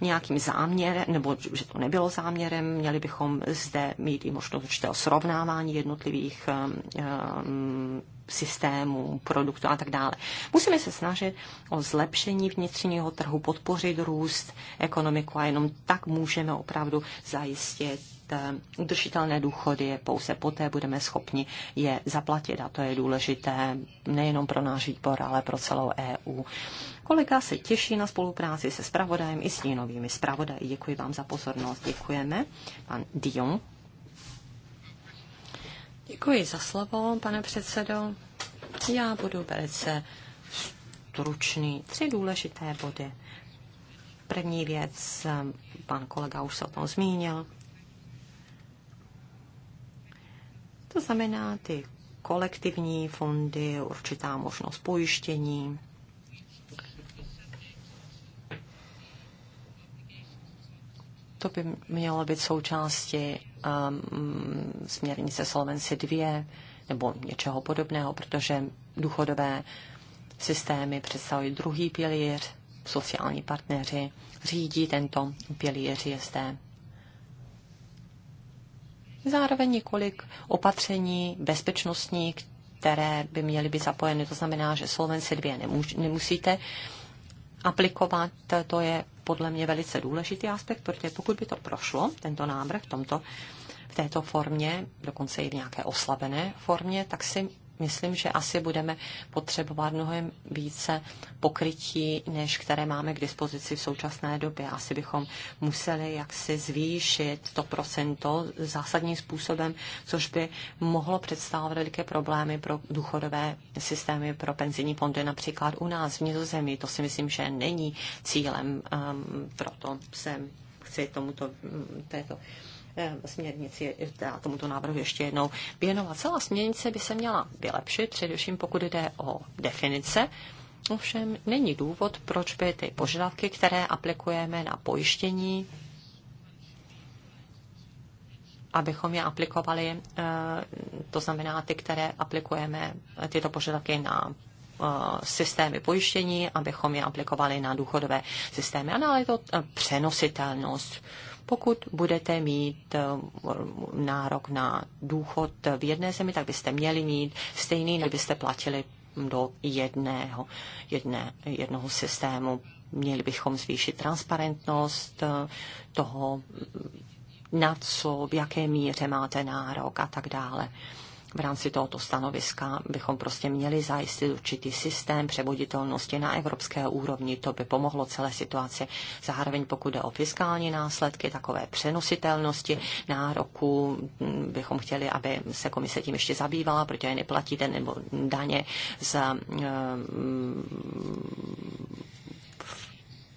nějakým záměrem, nebo že to nebylo záměrem, měli bychom zde mít i možnost určitého srovnávání jednotlivých um, systémů, produktů a tak dále. Musíme se snažit o zlepšení vnitřního trhu, podpořit růst ekonomiku a jenom tak můžeme opravdu zajistit Eh, udržitelné důchody, pouze poté budeme schopni je zaplatit a to je důležité nejenom pro náš výbor, ale pro celou EU. Kolega se těší na spolupráci se spravodajem i s novými spravodaji. Děkuji vám za pozornost. Děkujeme. Pan Dion. Děkuji za slovo, pane předsedo. Já budu velice stručný. Tři důležité body. První věc, eh, pan kolega už se o tom zmínil, To znamená ty kolektivní fondy, určitá možnost pojištění. To by mělo být součástí um, směrnice Solvency 2 nebo něčeho podobného, protože důchodové systémy představují druhý pilíř, sociální partneři řídí tento pilíř, je zde zároveň několik opatření bezpečnostní, které by měly být zapojeny. To znamená, že Solvency 2 nemusíte aplikovat. To je podle mě velice důležitý aspekt, protože pokud by to prošlo, tento návrh v, tomto, v této formě, dokonce i v nějaké oslabené formě, tak si myslím, že asi budeme potřebovat mnohem více pokrytí, než které máme k dispozici v současné době. Asi bychom museli jaksi zvýšit to procento zásadním způsobem, což by mohlo představovat veliké problémy pro důchodové systémy, pro penzijní fondy, například u nás v Nizozemí. To si myslím, že není cílem, um, proto jsem chci tomuto, mm, této Eh, směrnici, teda eh, tomuto návrhu ještě jednou věnovat. Celá směrnice by se měla vylepšit, především pokud jde o definice. Ovšem není důvod, proč by ty požadavky, které aplikujeme na pojištění, abychom je aplikovali, eh, to znamená ty, které aplikujeme, tyto požadavky na systémy pojištění, abychom je aplikovali na důchodové systémy. A dále je to přenositelnost pokud budete mít eh, nárok na důchod v jedné zemi, tak byste měli mít stejný, kdybyste platili do jedného, jedné, jednoho systému. Měli bychom zvýšit transparentnost eh, toho, na co, v jaké míře máte nárok a tak dále v rámci tohoto stanoviska bychom prostě měli zajistit určitý systém převoditelnosti na evropské úrovni. To by pomohlo celé situaci. Zároveň pokud jde o fiskální následky, takové přenositelnosti nároků, bychom chtěli, aby se komise tím ještě zabývala, protože neplatí den nebo daně za eh,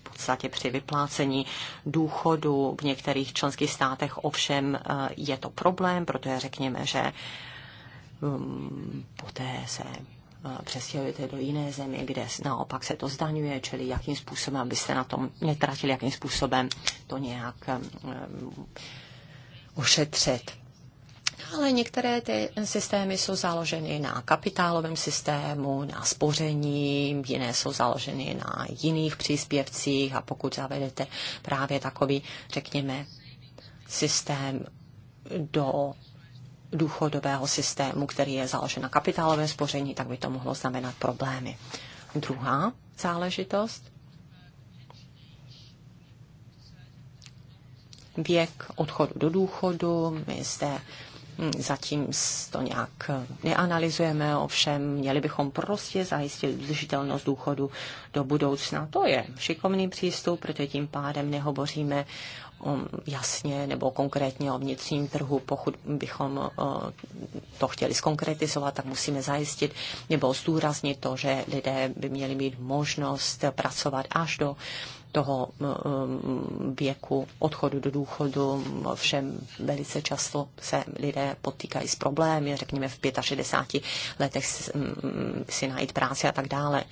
podstatě při vyplácení důchodu v některých členských státech ovšem eh, je to problém, protože řekněme, že um, poté se eh, přestěhujete do jiné země, kde naopak se to zdaňuje, čili jakým způsobem, abyste na tom netratili, jakým způsobem to nějak um, ehm, ušetřit. Ale některé ty systémy jsou založeny na kapitálovém systému, na spoření, jiné jsou založeny na jiných příspěvcích a pokud zavedete právě takový, řekněme, systém do důchodového systému, který je založen na kapitálovém spoření, tak by to mohlo znamenat problémy. Druhá záležitost. Věk odchodu do důchodu. My zde hm, zatím to nějak neanalyzujeme, ovšem měli bychom prostě zajistit udržitelnost důchodu do budoucna. To je šikovný přístup, protože tím pádem nehovoříme Um, jasně nebo konkrétně o vnitřním trhu. Pokud bychom uh, to chtěli zkonkretizovat, tak musíme zajistit nebo zdůraznit to, že lidé by měli mít možnost pracovat až do toho uh, um, věku odchodu do důchodu. Všem velice často se lidé potýkají s problémy, řekněme v 65 letech um, si najít práci a tak dále.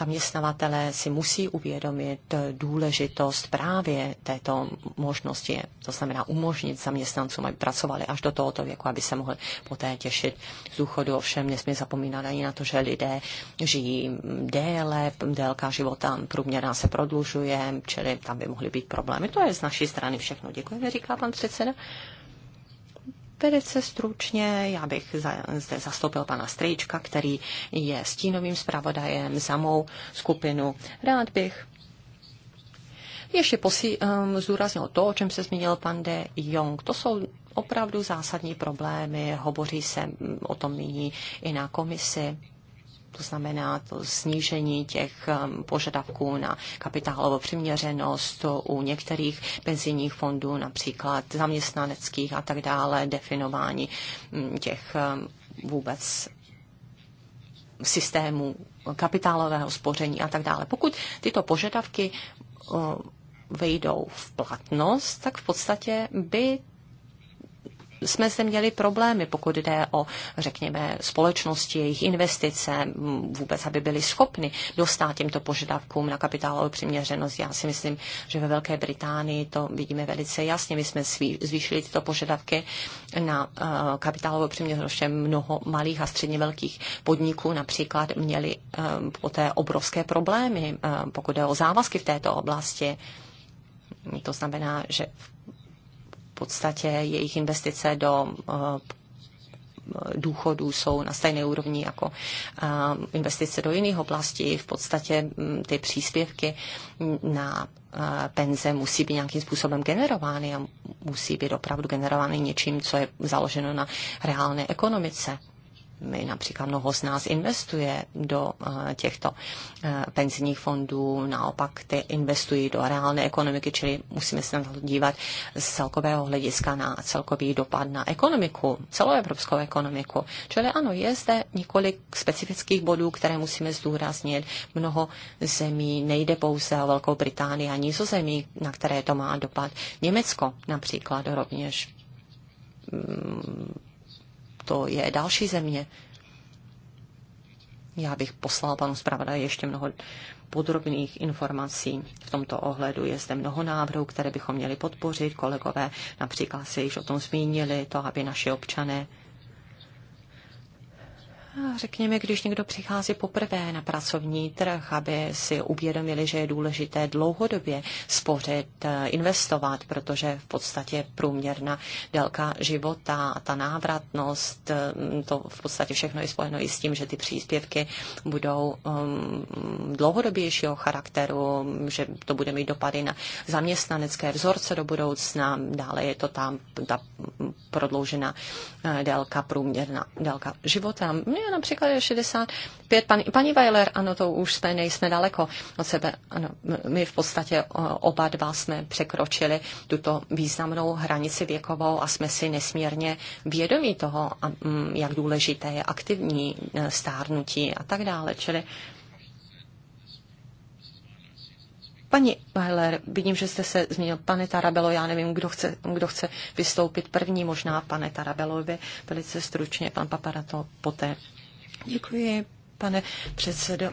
Zaměstnavatelé si musí uvědomit důležitost právě této možnosti, to znamená umožnit zaměstnancům, aby pracovali až do tohoto věku, aby se mohli poté těšit z důchodu. Ovšem nesmí zapomínat ani na to, že lidé žijí déle, délka života průměrná se prodlužuje, čili tam by mohly být problémy. To je z naší strany všechno. Děkuji, říká pan předseda. Velice stručně, já bych za, zde zastoupil pana Strejčka, který je stínovým zpravodajem za mou skupinu. Rád bych ještě posí, um, zúraznil to, o čem se zmínil pan De Jong. To jsou opravdu zásadní problémy, hovoří se mm, o tom nyní i na komisi to znamená to snížení těch um, požadavků na kapitálovou přiměřenost u některých penzijních fondů, například zaměstnaneckých a tak dále, definování mm, těch um, vůbec systému kapitálového spoření a tak dále. Pokud tyto požadavky uh, vejdou v platnost, tak v podstatě by jsme zde měli problémy, pokud jde o, řekněme, společnosti, jejich investice, vůbec, aby byli schopni dostat těmto požadavkům na kapitálovou přiměřenost. Já si myslím, že ve Velké Británii to vidíme velice jasně. My jsme zvýšili tyto požadavky na eh, kapitálovou přiměřenost, že mnoho malých a středně velkých podniků například měli eh, poté obrovské problémy, eh, pokud jde o závazky v této oblasti. To znamená, že v podstatě jejich investice do eh, důchodů jsou na stejné úrovni jako eh, investice do jiných oblastí. V podstatě mm, ty příspěvky na eh, penze musí být nějakým způsobem generovány a musí být opravdu generovány něčím, co je založeno na reálné ekonomice my například mnoho z nás investuje do eh, těchto eh, penzijních fondů, naopak ty investují do reálné ekonomiky, čili musíme se na to dívat z celkového hlediska na celkový dopad na ekonomiku, celoevropskou ekonomiku. Čili ano, je zde několik specifických bodů, které musíme zdůraznit. Mnoho zemí nejde pouze o Velkou Británii a zemí, na které to má dopad. Německo například rovněž mm, to je další země. Já bych poslal panu zpravodaji ještě mnoho podrobných informací. V tomto ohledu je zde mnoho návrhů, které bychom měli podpořit. Kolegové například se již o tom zmínili, to, aby naši občané Řekněme, když někdo přichází poprvé na pracovní trh, aby si uvědomili, že je důležité dlouhodobě spořit, eh, investovat, protože v podstatě průměrná délka života a ta návratnost, eh, to v podstatě všechno je spojeno i s tím, že ty příspěvky budou um, dlouhodobějšího charakteru, že to bude mít dopady na zaměstnanecké vzorce do budoucna, dále je to tam ta prodloužená eh, délka průměrná délka života je například je 65. Pan, paní Weiler, ano, to už jsme, nejsme daleko od sebe. Ano, my v podstatě oba dva jsme překročili tuto významnou hranici věkovou a jsme si nesmírně vědomí toho, jak důležité je aktivní e, stárnutí a tak dále. Čili Pani Weiler, vidím, že jste se zmínil. Pane Tarabelo, já nevím, kdo chce, kdo chce vystoupit první, možná pane Tarabelovi, velice stručně, pan Paparato poté. Děkuji, pane předsedo.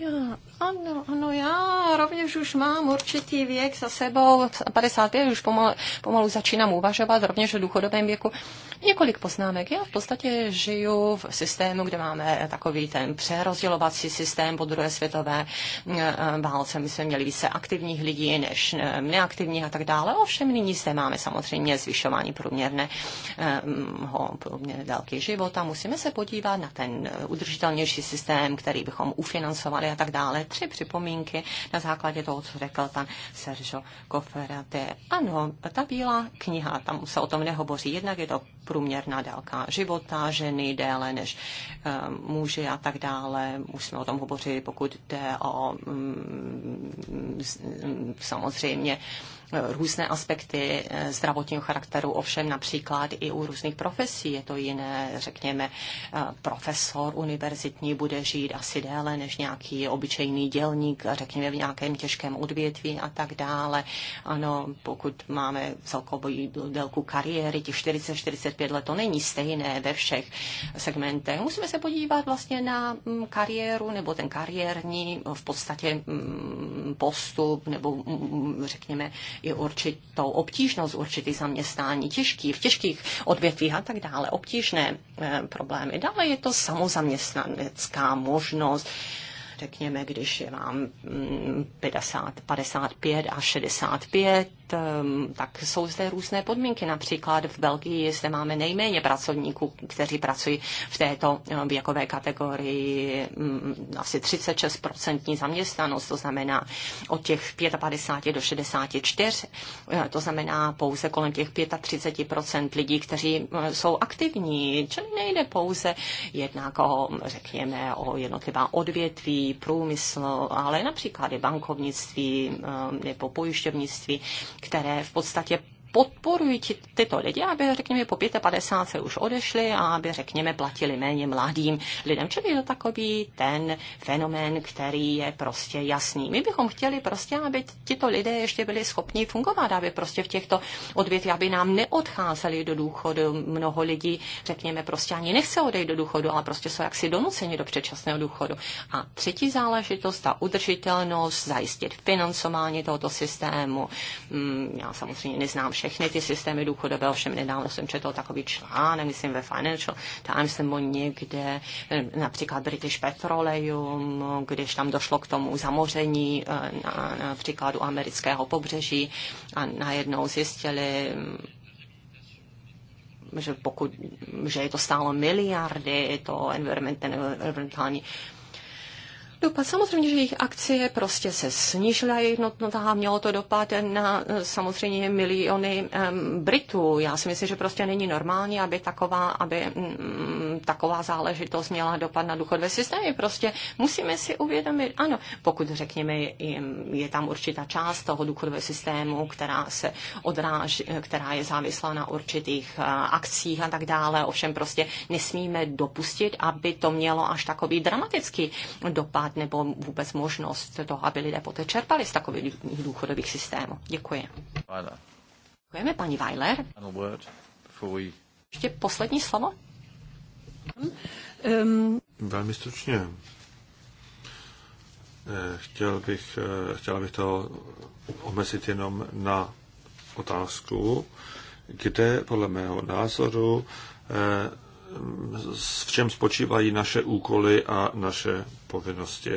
Já, ano, ano, já rovněž už mám určitý věk za sebou, 55, už pomalu, pomalu začínám uvažovat rovněž o důchodovém věku. Několik poznámek. Já v podstatě žiju v systému, kde máme takový ten přerozdělovací systém po druhé světové eh, eh, válce. My jsme měli více aktivních lidí než eh, neaktivních a tak dále. Ovšem nyní zde máme samozřejmě zvyšování průměrného průměrné délky života. Musíme se podívat na ten udržitelnější systém systém, který bychom ufinancovali a tak dále. Tři připomínky na základě toho, co řekl pan Sergio Koferaty. Ano, ta bílá kniha, tam se o tom nehovoří. Jednak je to průměrná délka života, ženy déle než um, muži a tak dále. Už jsme o tom hovořili, pokud jde o um, samozřejmě Eh, různé aspekty eh, zdravotního charakteru, ovšem například i u různých profesí je to jiné. Řekněme, eh, profesor univerzitní bude žít asi déle než nějaký obyčejný dělník, řekněme v nějakém těžkém odvětví a tak dále. Ano, pokud máme celkovou délku kariéry, těch 40-45 let, to není stejné ve všech segmentech. Musíme se podívat vlastně na mm, kariéru nebo ten kariérní v podstatě mm, postup nebo mm, řekněme i určitou obtížnost určitý zaměstnání, těžký, v těžkých odvětvích a tak dále, obtížné e, problémy. Dále je to samozaměstnanecká možnost, řekněme, když je vám 50, mm, 55 a 65, Ehm, tak jsou zde různé podmínky. Například v Belgii zde máme nejméně pracovníků, kteří pracují v této ehm, věkové kategorii mm, asi 36% zaměstnanost, to znamená od těch 55 do 64, eh, to znamená pouze kolem těch 35% lidí, kteří ehm, jsou aktivní, čili nejde pouze jednak o, řekněme, o jednotlivá odvětví, průmysl, ale například i bankovnictví nebo pojišťovnictví které v podstatě podporují ti, tyto lidi, aby, řekněme, po 55 se už odešli a aby, řekněme, platili méně mladým lidem. Čili je to takový ten fenomén, který je prostě jasný. My bychom chtěli prostě, aby tito lidé ještě byli schopni fungovat, aby prostě v těchto odvětvích, aby nám neodcházeli do důchodu. Mnoho lidí, řekněme, prostě ani nechce odejít do důchodu, ale prostě jsou jaksi donuceni do předčasného důchodu. A třetí záležitost, ta udržitelnost, zajistit financování tohoto systému. Mm, já samozřejmě neznám vše všechny ty systémy důchodové, ovšem nedávno jsem četl takový článek, myslím ve Financial Times nebo někde, eh, například British Petroleum, když tam došlo k tomu zamoření eh, na, na příkladu amerického pobřeží a najednou zjistili, mm, že pokud, že je to stálo miliardy, to environment, environmentální dopad. Samozřejmě, že jejich akcie prostě se snížila jednotnota a mělo to dopad na eh, samozřejmě miliony um, Britů. Já si myslím, že prostě není normální, aby taková, aby um, taková záležitost měla dopad na důchodové systémy. Prostě musíme si uvědomit, ano, pokud řekněme, je, je tam určitá část toho důchodového systému, která se odráží, eh, která je závislá na určitých uh, akcích a tak dále. Ovšem prostě nesmíme dopustit, aby to mělo až takový dramatický dopad mandát nebo vůbec možnost toho, aby lidé poté čerpali z takových důchodových systémů. Děkuji. Děkujeme, paní Weiler. Ještě poslední slovo? Um. Velmi stručně. Eh, chtěl bych, eh, chtěla bych to omezit jenom na otázku, kde podle mého názoru eh, v čem spočívají naše úkoly a naše povinnosti.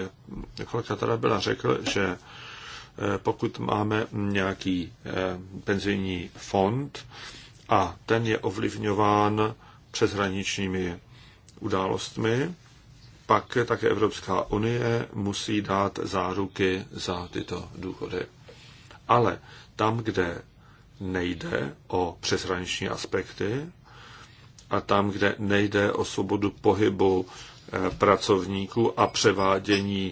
Kolega teda byla řekl, že eh, pokud máme nějaký eh, penzijní fond a ten je ovlivňován přeshraničními událostmi, pak také Evropská unie musí dát záruky za tyto důchody. Ale tam, kde nejde o přeshraniční aspekty, a tam, kde nejde o svobodu pohybu eh, pracovníků a převádění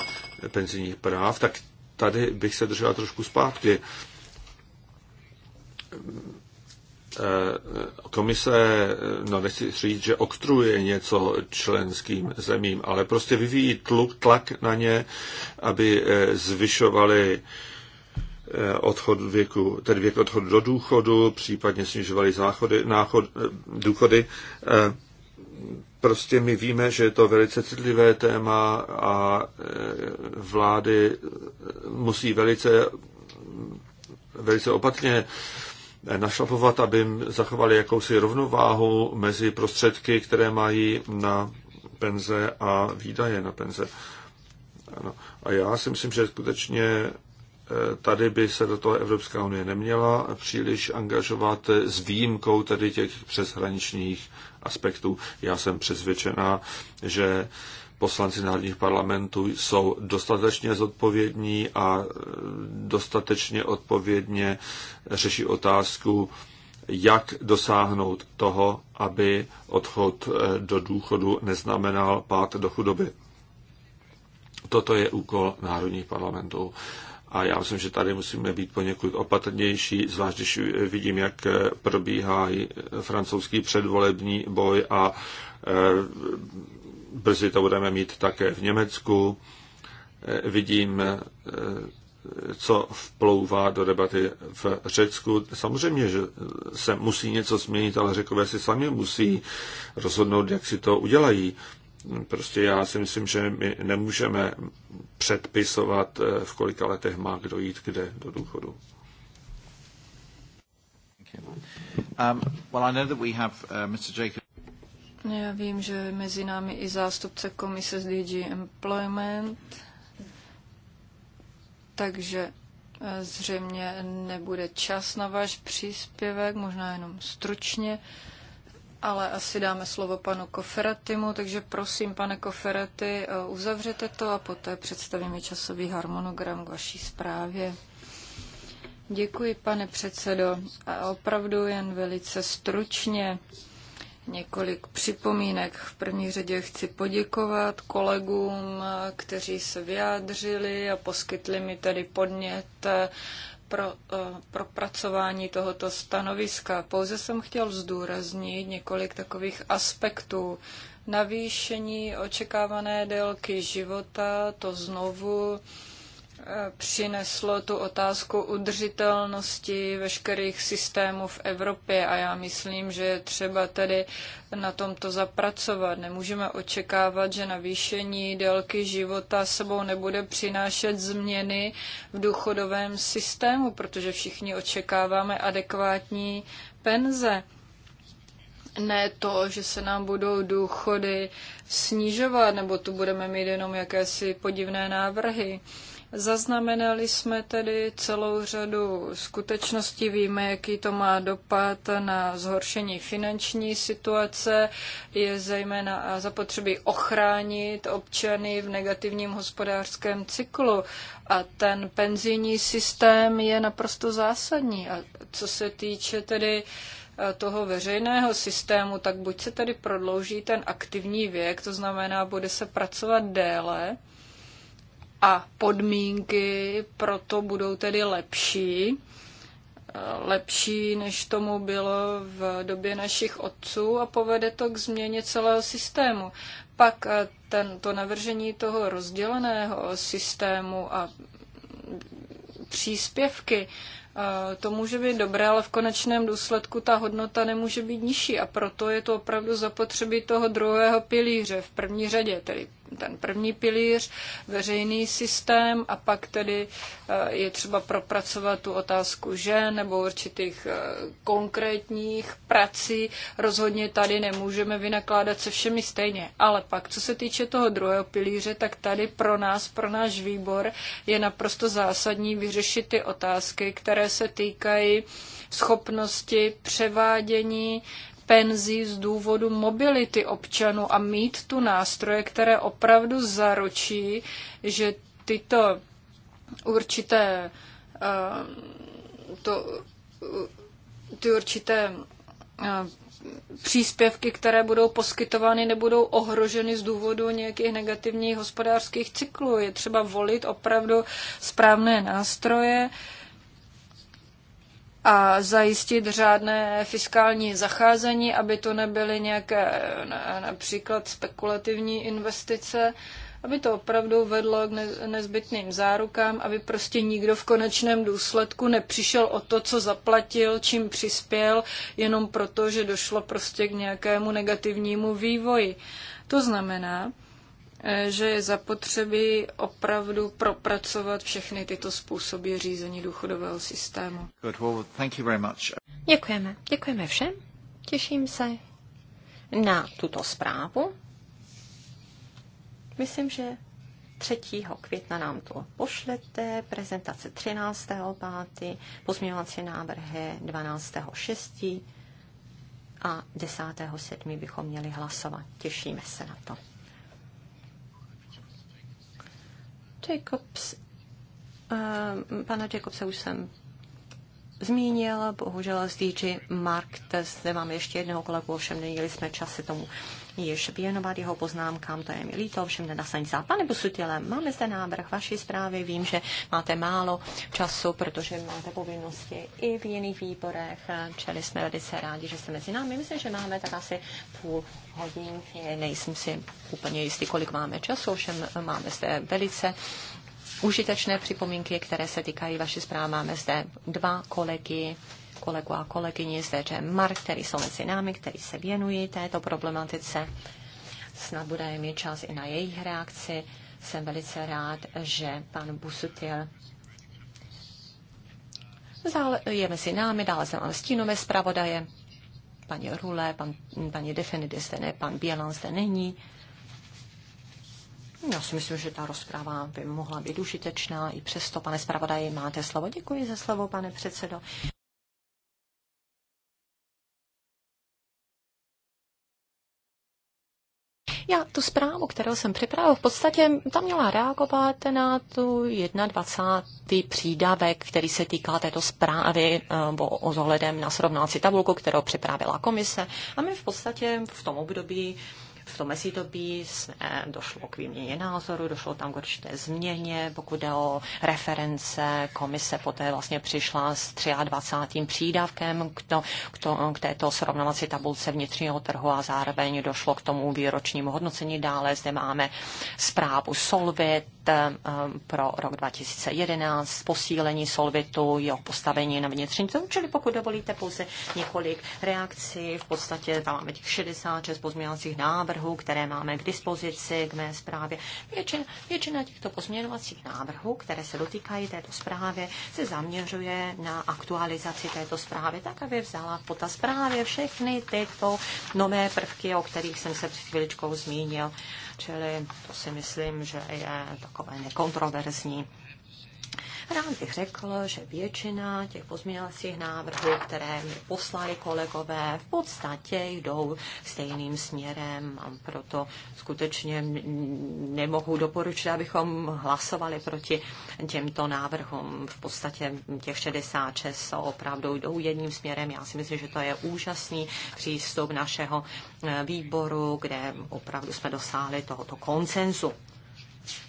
penzijních práv, tak tady bych se držela trošku zpátky. Eh, komise, eh, no nechci říct, že oktruje něco členským zemím, ale prostě vyvíjí tluk, tlak na ně, aby zvyšovali Eh, odchod věku, tedy věk odchod do důchodu, případně snižovali záchody, náchod, eh, důchody. Eh, prostě my víme, že je to velice citlivé téma a vlády musí velice, velice opatrně našlapovat, aby zachovali jakousi rovnováhu mezi prostředky, které mají na penze a výdaje na penze. Ano. A já si myslím, že skutečně tady by se do toho Evropská unie neměla příliš angažovat s výjimkou tedy těch přeshraničních aspektů. Já jsem přesvědčená, že poslanci národních parlamentů jsou dostatečně zodpovědní a dostatečně odpovědně řeší otázku, jak dosáhnout toho, aby odchod eh, do důchodu neznamenal pád do chudoby. Toto je úkol národních parlamentů. A já myslím, že tady musíme být poněkud opatrnější, zvlášť když vidím, jak eh, probíhá eh, francouzský předvolební boj a eh, brzy to budeme mít také v Německu. Vidím, co vplouvá do debaty v Řecku. Samozřejmě, že se musí něco změnit, ale řekové si sami musí rozhodnout, jak si to udělají prostě já si myslím, že my nemůžeme předpisovat, eh, v kolika letech má kdo jít kde do důchodu. Um, uh, já vím, že mezi námi i zástupce komise z DG Employment, takže eh, zřejmě nebude čas na váš příspěvek, možná jenom stručně. Uh, ale asi dáme slovo panu Koferatimu, takže prosím, pane Koferaty, eh, uzavřete to a poté představíme časový harmonogram k vaší zprávě. Děkuji, pane předsedo. A opravdu jen velice stručně několik připomínek. V první řadě chci poděkovat kolegům, eh, kteří se vyjádřili a poskytli mi tedy podnět eh, pro eh, pro pracování tohoto stanoviska. Pouze jsem chtěl zdůraznit několik takových aspektů. Navýšení očekávané délky života, to znovu přineslo tu otázku udržitelnosti veškerých systémů v Evropě a já myslím, že je třeba tedy na tomto zapracovat. Nemůžeme očekávat, že navýšení délky života sebou nebude přinášet změny v důchodovém systému, protože všichni očekáváme adekvátní penze ne to, že se nám budou důchody snižovat, nebo tu budeme mít jenom jakési podivné návrhy. Zaznamenali jsme tedy celou řadu skutečností, víme, jaký to má dopad na zhoršení finanční situace, je zejména zapotřebí ochránit občany v negativním hospodářském cyklu a ten penzijní systém je naprosto zásadní. A co se týče tedy eh, toho veřejného systému, tak buď se tedy prodlouží ten aktivní věk, to znamená, bude se pracovat déle, a podmínky proto budou tedy lepší, lepší, než tomu bylo v době našich otců a povede to k změně celého systému. Pak eh, ten, to navržení toho rozděleného systému a příspěvky, eh, to může být dobré, ale v konečném důsledku ta hodnota nemůže být nižší a proto je to opravdu zapotřebí toho druhého pilíře v první řadě, tedy ten první pilíř, veřejný systém a pak tedy eh, je třeba propracovat tu otázku žen nebo určitých eh, konkrétních prací. Rozhodně tady nemůžeme vynakládat se všemi stejně. Ale pak, co se týče toho druhého pilíře, tak tady pro nás, pro náš výbor je naprosto zásadní vyřešit ty otázky, které se týkají schopnosti převádění penzí z důvodu mobility občanů a mít tu nástroje, které opravdu zaručí, že tyto určité eh, to, ty určité eh, příspěvky, které budou poskytovány, nebudou ohroženy z důvodu nějakých negativních hospodářských cyklů. Je třeba volit opravdu správné nástroje, a zajistit řádné fiskální zacházení, aby to nebyly nějaké například spekulativní investice, aby to opravdu vedlo k nezbytným zárukám, aby prostě nikdo v konečném důsledku nepřišel o to, co zaplatil, čím přispěl, jenom proto, že došlo prostě k nějakému negativnímu vývoji. To znamená, Eh, že je zapotřebí opravdu propracovat všechny tyto způsoby řízení důchodového systému. Děkujeme. Děkujeme všem. Těším se na tuto zprávu. Myslím, že 3. května nám to pošlete, prezentace 13. páty, pozměňovací návrhy 12. 6. a 10. 7. bychom měli hlasovat. Těšíme se na to. Jacobs, eh, pana Jacobse už jsem zmínil, bohužel s DJ Mark, zde mám ještě jednoho kolegu, ovšem neměli jsme čas se tomu již věnovat jeho poznámkám, to je mi líto, všem nedá se nic Pane Busutěle, máme zde návrh vaší zprávy, vím, že máte málo času, protože máte povinnosti i v jiných výborech, čili jsme velice rádi, že jste mezi námi. Myslím, že máme tak asi půl hodinky, nejsem si úplně jistý, kolik máme času, ovšem máme zde velice užitečné připomínky, které se týkají vaší zprávy. Máme zde dva kolegy, kolegu a kolegyni Zdeře Mark, který jsou mezi námi, který se věnují této problematice. Snad bude mít čas i na jejich reakci. Jsem velice rád, že pan Busutil je mezi námi, dále jsem vám stínové zpravodaje, paní Rule, pan, paní Definity zde ne, pan Bělan zde není. Já si myslím, že ta rozprava by mohla být užitečná. I přesto, pane zpravodaji, máte slovo. Děkuji za slovo, pane předsedo. Já tu zprávu, kterou jsem připravil, v podstatě tam měla reagovat na tu 21. přídavek, který se týká této zprávy eh, bo o ohledem na srovnávací tabulku, kterou připravila komise. A my v podstatě v tom období v tom mezidobí jsme, eh, došlo k výměně názoru, došlo tam k určité změně, pokud jde o reference. Komise poté vlastně přišla s 23. přídavkem k, to, k, to, k této srovnavací tabulce vnitřního trhu a zároveň došlo k tomu výročnímu hodnocení. Dále zde máme zprávu Solvit eh, pro rok 2011, posílení Solvitu, jeho postavení na vnitřní trhu, čili pokud dovolíte pouze několik reakcí, v podstatě tam máme těch 66 pozměňovacích návrhů, návrhů, které máme k dispozici, k mé zprávě. Většina, většina těchto pozměňovacích návrhů, které se dotýkají této zprávy, se zaměřuje na aktualizaci této zprávy, tak aby vzala v potaz právě všechny tyto nové prvky, o kterých jsem se před chviličkou zmínil. Čili to si myslím, že je takové nekontroverzní Rád bych řekl, že většina těch pozměňovacích návrhů, které mi poslali kolegové, v podstatě jdou stejným směrem a proto skutečně nemohu doporučit, abychom hlasovali proti těmto návrhům. V podstatě těch 66 opravdu jdou jedním směrem. Já si myslím, že to je úžasný přístup našeho e, výboru, kde opravdu jsme dosáhli tohoto koncenzu.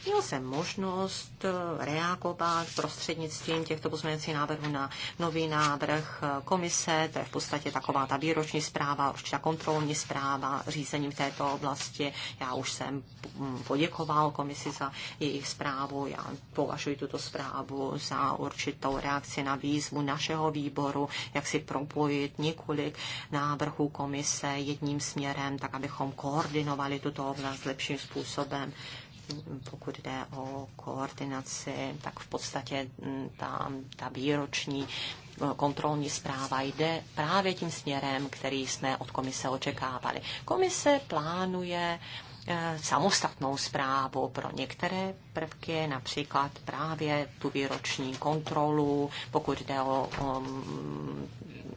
Měl jsem možnost eh, reagovat prostřednictvím těchto pozměňovacích návrhů na nový návrh komise, to je v podstatě taková ta výroční zpráva, určitá kontrolní zpráva řízením této oblasti. Já už jsem mm, poděkoval komisi za jejich zprávu, já považuji tuto zprávu za určitou reakci na výzvu našeho výboru, jak si propojit několik návrhů komise jedním směrem, tak abychom koordinovali tuto oblast lepším způsobem pokud jde o koordinaci, tak v podstatě mm, ta, ta výroční eh, kontrolní zpráva jde právě tím směrem, který jsme od komise očekávali. Komise plánuje eh, samostatnou zprávu pro některé prvky, například právě tu výroční kontrolu, pokud jde o um,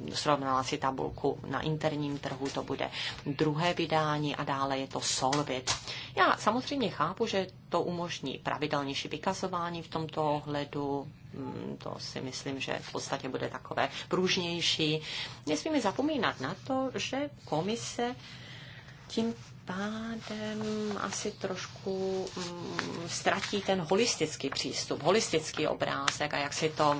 srovnala si tabulku na interním trhu, to bude druhé vydání a dále je to Solvit. Já samozřejmě chápu, že to umožní pravidelnější vykazování v tomto ohledu, mm, to si myslím, že v podstatě bude takové pružnější. Nesmíme zapomínat na to, že komise tím pádem asi trošku um, ztratí ten holistický přístup, holistický obrázek a jak si to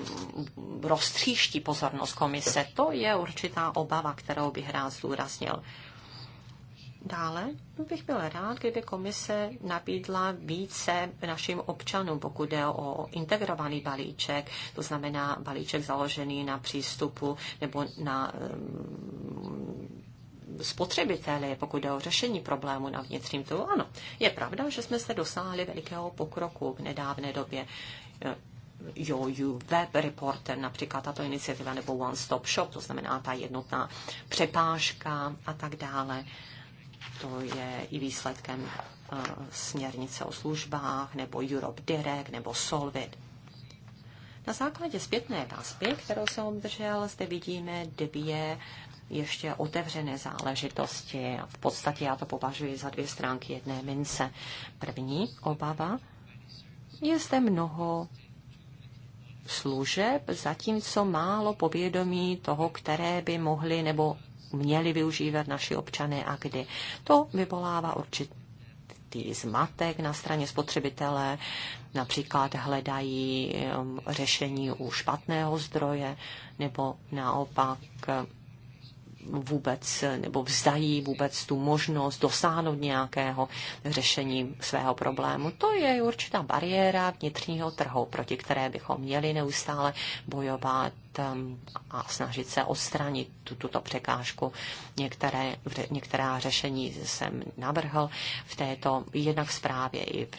roztříští pozornost komise. To je určitá obava, kterou bych rád zdůraznil. Dále bych byl rád, kdyby komise nabídla více našim občanům, pokud jde o integrovaný balíček, to znamená balíček založený na přístupu nebo na um, spotřebiteli, pokud jde o řešení problému na vnitřním trhu. Ano, je pravda, že jsme se dosáhli velikého pokroku v nedávné době. Eh, jo, you Web Reporter, například tato iniciativa, nebo One Stop Shop, to znamená ta jednotná přepážka a tak dále. To je i výsledkem uh, směrnice o službách, nebo Europe Direct, nebo Solvit. Na základě zpětné vazby, kterou jsem obdržel, zde vidíme dvě ještě otevřené záležitosti a v podstatě já to považuji za dvě stránky jedné mince. První obava je zde mnoho služeb, zatímco málo povědomí toho, které by mohli nebo měli využívat naši občané a kdy. To vyvolává určitý zmatek na straně spotřebitele, například hledají um, řešení u špatného zdroje, nebo naopak vůbec nebo vzdají vůbec tu možnost dosáhnout nějakého řešení svého problému. To je určitá bariéra vnitřního trhu, proti které bychom měli neustále bojovat um, a snažit se odstranit tuto překážku. Některé, některá řešení jsem navrhl v této jednak zprávě i v,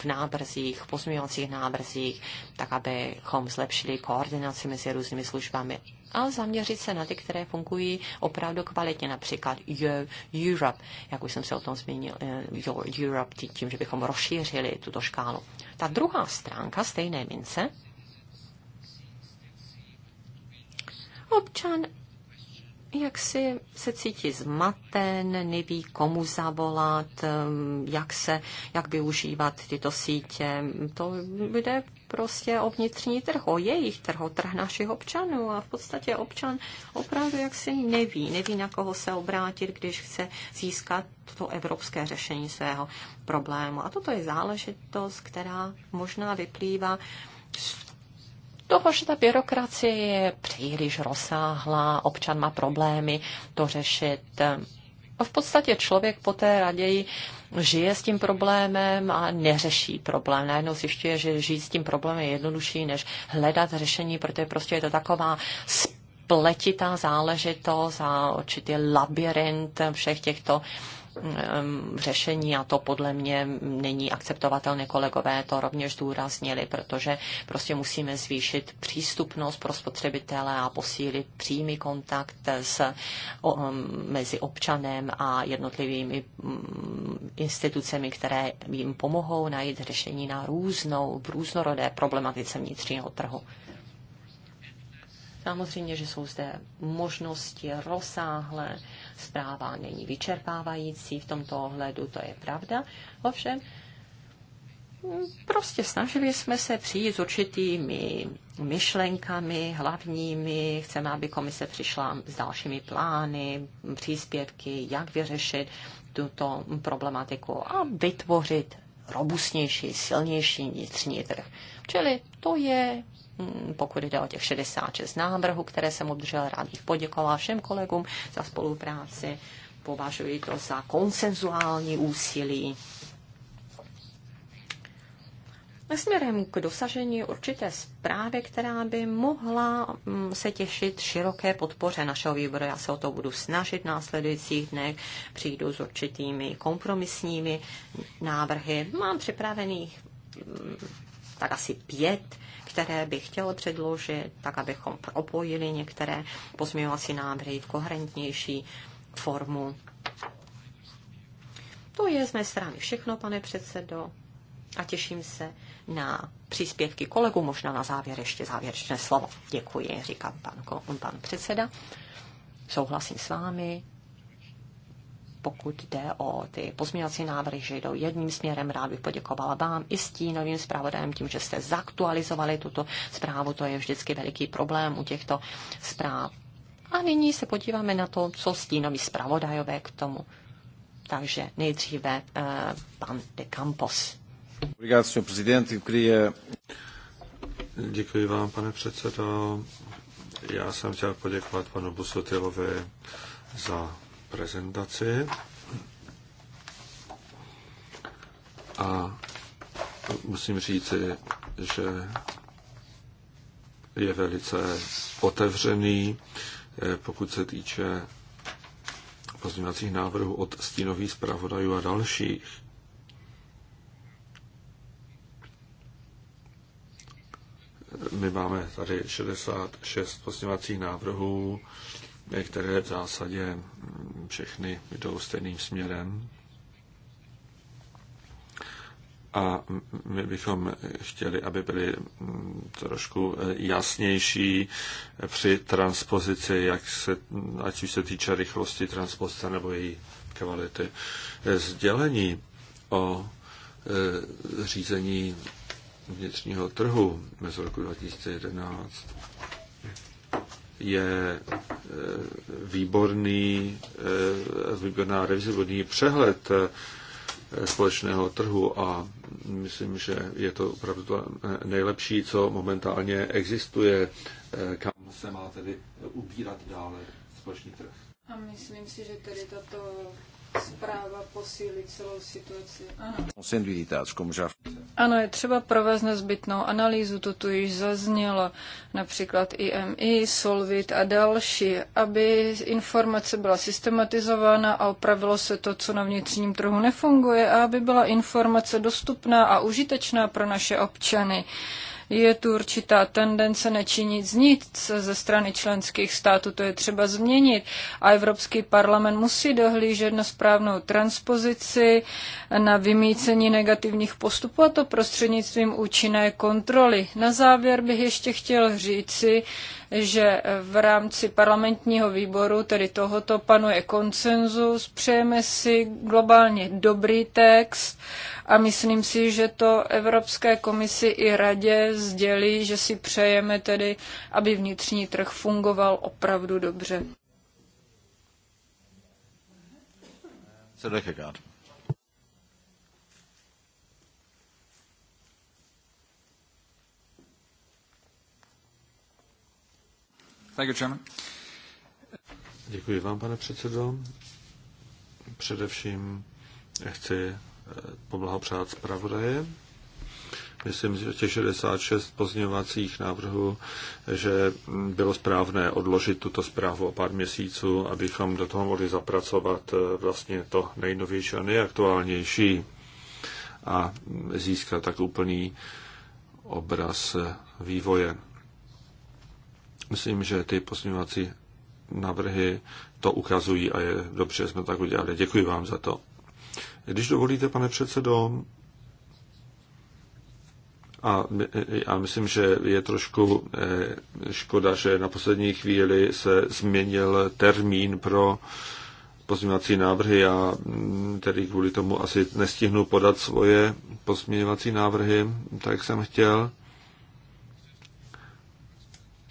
v návrzích, v pozměňovacích návrzích, tak abychom zlepšili koordinaci mezi různými službami a zaměřit se na ty, které fungují opravdu kvalitně, například Europe, jak už jsem se o tom zmínil, eh, Europe tím, že bychom rozšířili tuto škálu. Ta druhá stránka stejné mince, občan jak si se cítí zmaten, neví, komu zavolat, eh, jak, se, jak využívat tyto sítě. To lidé prostě o vnitřní trh, o jejich trh, o trh našich občanů a v podstatě občan opravdu jak si neví, neví na koho se obrátit, když chce získat to evropské řešení svého problému. A toto je záležitost, která možná vyplývá z toho, že ta byrokracie je příliš rozsáhlá, občan má problémy to řešit. A v podstatě člověk poté raději žije s tím problémem a neřeší problém. Najednou zjišťuje, že žít s tím problémem je jednodušší, než hledat řešení, protože prostě je to taková spletitá záležitost a určitý labirint všech těchto Um, řešení a to podle mě není akceptovatelné. Kolegové to rovněž důraznili, protože prostě musíme zvýšit přístupnost pro spotřebitele a posílit přímý kontakt s, o, um, mezi občanem a jednotlivými um, institucemi, které jim pomohou najít řešení na různou, v různorodé problematice vnitřního trhu. Samozřejmě, že jsou zde možnosti rozsáhlé, Zpráva není vyčerpávající v tomto ohledu, to je pravda. Ovšem, prostě snažili jsme se přijít s určitými myšlenkami hlavními. Chceme, aby komise přišla s dalšími plány, příspěvky, jak vyřešit tuto problematiku a vytvořit robustnější, silnější vnitřní trh. Čili to je Mm, pokud jde o těch 66 návrhů, které jsem obdržela, rád bych poděkovala všem kolegům za spolupráci. Považuji to za konsenzuální úsilí. Směrem k dosažení určité zprávy, která by mohla mm, se těšit široké podpoře našeho výboru. Já se o to budu snažit v následujících dnech. Přijdu s určitými kompromisními návrhy. Mám připravených mm, tak asi pět které bych chtěl předložit, tak abychom propojili některé pozměňovací návrhy v koherentnější formu. To je z mé strany všechno, pane předsedo, a těším se na příspěvky kolegů, možná na závěr ještě závěrečné slovo. Děkuji, říká pan, pan předseda. Souhlasím s vámi, pokud jde o ty pozměňovací návrhy, že jdou jedním směrem. Rád bych poděkovala vám i novým zpravodajem tím, že jste zaktualizovali tuto zprávu. To je vždycky veliký problém u těchto zpráv. A nyní se podíváme na to, co stínoví zpravodajové k tomu. Takže nejdříve uh, pan de Campos. Děkuji vám, pane předsedo. Já jsem chtěl poděkovat panu Busotilovi za prezentaci. A musím říci, že je velice otevřený, eh, pokud se týče pozměňovacích návrhů od stínových zpravodajů a dalších. My máme tady 66 pozměňovacích návrhů které v zásadě mm, všechny jdou stejným směrem. A my bychom chtěli, aby byly mm, trošku eh, jasnější při transpozici, jak se, ať už se týče rychlosti transpozice nebo její kvality. Eh, sdělení o eh, řízení vnitřního trhu mezi roku 2011 je e, výborný, e, výborná revize, výborný přehled e, společného trhu a myslím, že je to opravdu to nejlepší, co momentálně existuje, kam se má tedy ubírat dále společný trh. A myslím si, že tady tato zpráva posílí celou situaci. Ano. ano, je třeba provést nezbytnou analýzu, to tu již zaznělo, například IMI, Solvit a další, aby informace byla systematizována a opravilo se to, co na vnitřním trhu nefunguje a aby byla informace dostupná a užitečná pro naše občany je tu určitá tendence nečinit nic ze strany členských států. To je třeba změnit. A Evropský parlament musí dohlížet na správnou transpozici, na vymícení negativních postupů a to prostřednictvím účinné kontroly. Na závěr bych ještě chtěl říci, že v rámci parlamentního výboru, tedy tohoto, panuje konsenzus. Přejeme si globálně dobrý text a myslím si, že to Evropské komisi i radě sdělí, že si přejeme tedy, aby vnitřní trh fungoval opravdu dobře. Co Lekegaard. Děkuji vám, pane předsedo. Především chci eh, poblahopřát zpravodaje. Myslím, že těch 66 pozměňovacích návrhů, že bylo správné odložit tuto zprávu o pár měsíců, abychom do toho mohli zapracovat eh, vlastně to nejnovější a nejaktuálnější a získat tak úplný obraz eh, vývoje. Myslím, že ty posměvací návrhy to ukazují a je dobře, že jsme tak udělali. Děkuji vám za to. Když dovolíte, pane předsedo, a a myslím, že je trošku eh, škoda, že na poslední chvíli se změnil termín pro pozměňovací návrhy a mm, tedy kvůli tomu asi nestihnu podat svoje pozměňovací návrhy, tak jsem chtěl.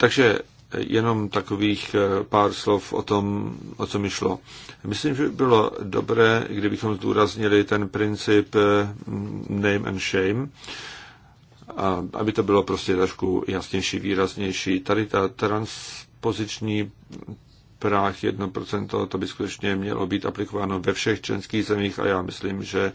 Takže jenom takových eh, pár slov o tom, o co mi šlo. Myslím, že by bylo dobré, kdybychom zdůraznili ten princip eh, name and shame, a aby to bylo prostě trošku jasnější, výraznější. Tady ta transpoziční práh 1%, to by skutečně mělo být aplikováno ve všech členských zemích a já myslím, že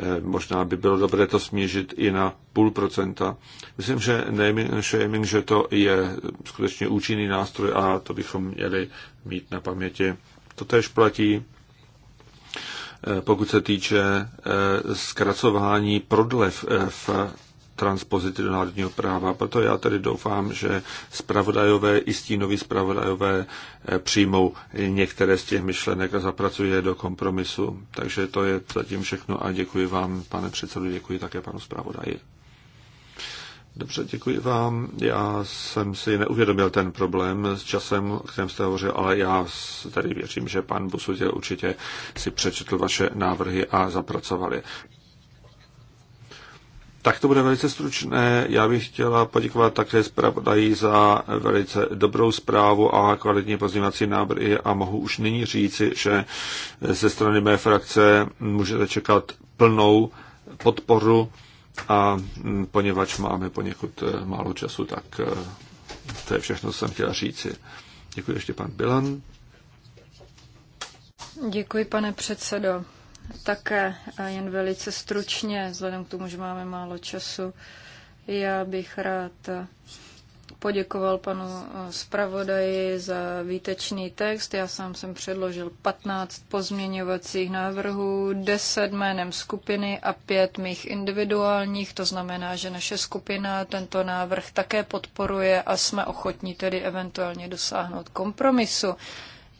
Eh, možná by bylo dobré to snížit i na půl procenta. Myslím, že naming shaming, že to je skutečně účinný nástroj a to bychom měli mít na paměti. To tež platí, eh, pokud se týče eh, zkracování prodlev v transpozity do národního práva. Proto já tedy doufám, že spravodajové i stínoví spravodajové eh, přijmou některé z těch myšlenek a je do kompromisu. Takže to je zatím všechno a děkuji vám, pane předsedu, děkuji také panu zpravodaji. Dobře, děkuji vám. Já jsem si neuvědomil ten problém s časem, o kterém jste hovořil, ale já tady věřím, že pan Busutil určitě si přečetl vaše návrhy a zapracovali. Tak to bude velice stručné. Já bych chtěla poděkovat také zpravodají za velice dobrou zprávu a kvalitní pozměňovací návrhy a mohu už nyní říci, že ze strany mé frakce můžete čekat plnou podporu a mm, poněvadž máme poněkud eh, málo času, tak eh, to je všechno, co jsem chtěla říci. Děkuji ještě pan Bilan. Děkuji, pane předsedo. Také eh, jen velice stručně, vzhledem k tomu, že máme málo času, já bych rád eh, poděkoval panu eh, zpravodaji za výtečný text. Já sám jsem předložil 15 pozměňovacích návrhů, 10 jménem skupiny a 5 mých individuálních. To znamená, že naše skupina tento návrh také podporuje a jsme ochotní tedy eventuálně dosáhnout kompromisu.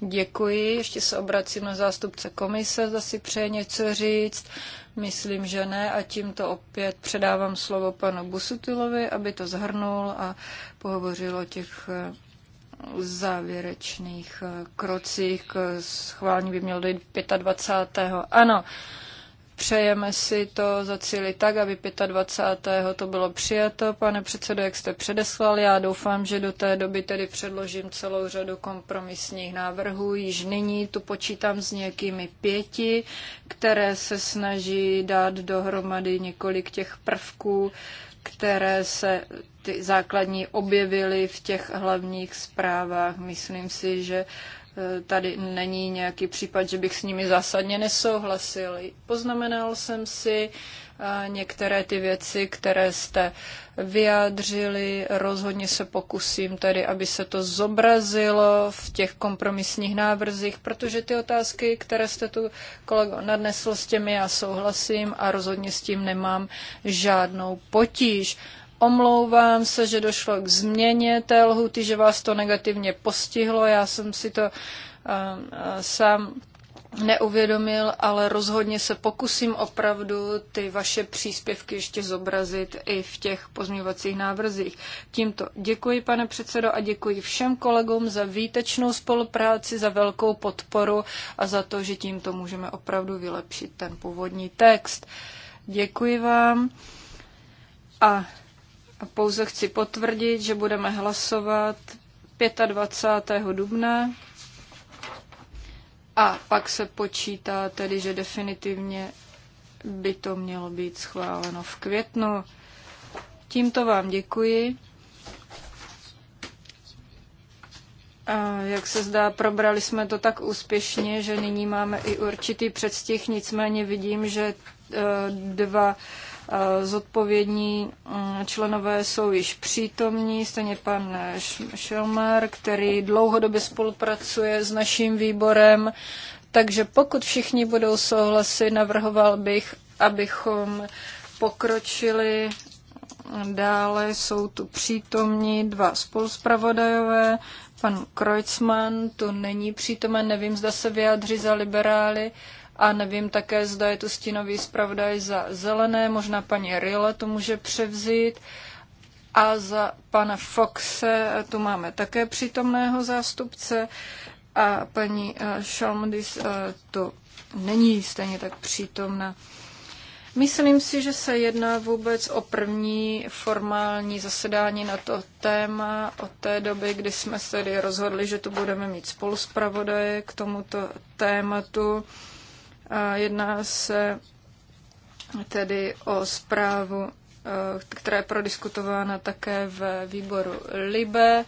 Děkuji. Ještě se obracím na zástupce komise, zda si přeje něco říct. Myslím, že ne a tímto opět předávám slovo panu Busutilovi, aby to zhrnul a pohovořil o těch eh, závěrečných eh, krocích. Schválně by mělo dojít 25. Ano, Přejeme si to cíli tak, aby 25. to bylo přijato. Pane předsedo, jak jste předeslal, já doufám, že do té doby tedy předložím celou řadu kompromisních návrhů. Již nyní tu počítám s nějakými pěti, které se snaží dát dohromady několik těch prvků, které se ty základní objevily v těch hlavních zprávách. Myslím si, že Eh, tady není nějaký případ, že bych s nimi zásadně nesouhlasil. Poznamenal jsem si eh, některé ty věci, které jste vyjádřili. Rozhodně se pokusím tedy, aby se to zobrazilo v těch kompromisních návrzích, protože ty otázky, které jste tu, kolego, nadnesl, s těmi já souhlasím a rozhodně s tím nemám žádnou potíž. Omlouvám se, že došlo k změně té lhuty, že vás to negativně postihlo. Já jsem si to um, sám neuvědomil, ale rozhodně se pokusím opravdu ty vaše příspěvky ještě zobrazit i v těch pozměňovacích návrzích. Tímto děkuji, pane předsedo, a děkuji všem kolegům za výtečnou spolupráci, za velkou podporu a za to, že tímto můžeme opravdu vylepšit ten původní text. Děkuji vám a a Pouze chci potvrdit, že budeme hlasovat 25. dubna a pak se počítá tedy, že definitivně by to mělo být schváleno v květnu. Tímto vám děkuji. A jak se zdá, probrali jsme to tak úspěšně, že nyní máme i určitý předstih, nicméně vidím, že eh, dva Zodpovědní mm, členové jsou již přítomní, stejně pan Šelmer, který dlouhodobě spolupracuje s naším výborem. Takže pokud všichni budou souhlasit, navrhoval bych, abychom pokročili Dále jsou tu přítomní dva spoluspravodajové. Pan Kreutzmann tu není přítomen, nevím, zda se vyjádří za liberály. A nevím také, zda je to stínový zpravodaj za zelené, možná paní Rile to může převzít. A za pana Foxe tu máme také přítomného zástupce a paní eh, Šalmudis eh, to není stejně tak přítomná. Myslím si, že se jedná vůbec o první formální zasedání na to téma od té doby, kdy jsme se tedy rozhodli, že tu budeme mít spoluspravodaje k tomuto tématu. Jedná se tedy o zprávu, eh, která je prodiskutována také v výboru LIBE.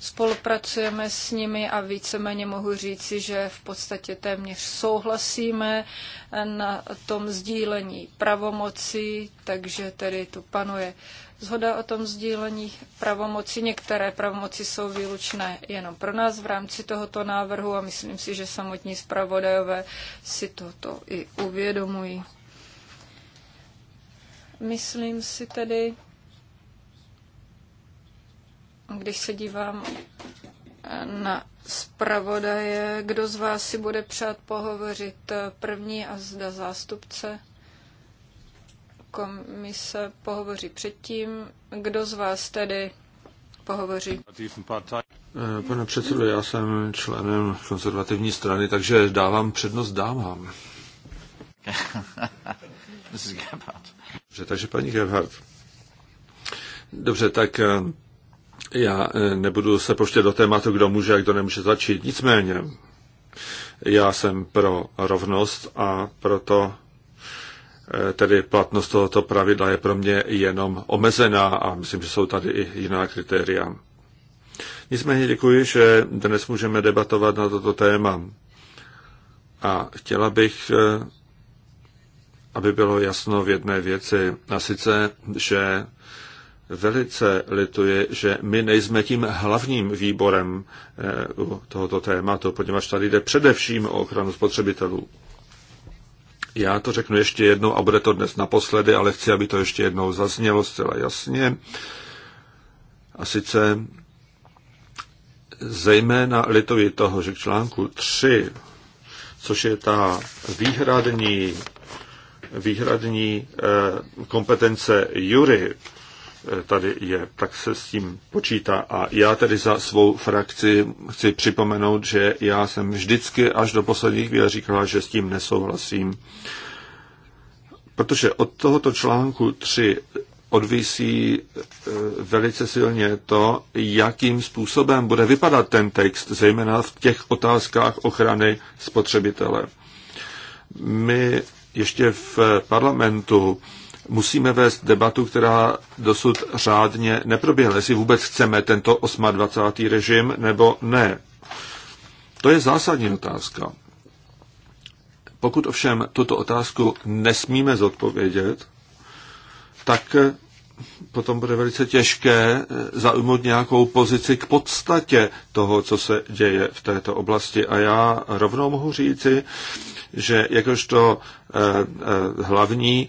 Spolupracujeme s nimi a víceméně mohu říci, že v podstatě téměř souhlasíme na tom sdílení pravomocí, takže tedy tu panuje zhoda o tom sdílení pravomoci. Některé pravomoci jsou výlučné jenom pro nás v rámci tohoto návrhu a myslím si, že samotní zpravodajové si toto i uvědomují. Myslím si tedy, když se dívám na zpravodaje, kdo z vás si bude přát pohovořit první a zda zástupce komise pohovoří předtím. Kdo z vás tedy pohovoří? Eh, pane předsedo, já jsem členem konzervativní strany, takže dávám přednost dámám. Dobře, takže paní Gerhard. Dobře, tak eh, já eh, nebudu se poštět do tématu, kdo může a kdo nemůže začít. Nicméně, já jsem pro rovnost a proto Eh, tedy platnost tohoto pravidla je pro mě jenom omezená a myslím, že jsou tady i jiná kritéria. Nicméně děkuji, že dnes můžeme debatovat na toto téma. A chtěla bych, eh, aby bylo jasno v jedné věci, a sice, že velice lituji, že my nejsme tím hlavním výborem eh, u tohoto tématu, poněvadž tady jde především o ochranu spotřebitelů. Já to řeknu ještě jednou a bude to dnes naposledy, ale chci, aby to ještě jednou zaznělo zcela jasně. A sice zejména lituji toho, že k článku 3, což je ta výhradní, výhradní eh, kompetence jury, Eh, tady je, tak se s tím počítá. A já tedy za svou frakci chci připomenout, že já jsem vždycky až do posledních chvíle říkala, že s tím nesouhlasím. Protože od tohoto článku 3 odvisí eh, velice silně to, jakým způsobem bude vypadat ten text, zejména v těch otázkách ochrany spotřebitele. My ještě v parlamentu musíme vést debatu, která dosud řádně neproběhla, jestli vůbec chceme tento 28. režim nebo ne. To je zásadní otázka. Pokud ovšem tuto otázku nesmíme zodpovědět, tak potom bude velice těžké eh, zaujmout nějakou pozici k podstatě toho, co se děje v této oblasti. A já rovnou mohu říci, že jakožto eh, eh, hlavní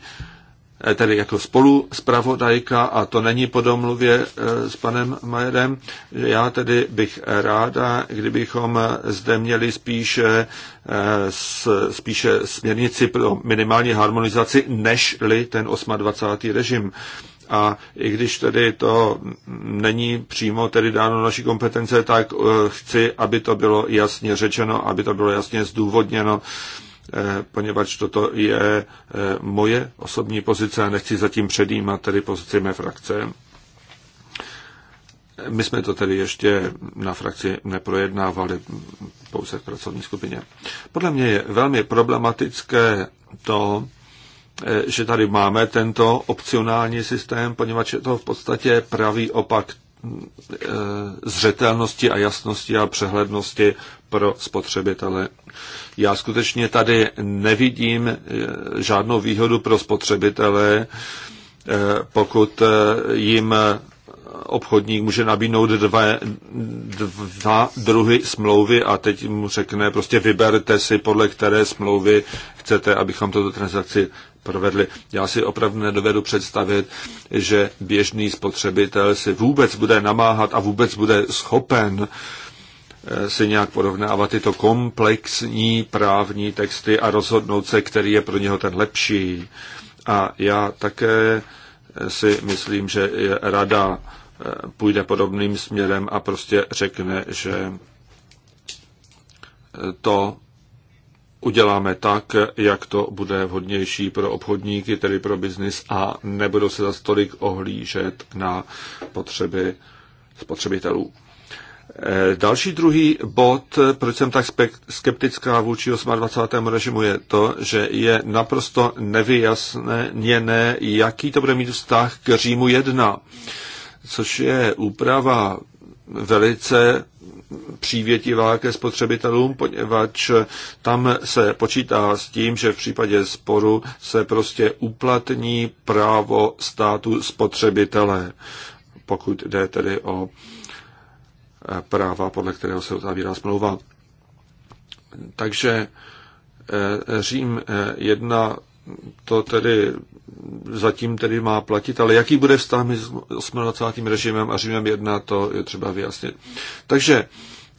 Eh, tedy jako spolu zpravodajka, a to není po domluvě eh, s panem Majerem. Já tedy bych ráda, kdybychom eh, zde měli spíše, spíše směrnici pro minimální harmonizaci, než-li ten 28. režim. A i když tedy to není přímo tedy dáno naší kompetence, tak chci, aby to bylo jasně řečeno, aby to bylo jasně zdůvodněno, Eh, poněvadž toto je eh, moje osobní pozice a nechci zatím předjímat tedy pozici mé frakce. My jsme to tedy ještě na frakci neprojednávali, pouze v pracovní skupině. Podle mě je velmi problematické to, eh, že tady máme tento opcionální systém, poněvadž je to v podstatě pravý opak E, zřetelnosti a jasnosti a přehlednosti pro spotřebitele. Já skutečně tady nevidím e, žádnou výhodu pro spotřebitele, e, pokud jim obchodník může nabídnout dva, dva druhy smlouvy a teď mu řekne, prostě vyberte si, podle které smlouvy chcete, abychom toto transakci provedli. Já si opravdu nedovedu představit, že běžný spotřebitel si vůbec bude namáhat a vůbec bude schopen eh, si nějak porovnávat tyto komplexní právní texty a rozhodnout se, který je pro něho ten lepší. A já také si myslím, že rada půjde podobným směrem a prostě řekne, že to uděláme tak, jak to bude vhodnější pro obchodníky, tedy pro biznis a nebudou se za tolik ohlížet na potřeby spotřebitelů. Eh, další druhý bod, proč jsem tak skeptická vůči 28. režimu, je to, že je naprosto nevyjasněné, jaký to bude mít vztah k Římu 1 což je úprava velice přívětivá ke spotřebitelům, poněvadž tam se počítá s tím, že v případě sporu se prostě uplatní právo státu spotřebitele, pokud jde tedy o eh, práva, podle kterého se uzavírá smlouva. Takže eh, Řím 1 eh, to tedy zatím tedy má platit, ale jaký bude vztah mezi 28. režimem a Římem 1, to je třeba vyjasnit. Takže,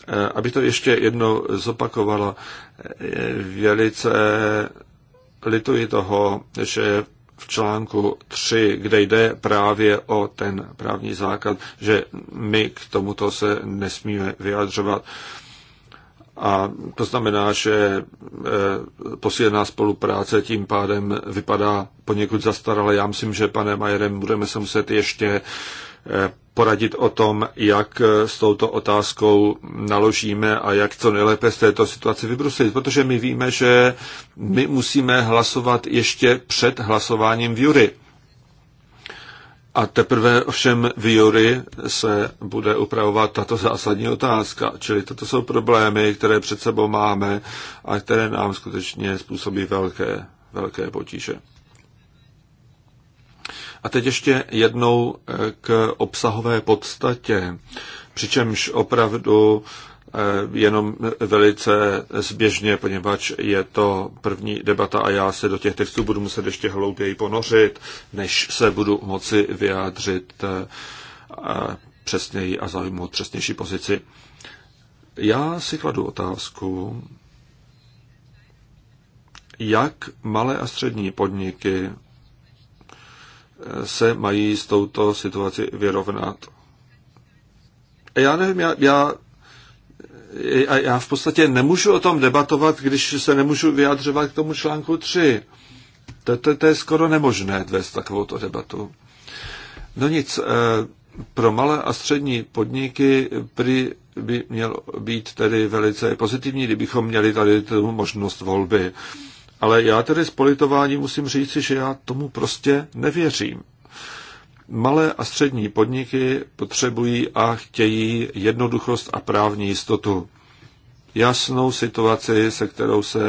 eh, aby to ještě jednou zopakovalo, eh, velice lituji toho, že v článku 3, kde jde právě o ten právní základ, že my k tomuto se nesmíme vyjadřovat. A to znamená, že e, posílená spolupráce tím pádem vypadá poněkud zastarale. Já myslím, že pane Majerem budeme se muset ještě e, poradit o tom, jak e, s touto otázkou naložíme a jak co nejlépe z této situace vybrusit. Protože my víme, že my musíme hlasovat ještě před hlasováním v jury. A teprve ovšem v jury se bude upravovat tato zásadní otázka. Čili toto jsou problémy, které před sebou máme a které nám skutečně způsobí velké, velké potíže. A teď ještě jednou k obsahové podstatě. Přičemž opravdu Eh, jenom velice zběžně, poněvadž je to první debata a já se do těch textů budu muset ještě hlouběji ponořit, než se budu moci vyjádřit eh, přesněji a zaujmout přesnější pozici. Já si kladu otázku, jak malé a střední podniky eh, se mají s touto situaci vyrovnat. Já nevím, já, já a já v podstatě nemůžu o tom debatovat, když se nemůžu vyjadřovat k tomu článku 3. To, to, to je skoro nemožné vést takovou debatu. No nic, eh, pro malé a střední podniky by by měl být tedy velice pozitivní, kdybychom měli tady tu možnost volby. Ale já tedy s politováním musím říci, že já tomu prostě nevěřím. Malé a střední podniky potřebují a chtějí jednoduchost a právní jistotu. Jasnou situaci, se kterou se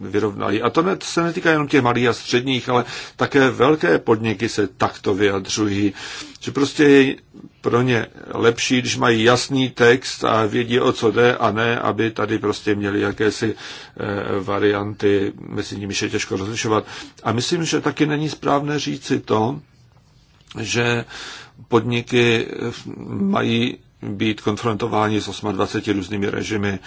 vyrovnají. A to se netýká jenom těch malých a středních, ale také velké podniky se takto vyjadřují. Že prostě je pro ně lepší, když mají jasný text a vědí, o co jde, a ne, aby tady prostě měli jakési eh, varianty, mezi nimi je těžko rozlišovat. A myslím, že taky není správné říci to, že podniky mají být konfrontováni s 28 různými režimy.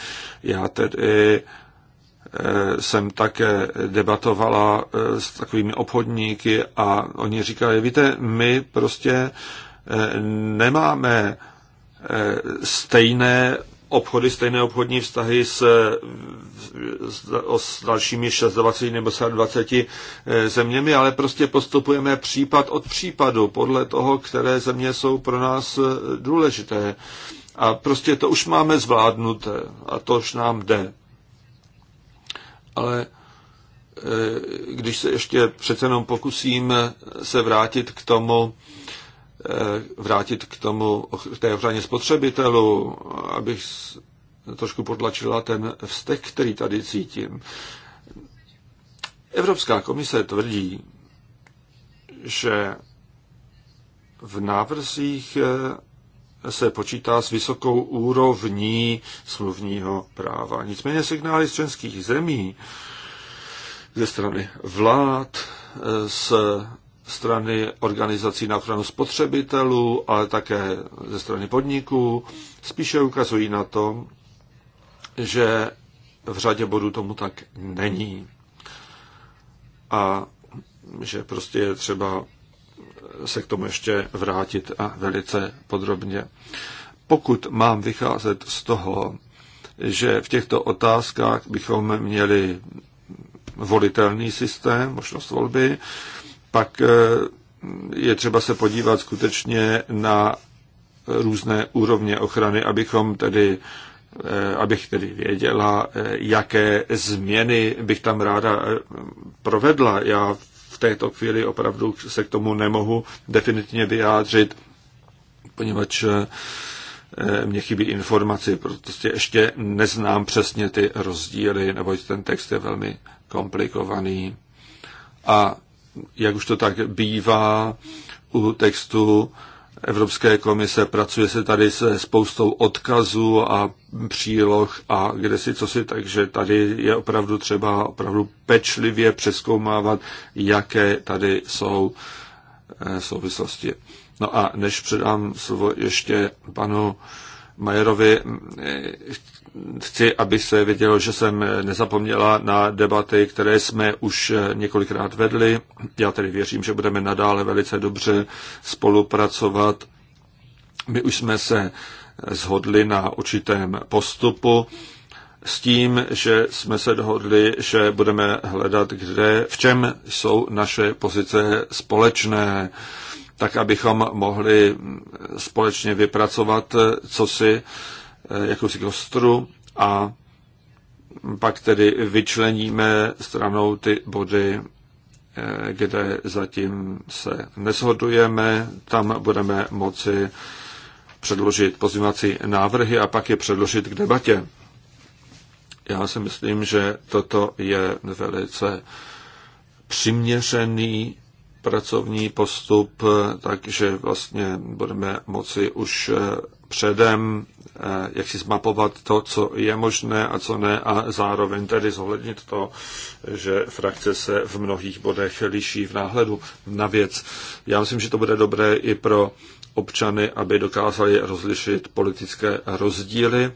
Já tedy eh, jsem také debatovala eh, s takovými obchodníky a oni říkali, víte, my prostě eh, nemáme stejné obchody, stejné obchodní vztahy s, s, s dalšími 26 nebo 27 eh, zeměmi, ale prostě postupujeme případ od případu podle toho, které země jsou pro nás eh, důležité. A prostě to už máme zvládnuté a to už nám jde. Ale eh, když se ještě přece jenom pokusím se vrátit k tomu, Eh, vrátit k tomu, k té ochraně spotřebitelů, abych trošku potlačila ten vztek, který tady cítím. Evropská komise tvrdí, že v návrzích eh, se počítá s vysokou úrovní smluvního práva. Nicméně signály z členských zemí ze strany vlád, z eh, strany organizací na ochranu spotřebitelů, ale také ze strany podniků, spíše ukazují na to, že v řadě bodů tomu tak není. A že prostě je třeba se k tomu ještě vrátit a velice podrobně. Pokud mám vycházet z toho, že v těchto otázkách bychom měli volitelný systém, možnost volby, pak eh, je třeba se podívat skutečně na různé úrovně ochrany, abychom tedy eh, abych tedy věděla, eh, jaké změny bych tam ráda provedla. Já v této chvíli opravdu se k tomu nemohu definitivně vyjádřit, poněvadž mě chybí informaci, protože ještě neznám přesně ty rozdíly, neboť ten text je velmi komplikovaný. A jak už to tak bývá u textu Evropské komise, pracuje se tady se spoustou odkazů a příloh a kde si co si, takže tady je opravdu třeba opravdu pečlivě přeskoumávat, jaké tady jsou eh, souvislosti. No a než předám slovo ještě panu Majerovi. Chci, aby se vědělo, že jsem nezapomněla na debaty, které jsme už několikrát vedli. Já tedy věřím, že budeme nadále velice dobře spolupracovat. My už jsme se zhodli na určitém postupu s tím, že jsme se dohodli, že budeme hledat, kde, v čem jsou naše pozice společné tak abychom mohli společně vypracovat eh, cosi, eh, jakousi kostru a pak tedy vyčleníme stranou ty body, eh, kde zatím se neshodujeme, tam budeme moci předložit pozměňovací návrhy a pak je předložit k debatě. Já si myslím, že toto je velice přiměřený pracovní postup, takže vlastně budeme moci už eh, předem eh, jak si zmapovat to, co je možné a co ne a zároveň tedy zohlednit to, že frakce se v mnohých bodech liší v náhledu na věc. Já myslím, že to bude dobré i pro občany, aby dokázali rozlišit politické rozdíly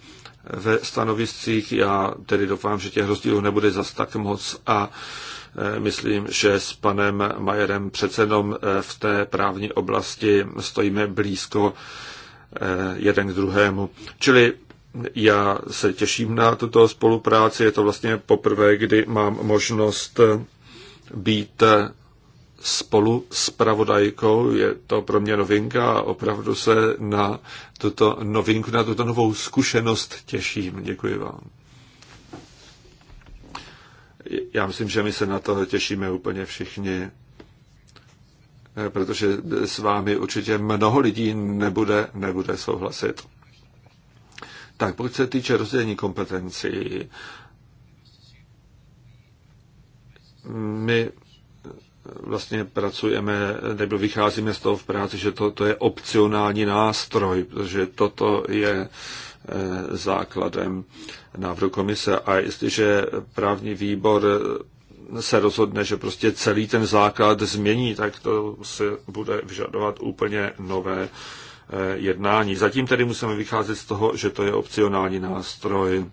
ve stanoviscích. Já tedy doufám, že těch rozdílů nebude zas tak moc a Eh, myslím, že s panem Majerem přece jenom eh, v té právní oblasti stojíme blízko eh, jeden k druhému. Čili já se těším na tuto spolupráci. Je to vlastně poprvé, kdy mám možnost být spolu s pravodajkou. Je to pro mě novinka a opravdu se na tuto novinku, na tuto novou zkušenost těším. Děkuji vám já myslím, že my se na to těšíme úplně všichni, eh, protože s vámi určitě mnoho lidí nebude, nebude souhlasit. Tak pokud se týče rozdělení kompetencí, my vlastně pracujeme, nebo vycházíme z toho v práci, že to, to je opcionální nástroj, protože toto je uh, Eh, základem návrhu komise. A jestliže právní výbor se rozhodne, že prostě celý ten základ změní, tak to se bude vyžadovat úplně nové eh, jednání. Zatím tedy musíme vycházet z toho, že to je opcionální nástroj.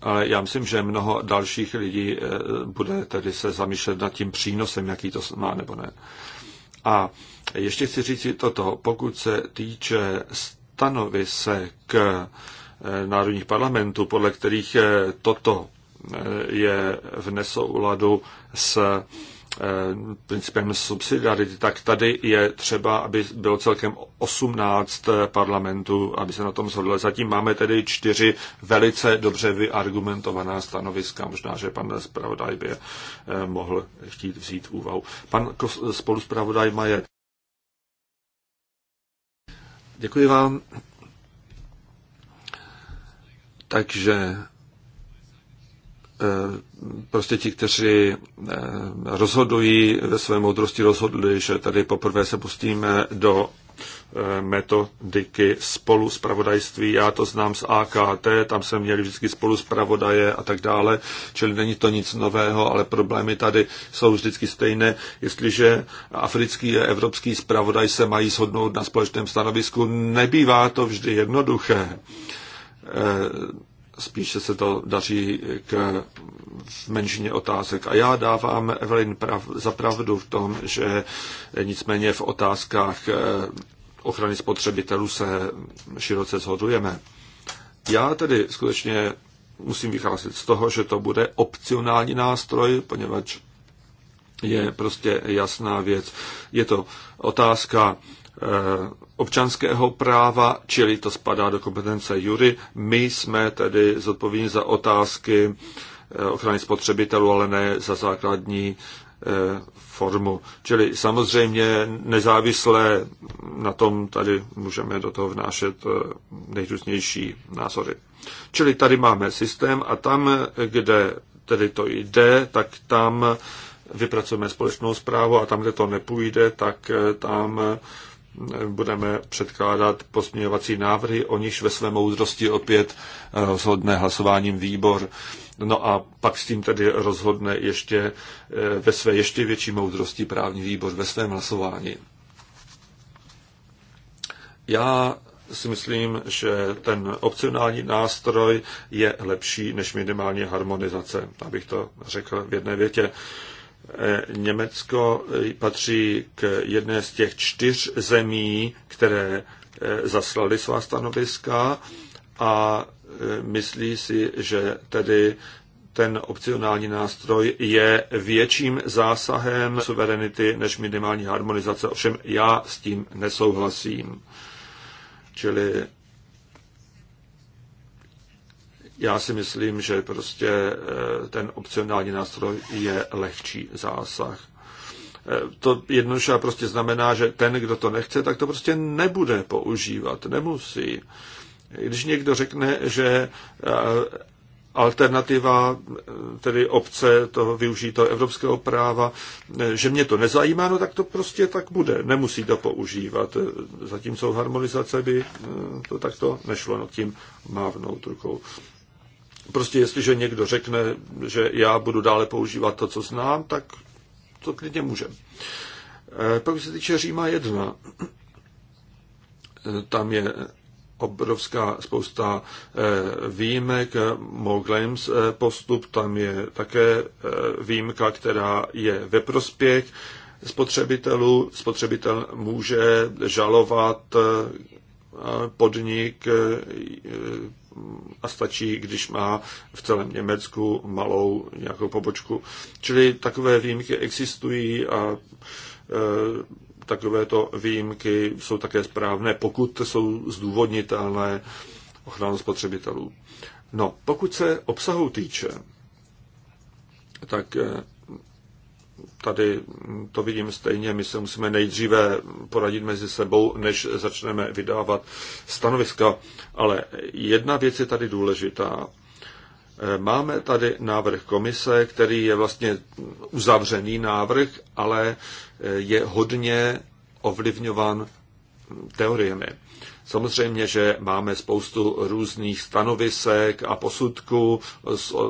Ale já myslím, že mnoho dalších lidí eh, bude tedy se zamýšlet nad tím přínosem, jaký to má nebo ne. A ještě chci říct si toto, pokud se týče stanovisek eh, národních parlamentů, podle kterých eh, toto eh, je v nesouladu s principem subsidiarity, tak tady je třeba, aby bylo celkem 18 parlamentů, aby se na tom shodlo. Zatím máme tedy čtyři velice dobře vyargumentovaná stanoviska. Možná, že pan zpravodaj by je mohl chtít vzít úvahu. Pan spoluzpravodaj Majer. Děkuji vám. Takže eh, prostě ti, kteří eh, rozhodují ve své moudrosti, rozhodli, že tady poprvé se pustíme do metodiky spolu spravodajství. Já to znám z AKT, tam jsme měli vždycky spolu spravodaje a tak dále, čili není to nic nového, ale problémy tady jsou vždycky stejné. Jestliže africký a evropský spravodaj se mají shodnout na společném stanovisku, nebývá to vždy jednoduché e, spíše se to daří k menšině otázek. A já dávám Evelyn prav, za pravdu v tom, že nicméně v otázkách e, ochrany spotřebitelů se široce shodujeme. Já tedy skutečně musím vycházet z toho, že to bude opcionální nástroj, poněvadž je prostě jasná věc. Je to otázka eh, občanského práva, čili to spadá do kompetence jury. My jsme tedy zodpovědní za otázky eh, ochrany spotřebitelů, ale ne za základní eh, formu. Čili samozřejmě nezávisle na tom tady můžeme do toho vnášet eh, nejrůznější názory. Čili tady máme systém a tam, kde tedy to jde, tak tam vypracujeme společnou zprávu a tam, kde to nepůjde, tak eh, tam eh, budeme předkládat pozměňovací návrhy, o nichž ve své moudrosti opět rozhodne hlasováním výbor. No a pak s tím tedy rozhodne ještě eh, ve své ještě větší moudrosti právní výbor ve svém hlasování. Já si myslím, že ten opcionální nástroj je lepší než minimální harmonizace, abych to řekl v jedné větě. Eh, Německo eh, patří k jedné z těch čtyř zemí, které zaslali svá stanoviska a myslí si, že tedy ten opcionální nástroj je větším zásahem suverenity než minimální harmonizace. Ovšem já s tím nesouhlasím. Čili já si myslím, že prostě eh, ten opcionální nástroj je lehčí zásah. Eh, to jednoduše prostě znamená, že ten, kdo to nechce, tak to prostě nebude používat, nemusí. Když někdo řekne, že eh, alternativa, eh, tedy obce, to využijí to evropského práva, eh, že mě to nezajímá, no tak to prostě tak bude. Nemusí to používat. Zatímco harmonizace by to takto nešlo nad tím mávnout rukou. Prostě jestliže někdo řekne, že já budu dále používat to, co znám, tak to klidně můžem. Pak se týče Říma 1, tam je obrovská spousta eh, výjimek, Moglems eh, postup, tam je také eh, výjimka, která je ve prospěch spotřebitelů. Spotřebitel může žalovat podnik a stačí, když má v celém Německu malou nějakou pobočku. Čili takové výjimky existují a takovéto výjimky jsou také správné, pokud jsou zdůvodnitelné ochranu spotřebitelů. No, pokud se obsahu týče, tak eh, tady to vidím stejně, my se musíme nejdříve poradit mezi sebou, než začneme vydávat stanoviska. Ale jedna věc je tady důležitá. Máme tady návrh komise, který je vlastně uzavřený návrh, ale eh, je hodně ovlivňovan teoriemi. Samozřejmě, že máme spoustu různých stanovisek a posudků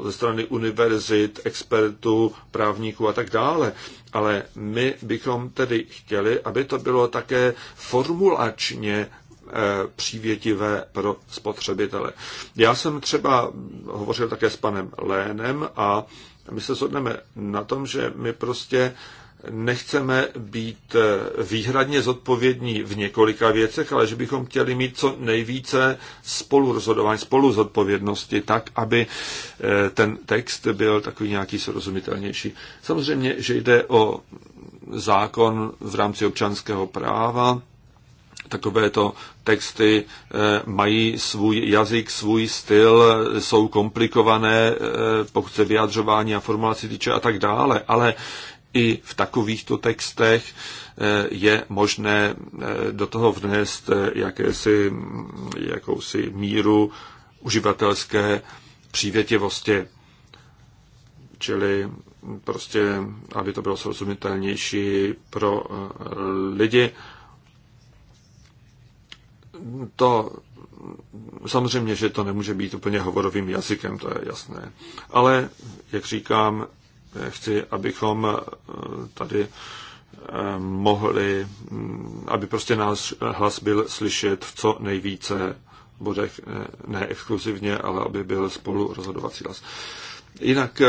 ze strany univerzit, expertů, právníků a tak dále, ale my bychom tedy chtěli, aby to bylo také formulačně Eh, přívětivé pro spotřebitele. Já jsem třeba hovořil také s panem Lénem a my se shodneme na tom, že my prostě nechceme být eh, výhradně zodpovědní v několika věcech, ale že bychom chtěli mít co nejvíce spolu rozhodování, spolu zodpovědnosti, tak, aby eh, ten text byl takový nějaký srozumitelnější. Samozřejmě, že jde o zákon v rámci občanského práva, takovéto texty eh, mají svůj jazyk, svůj styl, jsou komplikované, eh, pokud se vyjadřování a formulaci týče a tak dále, ale i v takovýchto textech eh, je možné do toho vnést jakési, mm, jakousi míru uživatelské přívětivosti. Čili prostě, aby to bylo srozumitelnější pro lidi to samozřejmě, že to nemůže být úplně hovorovým jazykem, to je jasné. Ale, jak říkám, chci, abychom eh, tady eh, mohli, mm, aby prostě náš hlas byl slyšet v co nejvíce bodech, eh, ne exkluzivně, ale aby byl spolu rozhodovací hlas. Jinak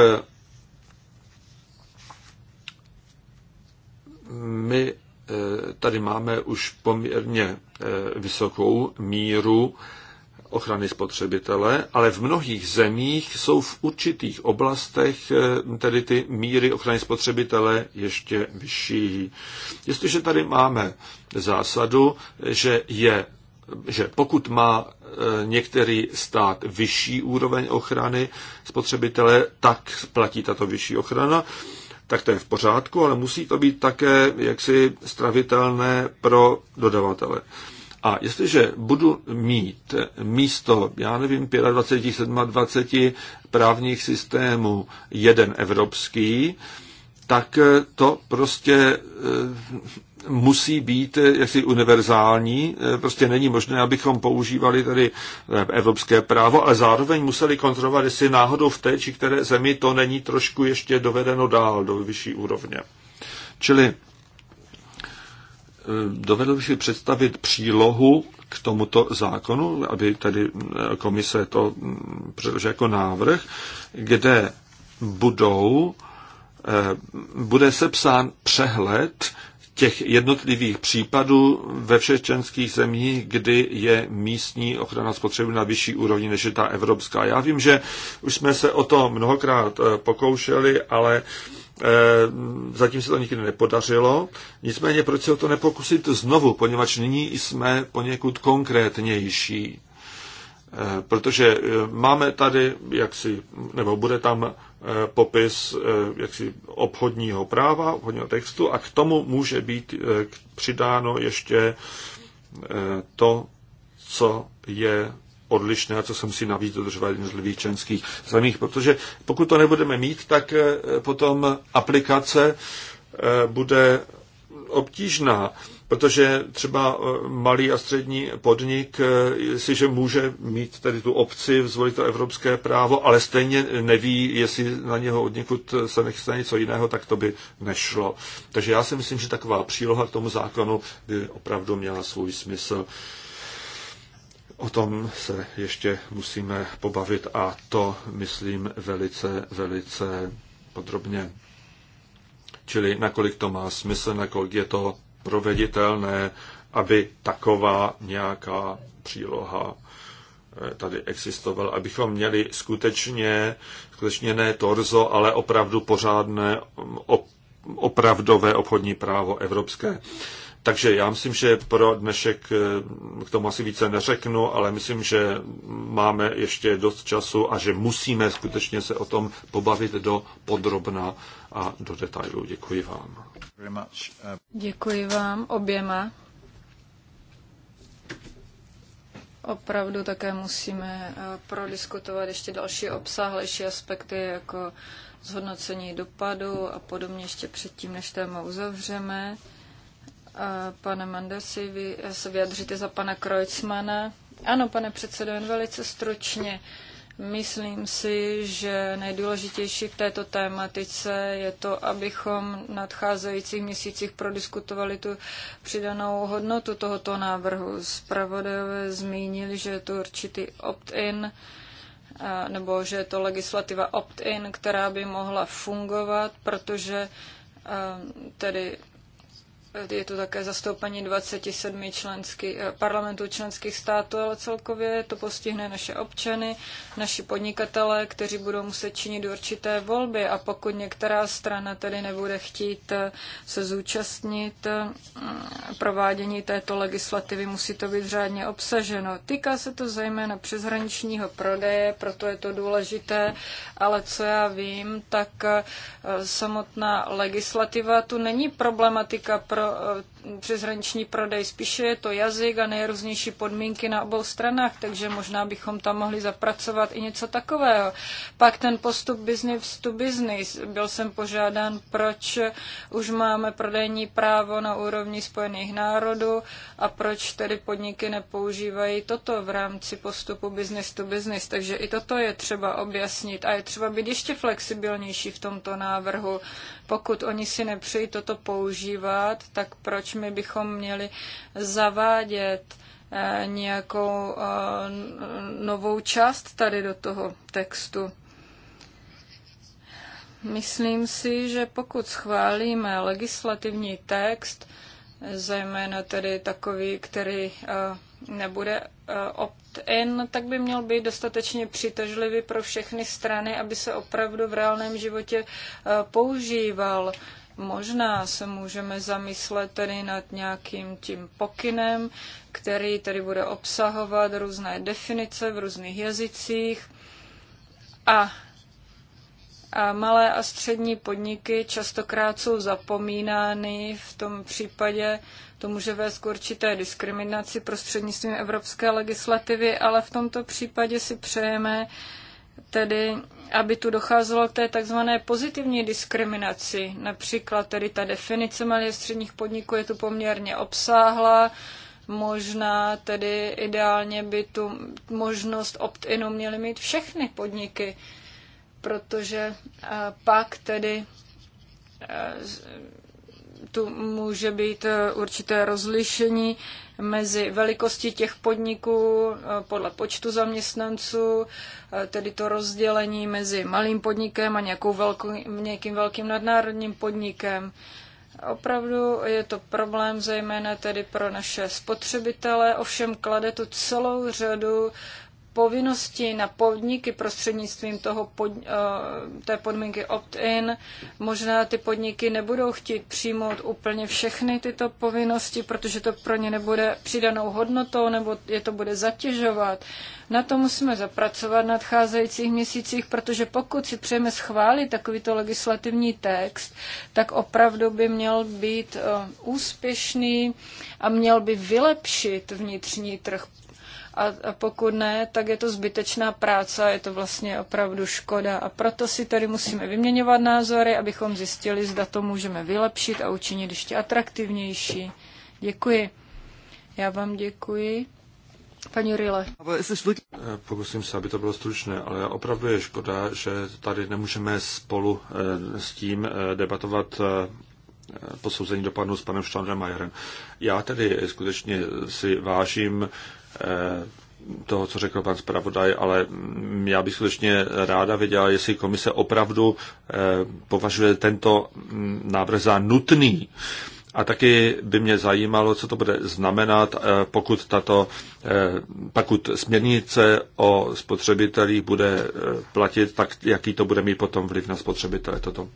my Eh, tady máme už poměrně eh, vysokou míru ochrany spotřebitele, ale v mnohých zemích jsou v určitých oblastech eh, tedy ty míry ochrany spotřebitele ještě vyšší. Jestliže tady máme zásadu, že je že pokud má některý stát vyšší úroveň ochrany spotřebitele, tak platí tato vyšší ochrana tak to je v pořádku, ale musí to být také jaksi stravitelné pro dodavatele. A jestliže budu mít místo, já nevím, 25, 27 právních systémů jeden evropský, tak to prostě eh, musí být eh, jaksi univerzální. Eh, prostě není možné, abychom používali tady eh, evropské právo, ale zároveň museli kontrolovat, jestli náhodou v té či které zemi to není trošku ještě dovedeno dál do vyšší úrovně. Čili dovedl bych si představit přílohu k tomuto zákonu, aby tady komise to mm, předložila jako návrh, kde budou bude sepsán přehled těch jednotlivých případů ve všech členských zemích, kdy je místní ochrana spotřeby na vyšší úrovni než je ta evropská. Já vím, že už jsme se o to mnohokrát eh, pokoušeli, ale eh, zatím se to nikdy nepodařilo. Nicméně, proč se o to nepokusit znovu, poněvadž nyní jsme poněkud konkrétnější. Eh, protože máme tady, jak si, nebo bude tam Eh, popis eh, jaksi obchodního práva, obchodního textu a k tomu může být eh, přidáno ještě to, co je odlišné a co jsem si navíc dodržoval jednotlivých členských zemích, protože pokud to nebudeme mít, tak potom aplikace bude obtížná. Protože třeba eh, malý a střední podnik eh, si, že může mít tady tu obci, zvolit to evropské právo, ale stejně neví, jestli na něho od někud se nechce něco jiného, tak to by nešlo. Takže já si myslím, že taková příloha k tomu zákonu by opravdu měla svůj smysl. O tom se ještě musíme pobavit a to myslím velice, velice podrobně. Čili nakolik to má smysl, nakolik je to proveditelné, aby taková nějaká příloha eh, tady existovala, abychom měli skutečně, skutečně ne torzo, ale opravdu pořádné, mm, opravdové obchodní právo evropské. Takže já myslím, že pro dnešek eh, k tomu asi více neřeknu, ale myslím, že máme ještě dost času a že musíme skutečně se o tom pobavit do podrobna a do detailu. Děkuji vám. Uh, Děkuji vám oběma. Opravdu také musíme uh, prodiskutovat ještě další obsáhlejší aspekty, jako zhodnocení dopadu a podobně ještě předtím, než téma uzavřeme. Uh, pane Mandasi, vy se vyjadříte za pana Kreutzmana. Ano, pane předsedo, jen velice stručně. Myslím si, že nejdůležitější v této tématice je to, abychom v nadcházejících měsících prodiskutovali tu přidanou hodnotu tohoto návrhu. Zpravodajové zmínili, že je to určitý opt-in, nebo že je to legislativa opt-in, která by mohla fungovat, protože tedy je to také zastoupení 27 členský, eh, parlamentů členských států, ale celkově to postihne naše občany, naši podnikatele, kteří budou muset činit určité volby a pokud některá strana tedy nebude chtít eh, se zúčastnit eh, mm, provádění této legislativy, musí to být řádně obsaženo. Týká se to zejména přeshraničního prodeje, proto je to důležité, ale co já vím, tak samotná legislativa tu není problematika pro pro přeshraniční prodej. Spíše je to jazyk a nejrůznější podmínky na obou stranách, takže možná bychom tam mohli zapracovat i něco takového. Pak ten postup business to business. Byl jsem požádán, proč už máme prodejní právo na úrovni Spojených národů a proč tedy podniky nepoužívají toto v rámci postupu business to business. Takže i toto je třeba objasnit a je třeba být ještě flexibilnější v tomto návrhu. Pokud oni si nepřejí toto používat, tak proč my bychom měli zavádět eh, nějakou eh, novou část tady do toho textu. Myslím si, že pokud schválíme legislativní text, zejména tedy takový, který eh, nebude opt-in, tak by měl být dostatečně přitažlivý pro všechny strany, aby se opravdu v reálném životě používal. Možná se můžeme zamyslet tedy nad nějakým tím pokynem, který tedy bude obsahovat různé definice v různých jazycích a a malé a střední podniky častokrát jsou zapomínány. V tom případě to může vést k určité diskriminaci prostřednictvím evropské legislativy, ale v tomto případě si přejeme tedy aby tu docházelo k té takzvané pozitivní diskriminaci. Například tedy ta definice malých středních podniků je tu poměrně obsáhlá, možná tedy ideálně by tu možnost opt-inu měly mít všechny podniky, protože pak tedy tu může být e, určité rozlišení mezi velikostí těch podniků eh, podle počtu zaměstnanců, eh, tedy to rozdělení mezi malým podnikem a nějakou velký, nějakým velkým nadnárodním podnikem. Opravdu je to problém zejména tedy pro naše spotřebitele, ovšem klade to celou řadu uh, povinnosti na podniky prostřednictvím toho pod, eh, té podmínky opt-in. Možná ty podniky nebudou chtít přijmout úplně všechny tyto povinnosti, protože to pro ně nebude přidanou hodnotou nebo je to bude zatěžovat. Na to musíme zapracovat v nadcházejících měsících, protože pokud si přejeme schválit takovýto legislativní text, tak opravdu by měl být eh, úspěšný a měl by vylepšit vnitřní trh a pokud ne, tak je to zbytečná práce je to vlastně opravdu škoda. A proto si tady musíme vyměňovat názory, abychom zjistili, zda to můžeme vylepšit a učinit ještě atraktivnější. Děkuji. Já vám děkuji. Paní Rile. Eh, pokusím se, aby to bylo stručné, ale opravdu je škoda, že tady nemůžeme spolu eh, s tím eh, debatovat posouzení dopadnu s panem Majerem. Já tedy skutečně si vážím Eh, toho, co řekl pan zpravodaj, ale mm, já bych skutečně ráda věděla, jestli komise opravdu eh, považuje tento mm, návrh za nutný. A taky by mě zajímalo, co to bude znamenat, eh, pokud, tato, pokud směrnice o spotřebitelích bude platit, tak jaký to bude mít potom vliv na spotřebitele toto.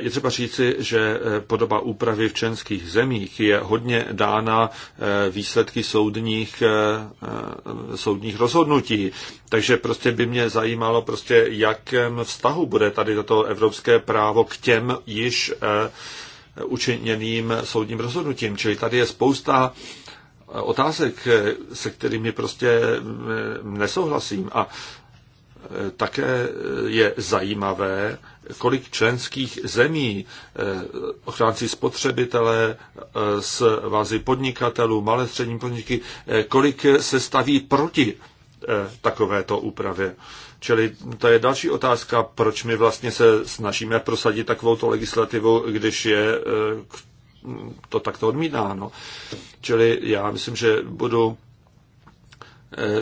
Je třeba říci, že eh, podoba úpravy v členských zemích je hodně dána eh, výsledky soudních, eh, soudních rozhodnutí. Takže prostě by mě zajímalo, prostě jakém vztahu bude tady toto evropské právo k těm již učiněným soudním rozhodnutím. Čili tady je spousta otázek, se kterými prostě nesouhlasím. A také je zajímavé, kolik členských zemí eh, ochránci spotřebitele, eh, svazy podnikatelů, malé střední podniky, eh, kolik se staví proti takovéto úpravě. Čili to je další otázka, proč my vlastně se snažíme prosadit takovou legislativu, když je to takto odmítáno. Čili já myslím, že budu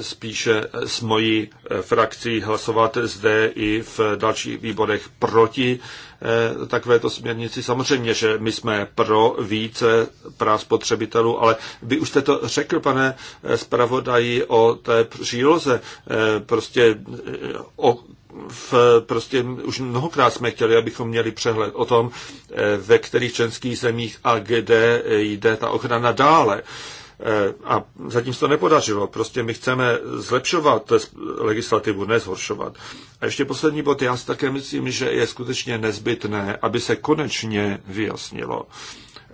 spíše s mojí frakcí hlasovat zde i v dalších výborech proti eh, takovéto směrnici. Samozřejmě, že my jsme pro více práv spotřebitelů, ale vy už jste to řekl, pane eh, zpravodaji, o té příloze. Eh, prostě o v, prostě už mnohokrát jsme chtěli, abychom měli přehled o tom, ve kterých členských zemích a kde jde ta ochrana dále. Eh, a zatím se to nepodařilo. Prostě my chceme zlepšovat legislativu, nezhoršovat. A ještě poslední bod. Já si také myslím, že je skutečně nezbytné, aby se konečně vyjasnilo.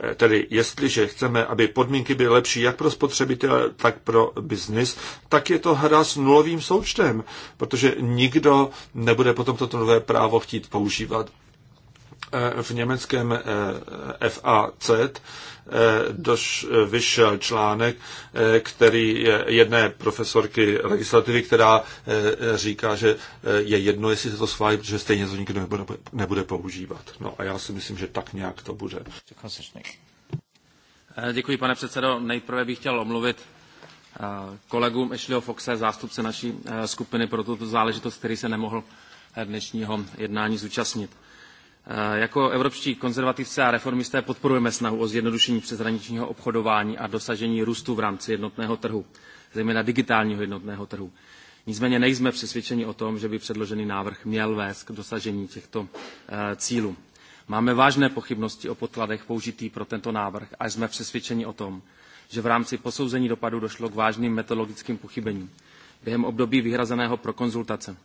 Eh, tedy jestliže chceme, aby podmínky byly lepší jak pro spotřebitele, tak pro biznis, tak je to hra s nulovým součtem, protože nikdo nebude potom toto nové právo chtít používat. Eh, v německém eh, FAC eh, doš, vyšel článek, který je jedné profesorky legislativy, která říká, že je jedno, jestli se to schválí, protože stejně to nikdo nebude, nebude používat. No a já si myslím, že tak nějak to bude. Děkuji, pane předsedo. Nejprve bych chtěl omluvit kolegům Ešliho Foxe, zástupce naší skupiny pro tuto záležitost, který se nemohl dnešního jednání zúčastnit. Eh, jako evropští konzervativci a reformisté podporujeme snahu o zjednodušení přeshraničního obchodování a dosažení růstu v rámci jednotného trhu, zejména digitálního jednotného trhu. Nicméně nejsme přesvědčeni o tom, že by předložený návrh měl vést k dosažení těchto eh, cílů. Máme vážné pochybnosti o podkladech použitých pro tento návrh a jsme přesvědčeni o tom, že v rámci posouzení dopadu došlo k vážným metodologickým pochybením během období vyhrazeného pro konzultace.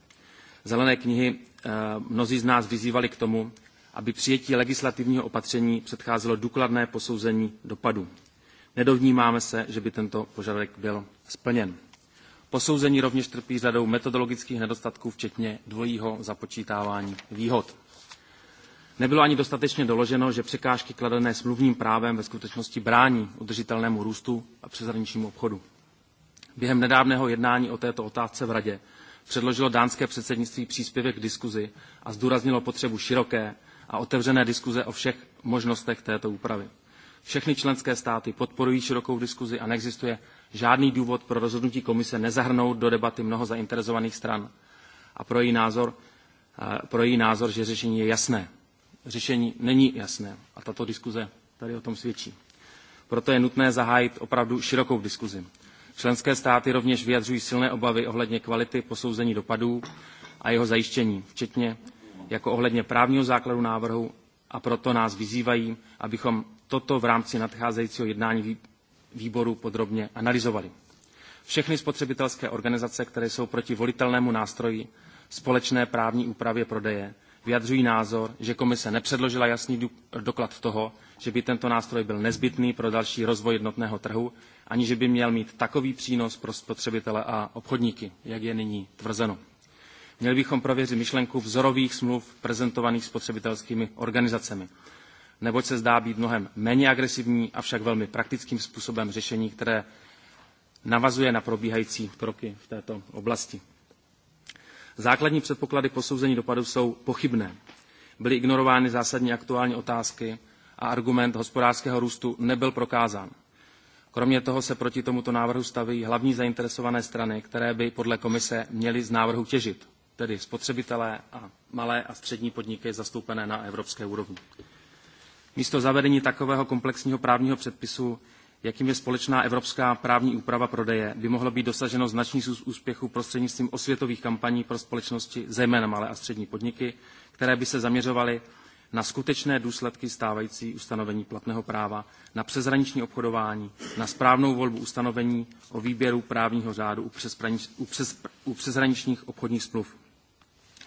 Zelené knihy eh, mnozí z nás vyzývali k tomu, aby přijetí legislativního opatření předcházelo důkladné posouzení dopadů. Nedovnímáme se, že by tento požadavek byl splněn. Posouzení rovněž trpí řadou metodologických nedostatků, včetně dvojího započítávání výhod. Nebylo ani dostatečně doloženo, že překážky kladené smluvním právem ve skutečnosti brání udržitelnému růstu a přeshraničnímu obchodu. Během nedávného jednání o této otázce v Radě předložilo dánské předsednictví příspěvek k diskuzi a zdůraznilo potřebu široké a otevřené diskuze o všech možnostech této úpravy. Všechny členské státy podporují širokou diskuzi a neexistuje žádný důvod pro rozhodnutí komise nezahrnout do debaty mnoho zainteresovaných stran a pro její názor, pro její názor že řešení je jasné. Řešení není jasné a tato diskuze tady o tom svědčí. Proto je nutné zahájit opravdu širokou diskuzi. Členské státy rovněž vyjadřují silné obavy ohledně kvality posouzení dopadů a jeho zajištění, včetně jako ohledně právního základu návrhu a proto nás vyzývají, abychom toto v rámci nadcházejícího jednání výboru podrobně analyzovali. Všechny spotřebitelské organizace, které jsou proti volitelnému nástroji společné právní úpravě prodeje, vyjadřují názor, že komise nepředložila jasný doklad toho, že by tento nástroj byl nezbytný pro další rozvoj jednotného trhu, ani že by měl mít takový přínos pro spotřebitele a obchodníky, jak je nyní tvrzeno. Měli bychom prověřit myšlenku vzorových smluv prezentovaných spotřebitelskými organizacemi, neboť se zdá být mnohem méně agresivní, avšak velmi praktickým způsobem řešení, které navazuje na probíhající kroky v této oblasti. Základní předpoklady posouzení dopadu jsou pochybné. Byly ignorovány zásadní aktuální otázky a argument hospodářského růstu nebyl prokázán. Kromě toho se proti tomuto návrhu staví hlavní zainteresované strany, které by podle komise měly z návrhu těžit tedy spotřebitelé a malé a střední podniky zastoupené na evropské úrovni. Místo zavedení takového komplexního právního předpisu, jakým je společná evropská právní úprava prodeje, by mohlo být dosaženo značný úspěchu prostřednictvím osvětových kampaní pro společnosti, zejména malé a střední podniky, které by se zaměřovaly na skutečné důsledky stávající ustanovení platného práva, na přeshraniční obchodování, na správnou volbu ustanovení o výběru právního řádu u, u, u přeshraničních obchodních smluv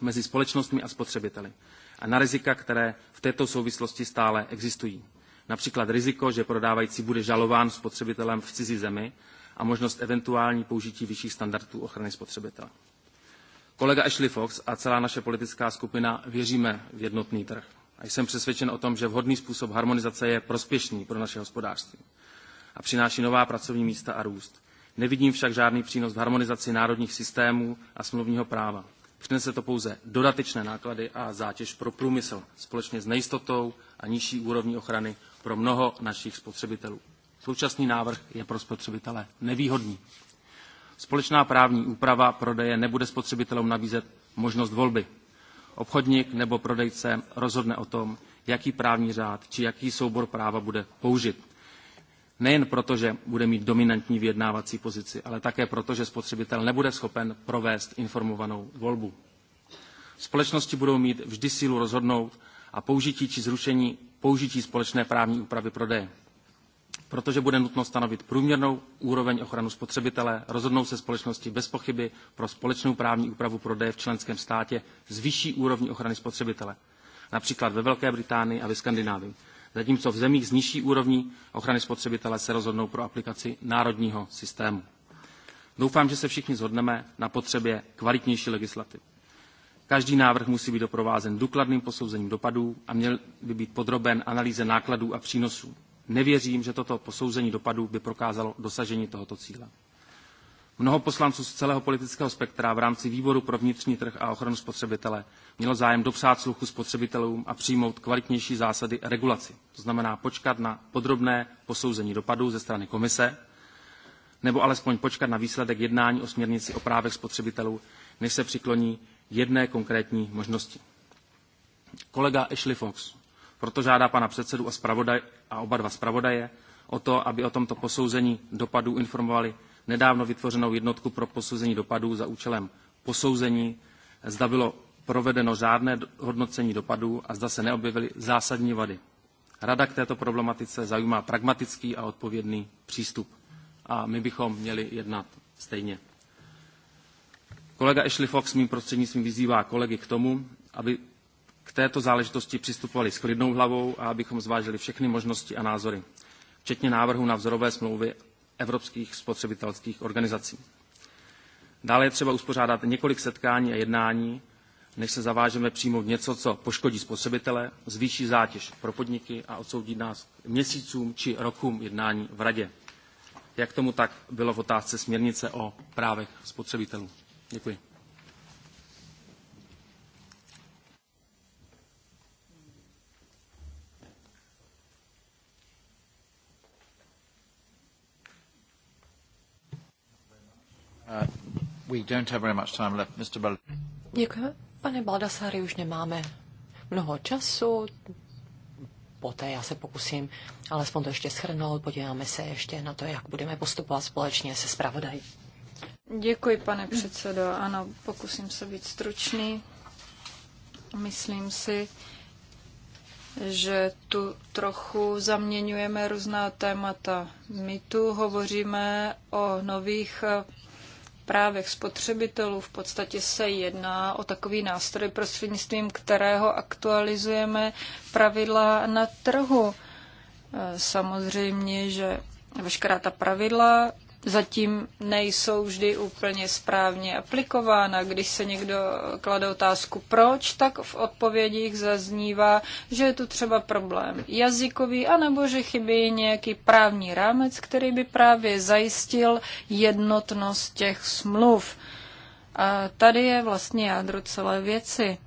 mezi společnostmi a spotřebiteli a na rizika, které v této souvislosti stále existují. Například riziko, že prodávající bude žalován spotřebitelem v cizí zemi a možnost eventuální použití vyšších standardů ochrany spotřebitele. Kolega Ashley Fox a celá naše politická skupina věříme v jednotný trh. A jsem přesvědčen o tom, že vhodný způsob harmonizace je prospěšný pro naše hospodářství a přináší nová pracovní místa a růst. Nevidím však žádný přínos v harmonizaci národních systémů a smluvního práva. Přinese to pouze dodatečné náklady a zátěž pro průmysl, společně s nejistotou a nižší úrovní ochrany pro mnoho našich spotřebitelů. Současný návrh je pro spotřebitele nevýhodný. Společná právní úprava prodeje nebude spotřebitelům nabízet možnost volby. Obchodník nebo prodejce rozhodne o tom, jaký právní řád či jaký soubor práva bude použit. Nejen proto, že bude mít dominantní vyjednávací pozici, ale také proto, že spotřebitel nebude schopen provést informovanou volbu. Společnosti budou mít vždy sílu rozhodnout a použití či zrušení použití společné právní úpravy prodeje. Protože bude nutno stanovit průměrnou úroveň ochranu spotřebitele, rozhodnou se společnosti bez pochyby pro společnou právní úpravu prodeje v členském státě s vyšší úrovní ochrany spotřebitele, například ve Velké Británii a ve Skandinávii zatímco v zemích s nižší úrovní ochrany spotřebitele se rozhodnou pro aplikaci národního systému. Doufám, že se všichni zhodneme na potřebě kvalitnější legislativy. Každý návrh musí být doprovázen důkladným posouzením dopadů a měl by být podroben analýze nákladů a přínosů. Nevěřím, že toto posouzení dopadů by prokázalo dosažení tohoto cíle. Mnoho poslanců z celého politického spektra v rámci výboru pro vnitřní trh a ochranu spotřebitele mělo zájem dopřát sluchu spotřebitelům a přijmout kvalitnější zásady regulaci. To znamená počkat na podrobné posouzení dopadů ze strany komise, nebo alespoň počkat na výsledek jednání o směrnici o právech spotřebitelů, než se přikloní jedné konkrétní možnosti. Kolega Ashley Fox proto žádá pana předsedu a, a oba dva zpravodaje o to, aby o tomto posouzení dopadů informovali nedávno vytvořenou jednotku pro posouzení dopadů za účelem posouzení, zda bylo provedeno řádné hodnocení dopadů a zda se neobjevily zásadní vady. Rada k této problematice zajímá pragmatický a odpovědný přístup. A my bychom měli jednat stejně. Kolega Ashley Fox mým prostřednictvím vyzývá kolegy k tomu, aby k této záležitosti přistupovali s klidnou hlavou a abychom zvážili všechny možnosti a názory, včetně návrhu na vzorové smlouvy evropských spotřebitelských organizací. Dále je třeba uspořádat několik setkání a jednání, než se zavážeme přijmout něco, co poškodí spotřebitele, zvýší zátěž pro podniky a odsoudí nás měsícům či rokům jednání v Radě. Jak tomu tak bylo v otázce směrnice o právech spotřebitelů. Děkuji. Uh, Děkuji. Pane Baldassari, už nemáme mnoho času. Poté já se pokusím alespoň to ještě schrnout. Podíváme se ještě na to, jak budeme postupovat společně se zpravodají. Děkuji, pane předsedo. Ano, pokusím se být stručný. Myslím si, že tu trochu zaměňujeme různá témata. My tu hovoříme o nových právech spotřebitelů. V podstatě se jedná o takový nástroj, prostřednictvím kterého aktualizujeme pravidla na trhu. E, samozřejmě, že veškerá ta pravidla zatím nejsou vždy úplně správně aplikována. Když se někdo klade otázku proč, tak v odpovědích zaznívá, že je tu třeba problém jazykový, anebo že chybí nějaký právní rámec, který by právě zajistil jednotnost těch smluv. A tady je vlastně jádro celé věci.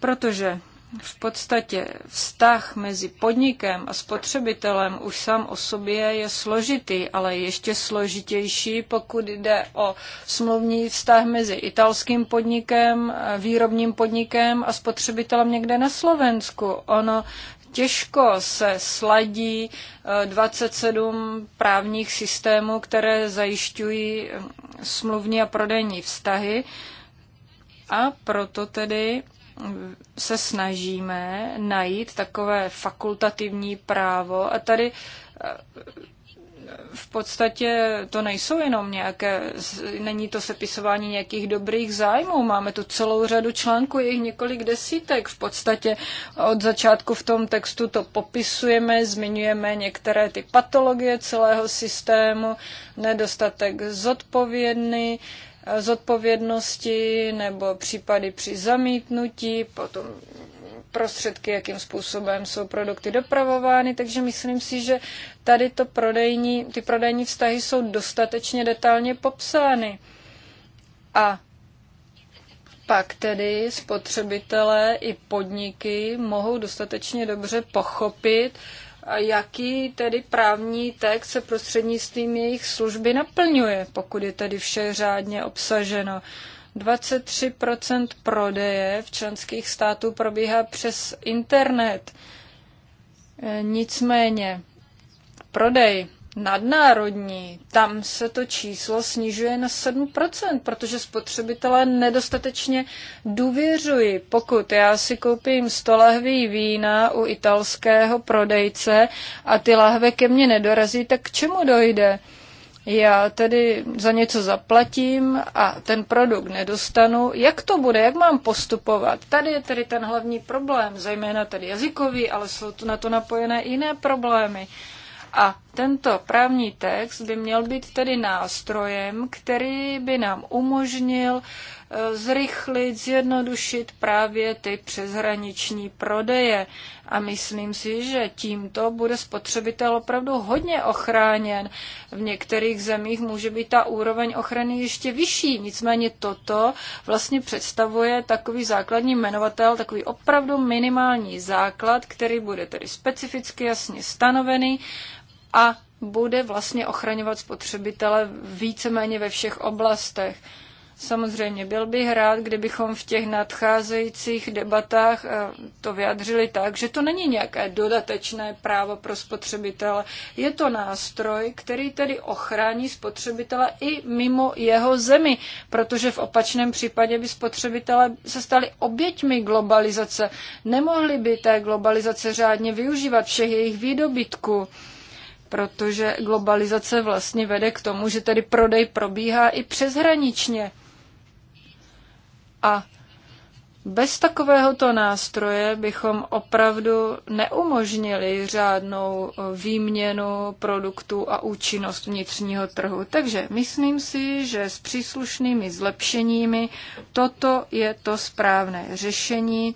Protože v podstatě vztah mezi podnikem a spotřebitelem už sám o sobě je složitý, ale ještě složitější, pokud jde o smluvní vztah mezi italským podnikem, výrobním podnikem a spotřebitelem někde na Slovensku. Ono těžko se sladí 27 eh, právních systémů, které zajišťují eh, smluvní a prodejní vztahy. A proto tedy se snažíme najít takové fakultativní právo a tady eh, v podstatě to nejsou jenom nějaké, není to sepisování nějakých dobrých zájmů. Máme tu celou řadu článků, jejich několik desítek. V podstatě od začátku v tom textu to popisujeme, zmiňujeme některé ty patologie celého systému, nedostatek zodpovědný, zodpovědnosti nebo případy při zamítnutí, potom prostředky, jakým způsobem jsou produkty dopravovány, takže myslím si, že tady to prodejní, ty prodejní vztahy jsou dostatečně detailně popsány. A pak tedy spotřebitelé i podniky mohou dostatečně dobře pochopit, jaký tedy právní text se prostřednictvím jejich služby naplňuje, pokud je tedy vše řádně obsaženo. 23 prodeje v členských států probíhá přes internet. E, nicméně prodej nadnárodní, tam se to číslo snižuje na 7%, protože spotřebitelé nedostatečně důvěřují. Pokud já si koupím 100 lahví vína u italského prodejce a ty lahve ke mně nedorazí, tak k čemu dojde? Já tedy za něco zaplatím a ten produkt nedostanu. Jak to bude? Jak mám postupovat? Tady je tedy ten hlavní problém, zejména tady jazykový, ale jsou tu na to napojené jiné problémy. A tento právní text by měl být tedy nástrojem, který by nám umožnil e, zrychlit, zjednodušit právě ty přeshraniční prodeje. A myslím si, že tímto bude spotřebitel opravdu hodně ochráněn. V některých zemích může být ta úroveň ochrany ještě vyšší. Nicméně toto vlastně představuje takový základní jmenovatel, takový opravdu minimální základ, který bude tedy specificky jasně stanovený a bude vlastně ochraňovat spotřebitele víceméně ve všech oblastech. Samozřejmě byl bych rád, kdybychom v těch nadcházejících debatách eh, to vyjadřili tak, že to není nějaké dodatečné právo pro spotřebitele. Je to nástroj, který tedy ochrání spotřebitele i mimo jeho zemi, protože v opačném případě by spotřebitele se stali oběťmi globalizace. Nemohli by té globalizace řádně využívat všech jejich výdobytků protože globalizace vlastně vede k tomu, že tedy prodej probíhá i přeshraničně. A bez takovéhoto nástroje bychom opravdu neumožnili řádnou eh, výměnu produktů a účinnost vnitřního trhu. Takže myslím si, že s příslušnými zlepšeními toto je to správné řešení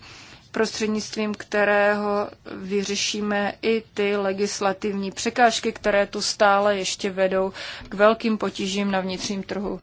prostřednictvím kterého vyřešíme i ty legislativní překážky, které tu stále ještě vedou k velkým potížím na vnitřním trhu.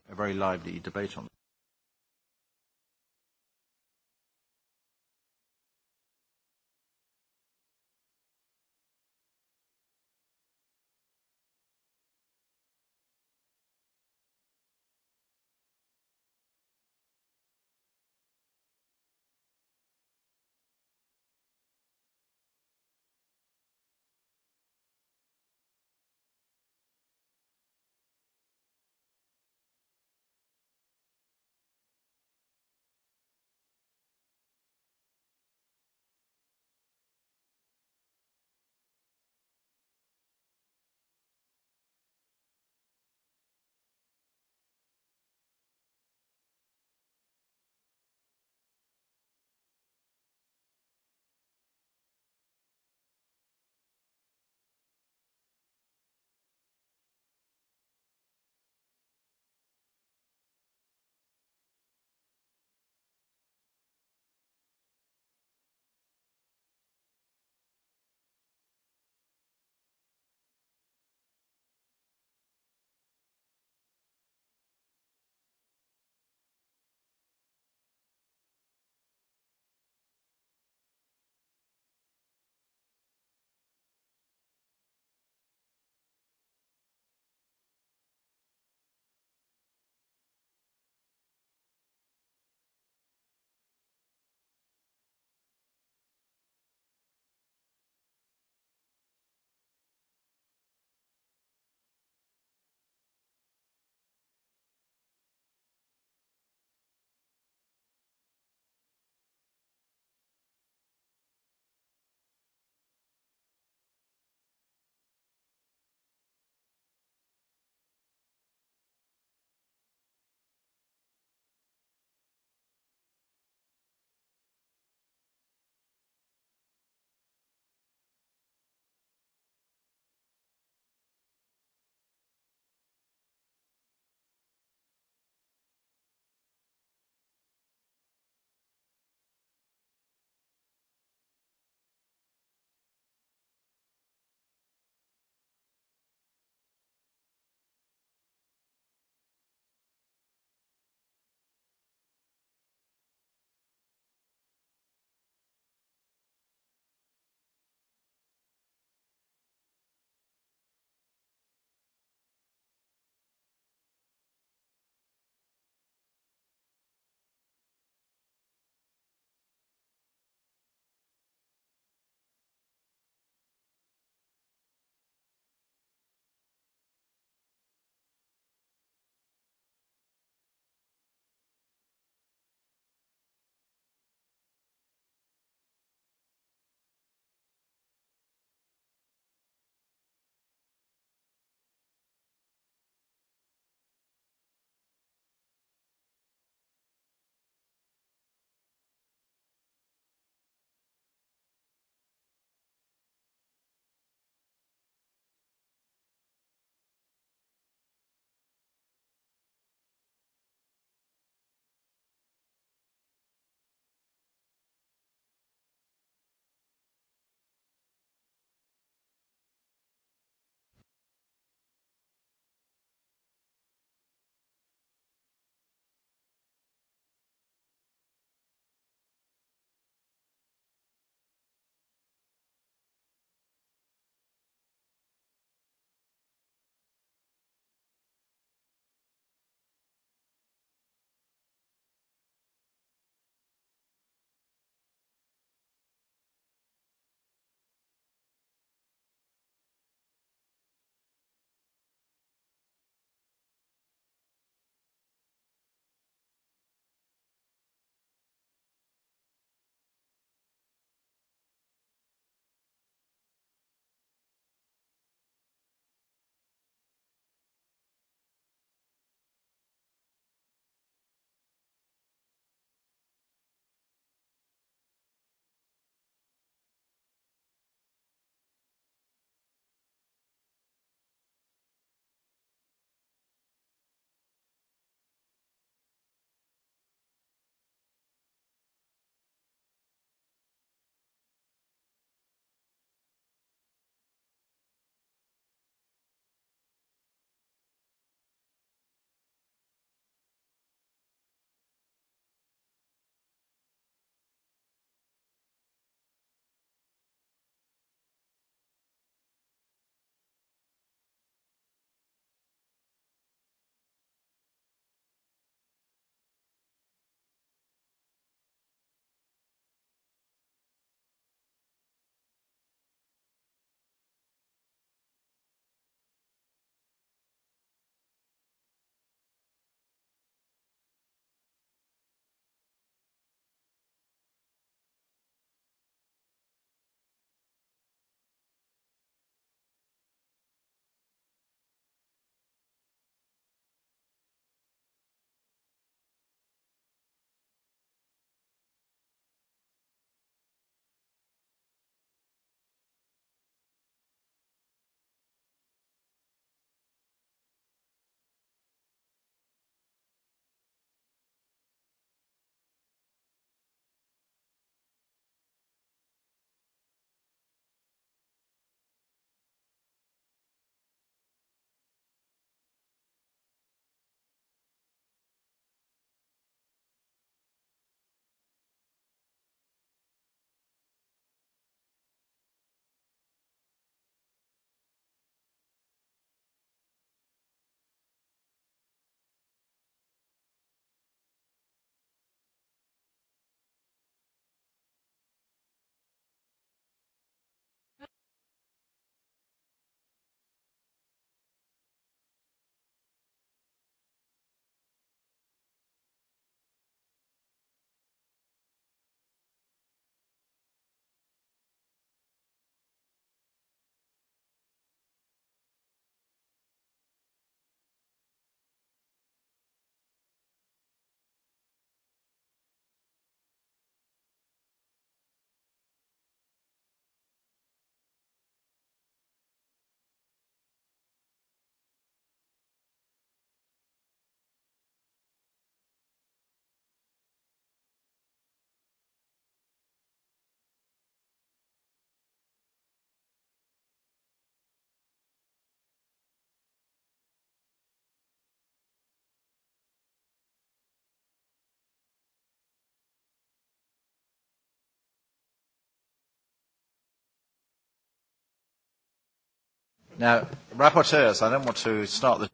Now, rapporteurs, I don't want to start the...